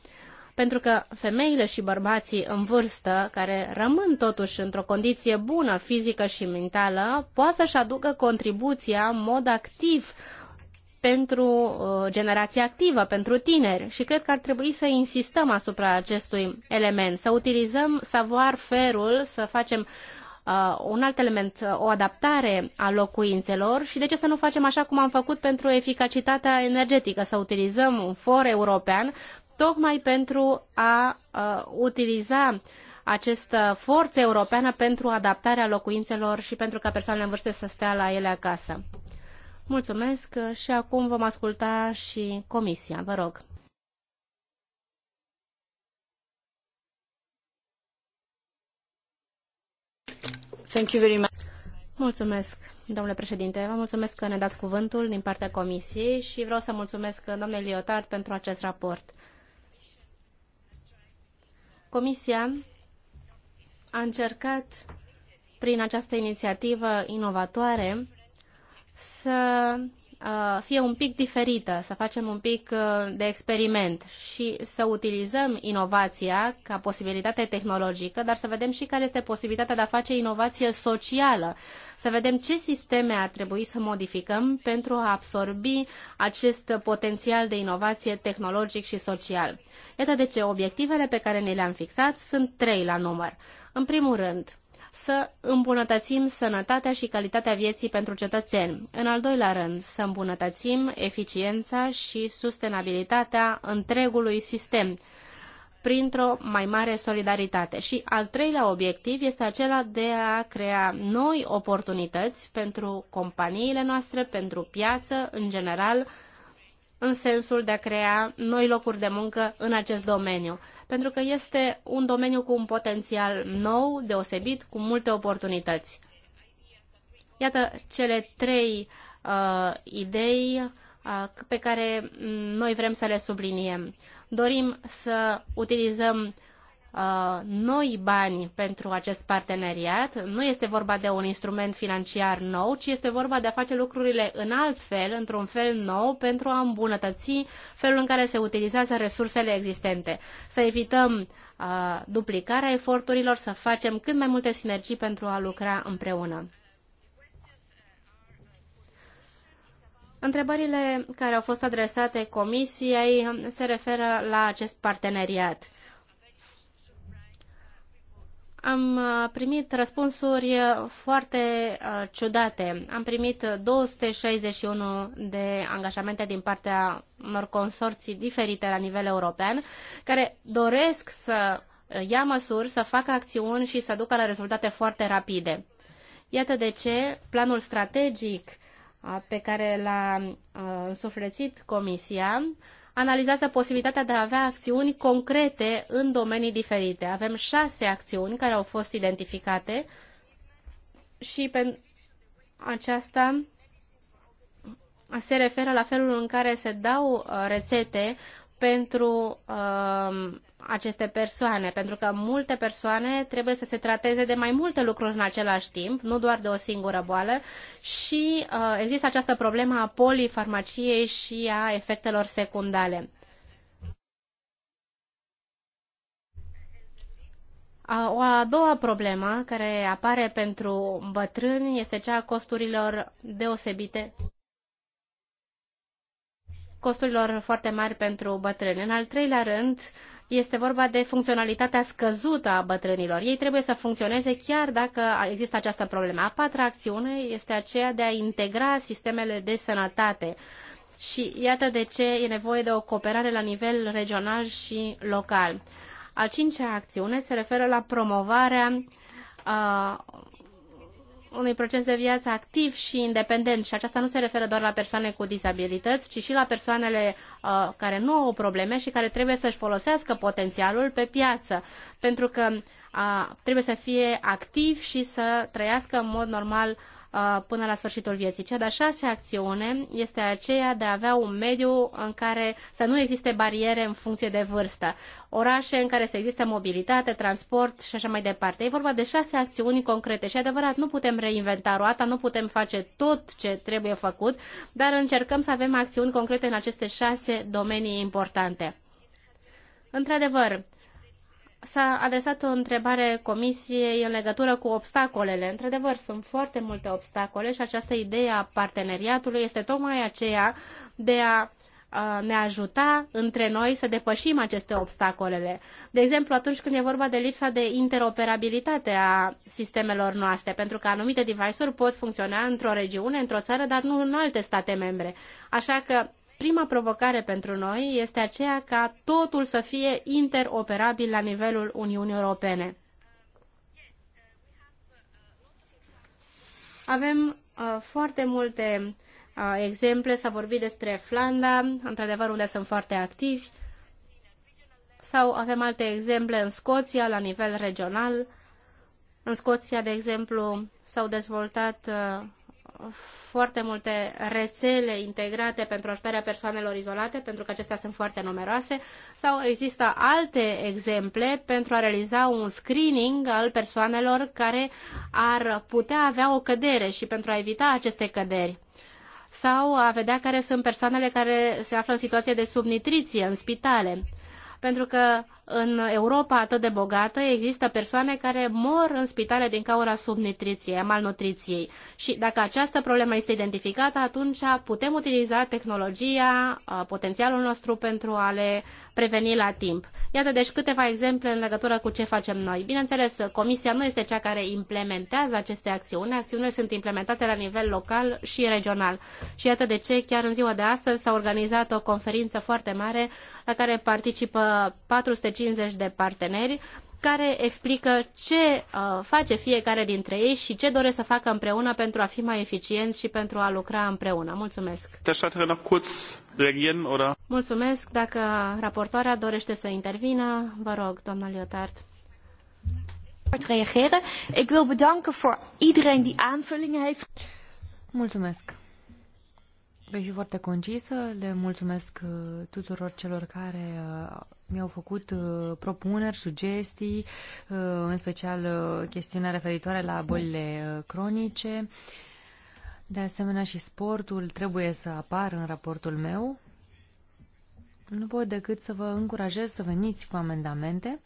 pentru că femeile și bărbații în vârstă, care rămân totuși într-o condiție bună fizică și mentală, poate să-și aducă contribuția în mod activ pentru uh, generația activă, pentru tineri și cred că ar trebui să insistăm asupra acestui element, să utilizăm savoir ferul, să facem uh, un alt element, uh, o adaptare a locuințelor și de ce să nu facem așa cum am făcut pentru eficacitatea energetică, să utilizăm un for european tocmai pentru a uh, utiliza această forță europeană pentru adaptarea locuințelor și pentru ca persoanele în vârstă să stea la ele acasă. Mulțumesc și acum vom asculta și comisia. Vă rog. Thank you very much. Mulțumesc, domnule președinte. Vă mulțumesc că ne dați cuvântul din partea comisiei și vreau să mulțumesc domnului Liotard pentru acest raport. Comisia a încercat prin această inițiativă inovatoare să uh, fie un pic diferită, să facem un pic uh, de experiment și să utilizăm inovația ca posibilitate tehnologică, dar să vedem și care este posibilitatea de a face inovație socială, să vedem ce sisteme ar trebui să modificăm pentru a absorbi acest potențial de inovație tehnologic și social. Iată de ce obiectivele pe care ne le-am fixat sunt trei la număr. În primul rând, să îmbunătățim sănătatea și calitatea vieții pentru cetățeni. În al doilea rând, să îmbunătățim eficiența și sustenabilitatea întregului sistem printr-o mai mare solidaritate. Și al treilea obiectiv este acela de a crea noi oportunități pentru companiile noastre, pentru piață în general, în sensul de a crea noi locuri de muncă în acest domeniu, pentru că este un domeniu cu un potențial nou, deosebit, cu multe oportunități. Iată cele trei uh, idei uh, pe care noi vrem să le subliniem. Dorim să utilizăm uh, Uh, noi bani pentru acest parteneriat. Nu este vorba de un instrument financiar nou, ci este vorba de a face lucrurile în alt fel, într-un fel nou, pentru a îmbunătăți felul în care se utilizează resursele existente. Să evităm uh, duplicarea eforturilor, să facem cât mai multe sinergii pentru a lucra împreună. Întrebările care au fost adresate Comisiei se referă la acest parteneriat. Am uh, primit răspunsuri uh, foarte uh, ciudate. Am primit 261 de angajamente din partea unor consorții diferite la nivel european care doresc să ia măsuri, să facă acțiuni și să ducă la rezultate foarte rapide. Iată de ce planul strategic pe care l-a însuflețit Comisia analizează posibilitatea de a avea acțiuni concrete în domenii diferite. Avem șase acțiuni care au fost identificate și pentru aceasta se referă la felul în care se dau uh, rețete pentru uh, aceste persoane, pentru că multe persoane trebuie să se trateze de mai multe lucruri în același timp, nu doar de o singură boală și uh, există această problemă a polifarmaciei și a efectelor secundare. Uh, o a doua problemă care apare pentru bătrâni este cea a costurilor deosebite costurilor foarte mari pentru bătrâni. În al treilea rând, este vorba de funcționalitatea scăzută a bătrânilor. Ei trebuie să funcționeze chiar dacă există această problemă. A patra acțiune este aceea de a integra sistemele de sănătate. Și iată de ce e nevoie de o cooperare la nivel regional și local. Al cincea acțiune se referă la promovarea uh, unui proces de viață activ și independent și aceasta nu se referă doar la persoane cu dizabilități, ci și la persoanele uh, care nu au probleme și care trebuie să-și folosească potențialul pe piață, pentru că uh, trebuie să fie activ și să trăiască în mod normal uh, până la sfârșitul vieții. Cea de-a șasea acțiune este aceea de a avea un mediu în care să nu existe bariere în funcție de vârstă. Orașe în care să existe mobilitate, transport și așa mai departe. E vorba de șase acțiuni concrete și adevărat nu putem reinventa roata, nu putem face tot ce trebuie făcut, dar încercăm să avem acțiuni concrete în aceste șase domenii importante. Într-adevăr, S-a adresat o întrebare comisiei în legătură cu obstacolele. Într-adevăr, sunt foarte multe obstacole și această idee a parteneriatului este tocmai aceea de a ne ajuta între noi să depășim aceste obstacolele. De exemplu, atunci când e vorba de lipsa de interoperabilitate a sistemelor noastre, pentru că anumite device-uri pot funcționa într-o regiune, într-o țară, dar nu în alte state membre. Așa că prima provocare pentru noi este aceea ca totul să fie interoperabil la nivelul Uniunii Europene. Avem uh, foarte multe uh, exemple, s-a vorbit despre Flanda, într-adevăr unde sunt foarte activi, sau avem alte exemple în Scoția, la nivel regional. În Scoția, de exemplu, s-au dezvoltat uh, foarte multe rețele integrate pentru ajutarea persoanelor izolate, pentru că acestea sunt foarte numeroase, sau există alte exemple pentru a realiza un screening al persoanelor care ar putea avea o cădere și pentru a evita aceste căderi sau a vedea care sunt persoanele care se află în situație de subnutriție în spitale. Pentru că în Europa atât de bogată există persoane care mor în spitale din cauza subnutriției, malnutriției. Și dacă această problemă este identificată, atunci putem utiliza tehnologia, potențialul nostru pentru a le preveni la timp. Iată deci câteva exemple în legătură cu ce facem noi. Bineînțeles, Comisia nu este cea care implementează aceste acțiuni. Acțiunile sunt implementate la nivel local și regional. Și iată de ce chiar în ziua de astăzi s-a organizat o conferință foarte mare la care participă 450 150 de parteneri care explică ce uh, face fiecare dintre ei și ce doresc să facă împreună pentru a fi mai eficienți și pentru a lucra împreună. Mulțumesc. Mulțumesc. Dacă raportoarea dorește să intervină, vă rog, doamna Liotard. Reageren. Mulțumesc. Voi fi foarte concisă. Le mulțumesc uh, tuturor celor care uh, mi-au făcut uh, propuneri, sugestii, în special chestiunea referitoare la bolile cronice. De asemenea și sportul trebuie să apară în raportul meu. Nu pot decât să vă încurajez să veniți cu amendamente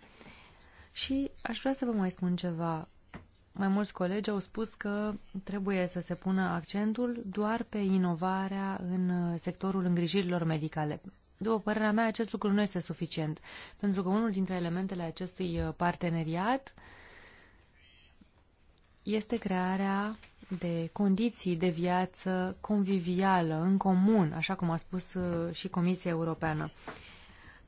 și aș vrea să vă mai spun ceva. Mai mulți colegi au spus că trebuie să se pună accentul doar pe inovarea în sectorul îngrijirilor medicale. După părerea mea, acest lucru nu este suficient, pentru că unul dintre elementele acestui uh, parteneriat este crearea de condiții de viață convivială, în comun, așa cum a spus uh, și Comisia Europeană.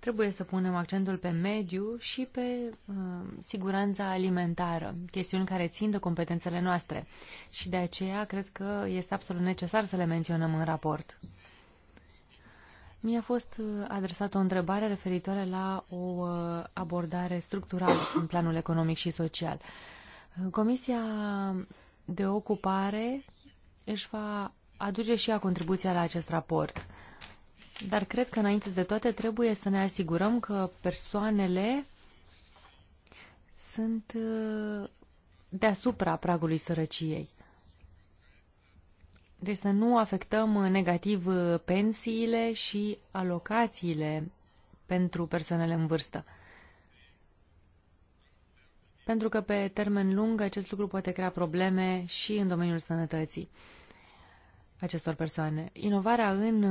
Trebuie să punem accentul pe mediu și pe uh, siguranța alimentară, chestiuni care țin de competențele noastre. Și de aceea cred că este absolut necesar să le menționăm în raport. Mi-a fost uh, adresată o întrebare referitoare la o uh, abordare structurală în planul economic și social. Uh, Comisia de ocupare își va aduce și ea contribuția la acest raport. Dar cred că înainte de toate trebuie să ne asigurăm că persoanele sunt uh, deasupra pragului sărăciei. Deci să nu afectăm uh, negativ uh, pensiile și alocațiile pentru persoanele în vârstă. Pentru că pe termen lung acest lucru poate crea probleme și în domeniul sănătății acestor persoane. Inovarea în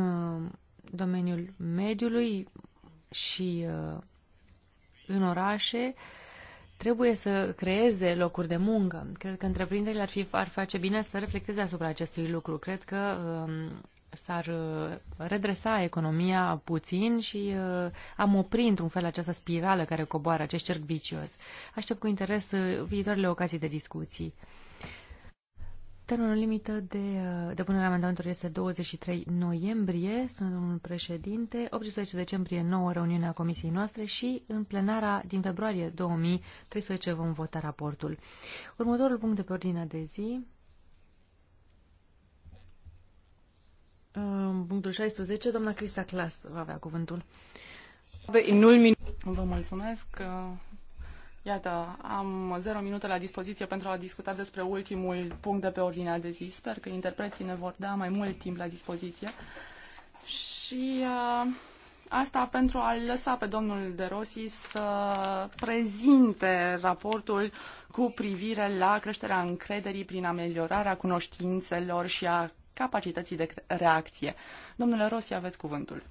domeniul mediului și uh, în orașe trebuie să creeze locuri de muncă. Cred că întreprinderile ar, fi, ar face bine să reflecteze asupra acestui lucru. Cred că um, uh, s-ar redresa economia puțin și uh, am oprit într-un fel această spirală care coboară, acest cerc vicios. Aștept cu interes uh, viitoarele ocazii de discuții. Termenul limită de uh, de depunerea amendamentelor este 23 noiembrie, spune domnul președinte, 18 decembrie nouă reuniunea comisiei noastre și în plenara din februarie 2013 vom vota raportul. Următorul punct de pe ordinea de zi, uh, punctul 16, doamna Crista Clas va avea cuvântul. Vă mulțumesc. Uh, Iată, am 0 minute la dispoziție pentru a discuta despre ultimul punct de pe ordinea de zi. Sper că interpreții ne vor da mai mult timp la dispoziție. Și uh, asta pentru a-l lăsa pe domnul De Rossi să prezinte raportul cu privire la creșterea încrederii prin ameliorarea cunoștințelor și a capacității de reacție. Domnule Rossi, aveți cuvântul.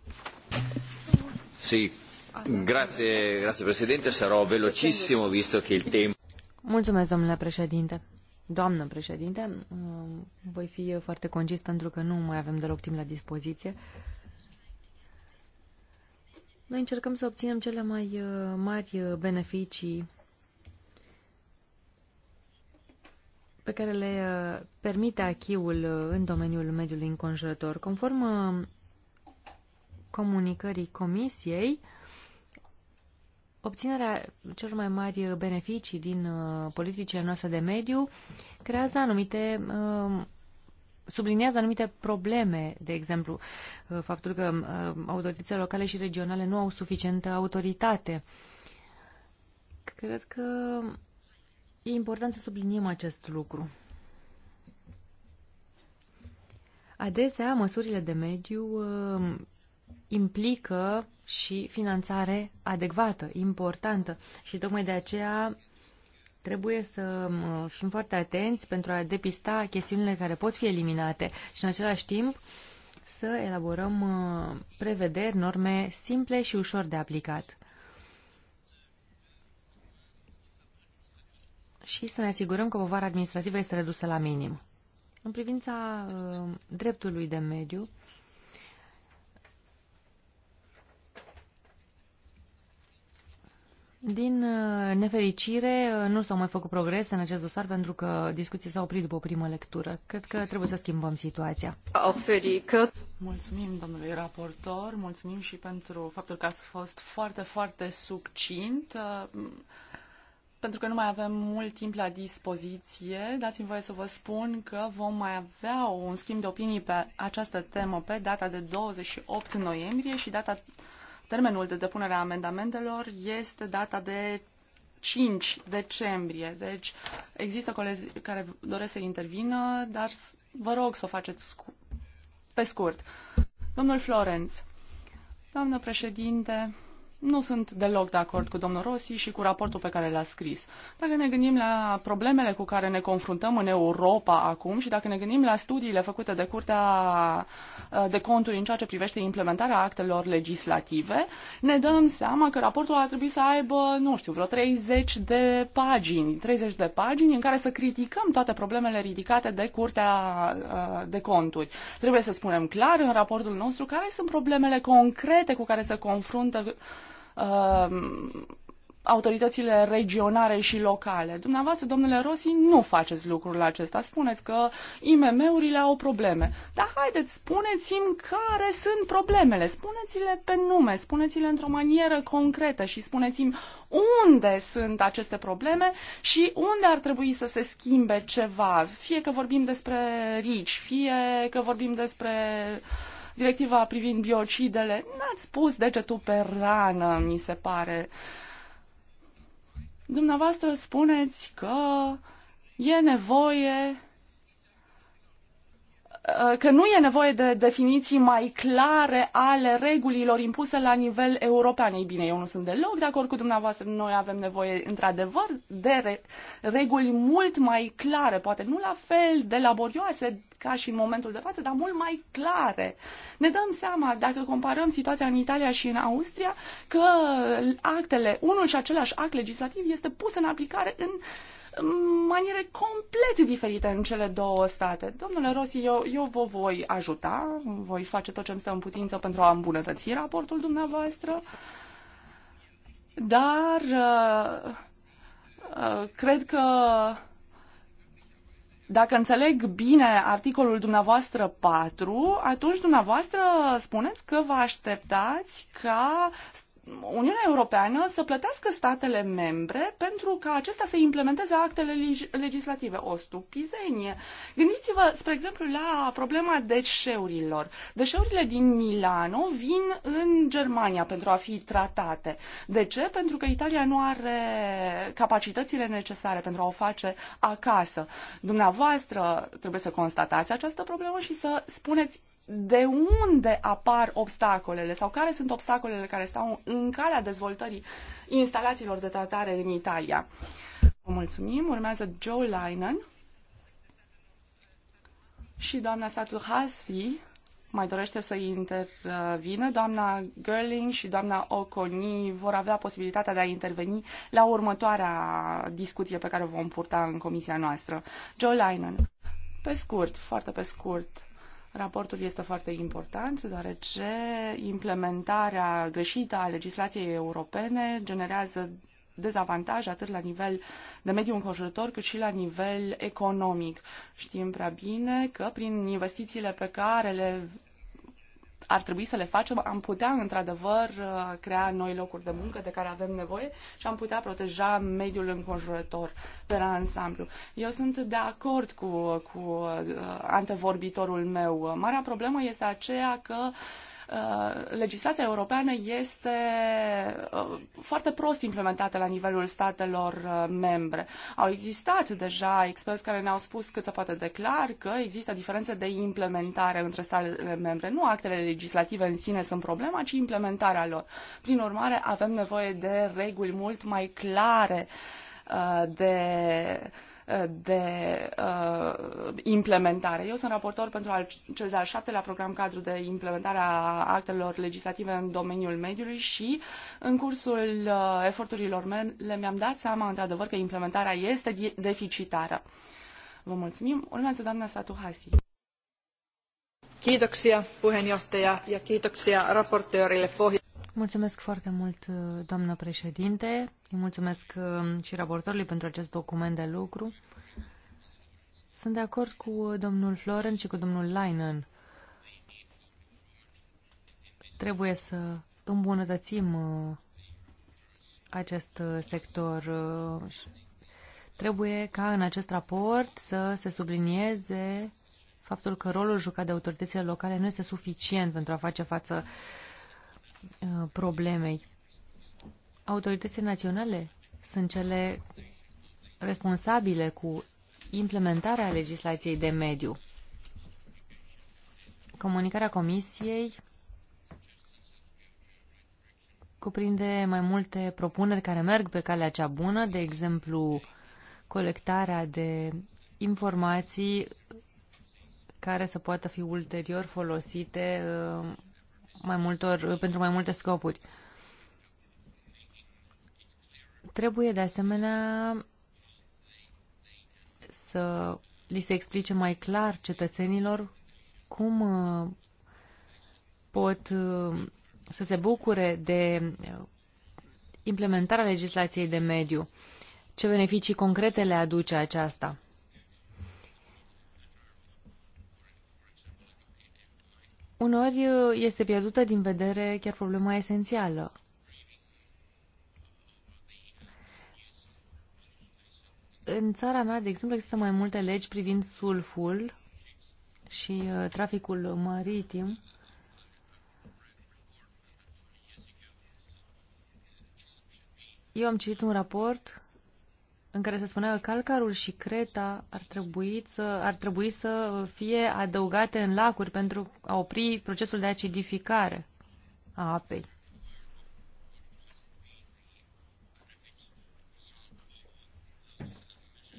Sí, Grazie, grazie Presidente, sarò velocissimo visto che il tempo... Mulțumesc, domnule președinte. Doamnă președinte, uh, voi fi foarte concis pentru că nu mai avem deloc timp la dispoziție. Noi încercăm să obținem cele mai uh, mari uh, beneficii pe care le permite achiul în domeniul mediului înconjurător. Conform comunicării Comisiei, obținerea celor mai mari beneficii din uh, politicile noastre de mediu creează anumite uh, subliniază anumite probleme, de exemplu, uh, faptul că autoritățile locale și regionale nu au suficientă autoritate. Cred că e important să subliniem acest lucru. Adesea, măsurile de mediu implică și finanțare adecvată, importantă și tocmai de aceea trebuie să fim foarte atenți pentru a depista chestiunile care pot fi eliminate și în același timp să elaborăm prevederi, norme simple și ușor de aplicat. Și să ne asigurăm că povara administrativă este redusă la minim. În privința uh, dreptului de mediu, Din uh, nefericire, uh, nu s-au mai făcut progrese în acest dosar pentru că discuții s-au oprit după o primă lectură. Cred că trebuie să schimbăm situația. Oferică. Mulțumim, domnului raportor, mulțumim și pentru faptul că ați fost foarte, foarte succint. Uh, pentru că nu mai avem mult timp la dispoziție, dați-mi voie să vă spun că vom mai avea un schimb de opinii pe această temă pe data de 28 noiembrie și data Termenul de depunere a amendamentelor este data de 5 decembrie. Deci există colegi care doresc să intervină, dar vă rog să o faceți scu pe scurt. Domnul Florenț, doamnă președinte, nu sunt deloc de acord cu domnul Rossi și cu raportul pe care l-a scris. Dacă ne gândim la problemele cu care ne confruntăm în Europa acum și dacă ne gândim la studiile făcute de Curtea uh, de Conturi în ceea ce privește implementarea actelor legislative, ne dăm seama că raportul ar trebui să aibă, nu știu, vreo 30 de pagini, 30 de pagini în care să criticăm toate problemele ridicate de Curtea uh, de Conturi. Trebuie să spunem clar în raportul nostru care sunt problemele concrete cu care se confruntă Um, autoritățile regionale și locale. Dumneavoastră, domnule Rossi, nu faceți lucrul acesta. Spuneți că IMM-urile au probleme. Dar haideți, spuneți-mi care sunt problemele. Spuneți-le pe nume, spuneți-le într-o manieră concretă și spuneți-mi unde sunt aceste probleme și unde ar trebui să se schimbe ceva. Fie că vorbim despre RICI, fie că vorbim despre uh, directiva privind biocidele, n-ați pus degetul pe rană, mi se pare. Dumneavoastră spuneți că e nevoie uh, că nu e nevoie de definiții mai clare ale regulilor impuse la nivel european. Ei bine, eu nu sunt deloc de acord cu dumneavoastră. Noi avem nevoie, într-adevăr, de re- reguli mult mai clare, poate nu la fel de laborioase, ca și în momentul de față, dar mult mai clare. Ne dăm seama, dacă comparăm situația în Italia și în Austria, că actele, unul și același act legislativ este pus în aplicare în maniere complet diferite în cele două state. Domnule Rossi, eu, eu vă voi ajuta, voi face tot ce îmi stă în putință pentru a îmbunătăți raportul dumneavoastră, dar uh, uh, cred că uh, dacă înțeleg bine articolul dumneavoastră 4, atunci dumneavoastră spuneți că vă așteptați ca Uniunea Europeană să plătească statele membre pentru ca acestea să implementeze actele legislative. O stupizenie. Gândiți-vă, spre exemplu, la problema deșeurilor. Deșeurile din Milano vin în Germania pentru a fi tratate. De ce? Pentru că Italia nu are capacitățile necesare pentru a o face acasă. Dumneavoastră trebuie să constatați această problemă și să spuneți de unde apar obstacolele sau care sunt obstacolele care stau în calea dezvoltării instalațiilor de tratare în Italia. Vă mulțumim. Urmează Joe Linen și doamna Satuhasi mai dorește să intervină. Doamna Gerling și doamna Oconi vor avea posibilitatea de a interveni la următoarea discuție pe care o vom purta în comisia noastră. Joe Linen. Pe scurt, foarte pe scurt. Raportul este foarte important, deoarece implementarea greșită a legislației europene generează dezavantaj atât la nivel de mediu înconjurător cât și la nivel economic. Știm prea bine că prin investițiile pe care le ar trebui să le facem, am putea într-adevăr uh, crea noi locuri de muncă de care avem nevoie și am putea proteja mediul înconjurător pe ansamblu. Eu sunt de acord cu, cu uh, antevorbitorul meu. Marea problemă este aceea că uh, Uh, legislația europeană este uh, foarte prost implementată la nivelul statelor uh, membre. Au existat deja experți care ne-au spus cât se poate de clar că există diferențe de implementare între statele membre. Nu actele legislative în sine sunt problema, ci implementarea lor. Prin urmare, avem nevoie de reguli mult mai clare de de uh, implementare. Eu sunt raportor pentru al, cel de-al șaptelea program cadru de implementare a actelor legislative în domeniul mediului și în cursul uh, eforturilor mele mi-am dat seama, într-adevăr, că implementarea este deficitară. Vă mulțumim. Urmează doamna Hasi. Kiitoksia puheenjohtaja ja kiitoksia raportöörille pohja. Mulțumesc foarte mult, doamnă președinte. Îi mulțumesc uh, și raportorului pentru acest document de lucru. Sunt de acord cu domnul Florent și cu domnul Leinen. Trebuie să îmbunătățim uh, acest uh, sector. Trebuie ca în acest raport să se sublinieze faptul că rolul jucat de autoritățile locale nu este suficient pentru a face față uh, Uh, problemei. Autoritățile naționale sunt cele responsabile cu implementarea legislației de mediu. Comunicarea Comisiei cuprinde mai multe propuneri care merg pe calea cea bună, de exemplu, colectarea de informații care să poată fi ulterior folosite uh, mai multor, pentru mai multe scopuri. Trebuie de asemenea să li se explice mai clar cetățenilor cum uh, pot uh, să se bucure de uh, implementarea legislației de mediu. Ce beneficii concrete le aduce aceasta? uneori uh, este pierdută din vedere chiar problema esențială. În țara mea, de exemplu, există mai multe legi privind sulful și uh, traficul maritim. Eu am citit un raport în care se spunea că calcarul și creta ar trebui să, ar trebui să fie adăugate în lacuri pentru a opri procesul de acidificare a apei.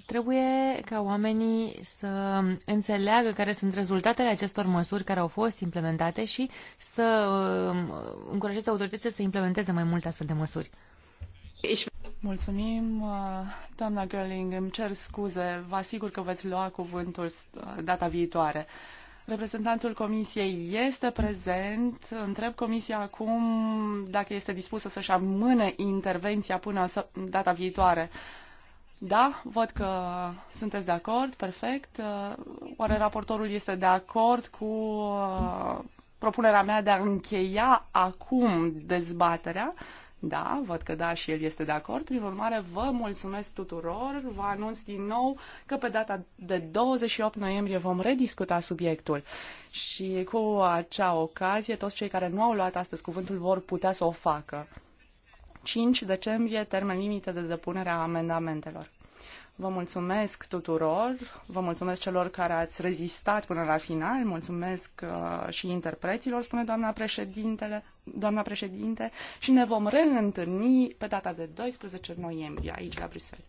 Trebuie ca oamenii să înțeleagă care sunt rezultatele acestor măsuri care au fost implementate și să uh, încurajeze autoritățile să implementeze mai multe astfel de măsuri. Ich Mulțumim, uh, doamna Gerling. Îmi cer scuze. Vă asigur că veți lua cuvântul uh, data viitoare. Reprezentantul comisiei este prezent. Întreb comisia acum dacă este dispusă să-și amâne intervenția până data viitoare. Da, văd că sunteți de acord, perfect. Uh, oare raportorul este de acord cu propunerea mea de a încheia acum dezbaterea? Da, văd că da și el este de acord. Prin urmare, vă mulțumesc tuturor. Vă anunț din nou că pe data de 28 noiembrie vom rediscuta subiectul. Și cu acea ocazie, toți cei care nu au luat astăzi cuvântul vor putea să o facă. 5 decembrie, termen limită de depunere a amendamentelor. Vă mulțumesc tuturor, vă mulțumesc celor care ați rezistat până la final, mulțumesc uh, și interpreților, spune doamna, președintele, doamna președinte, și ne vom reîntâlni pe data de 12 noiembrie aici la Bruxelles.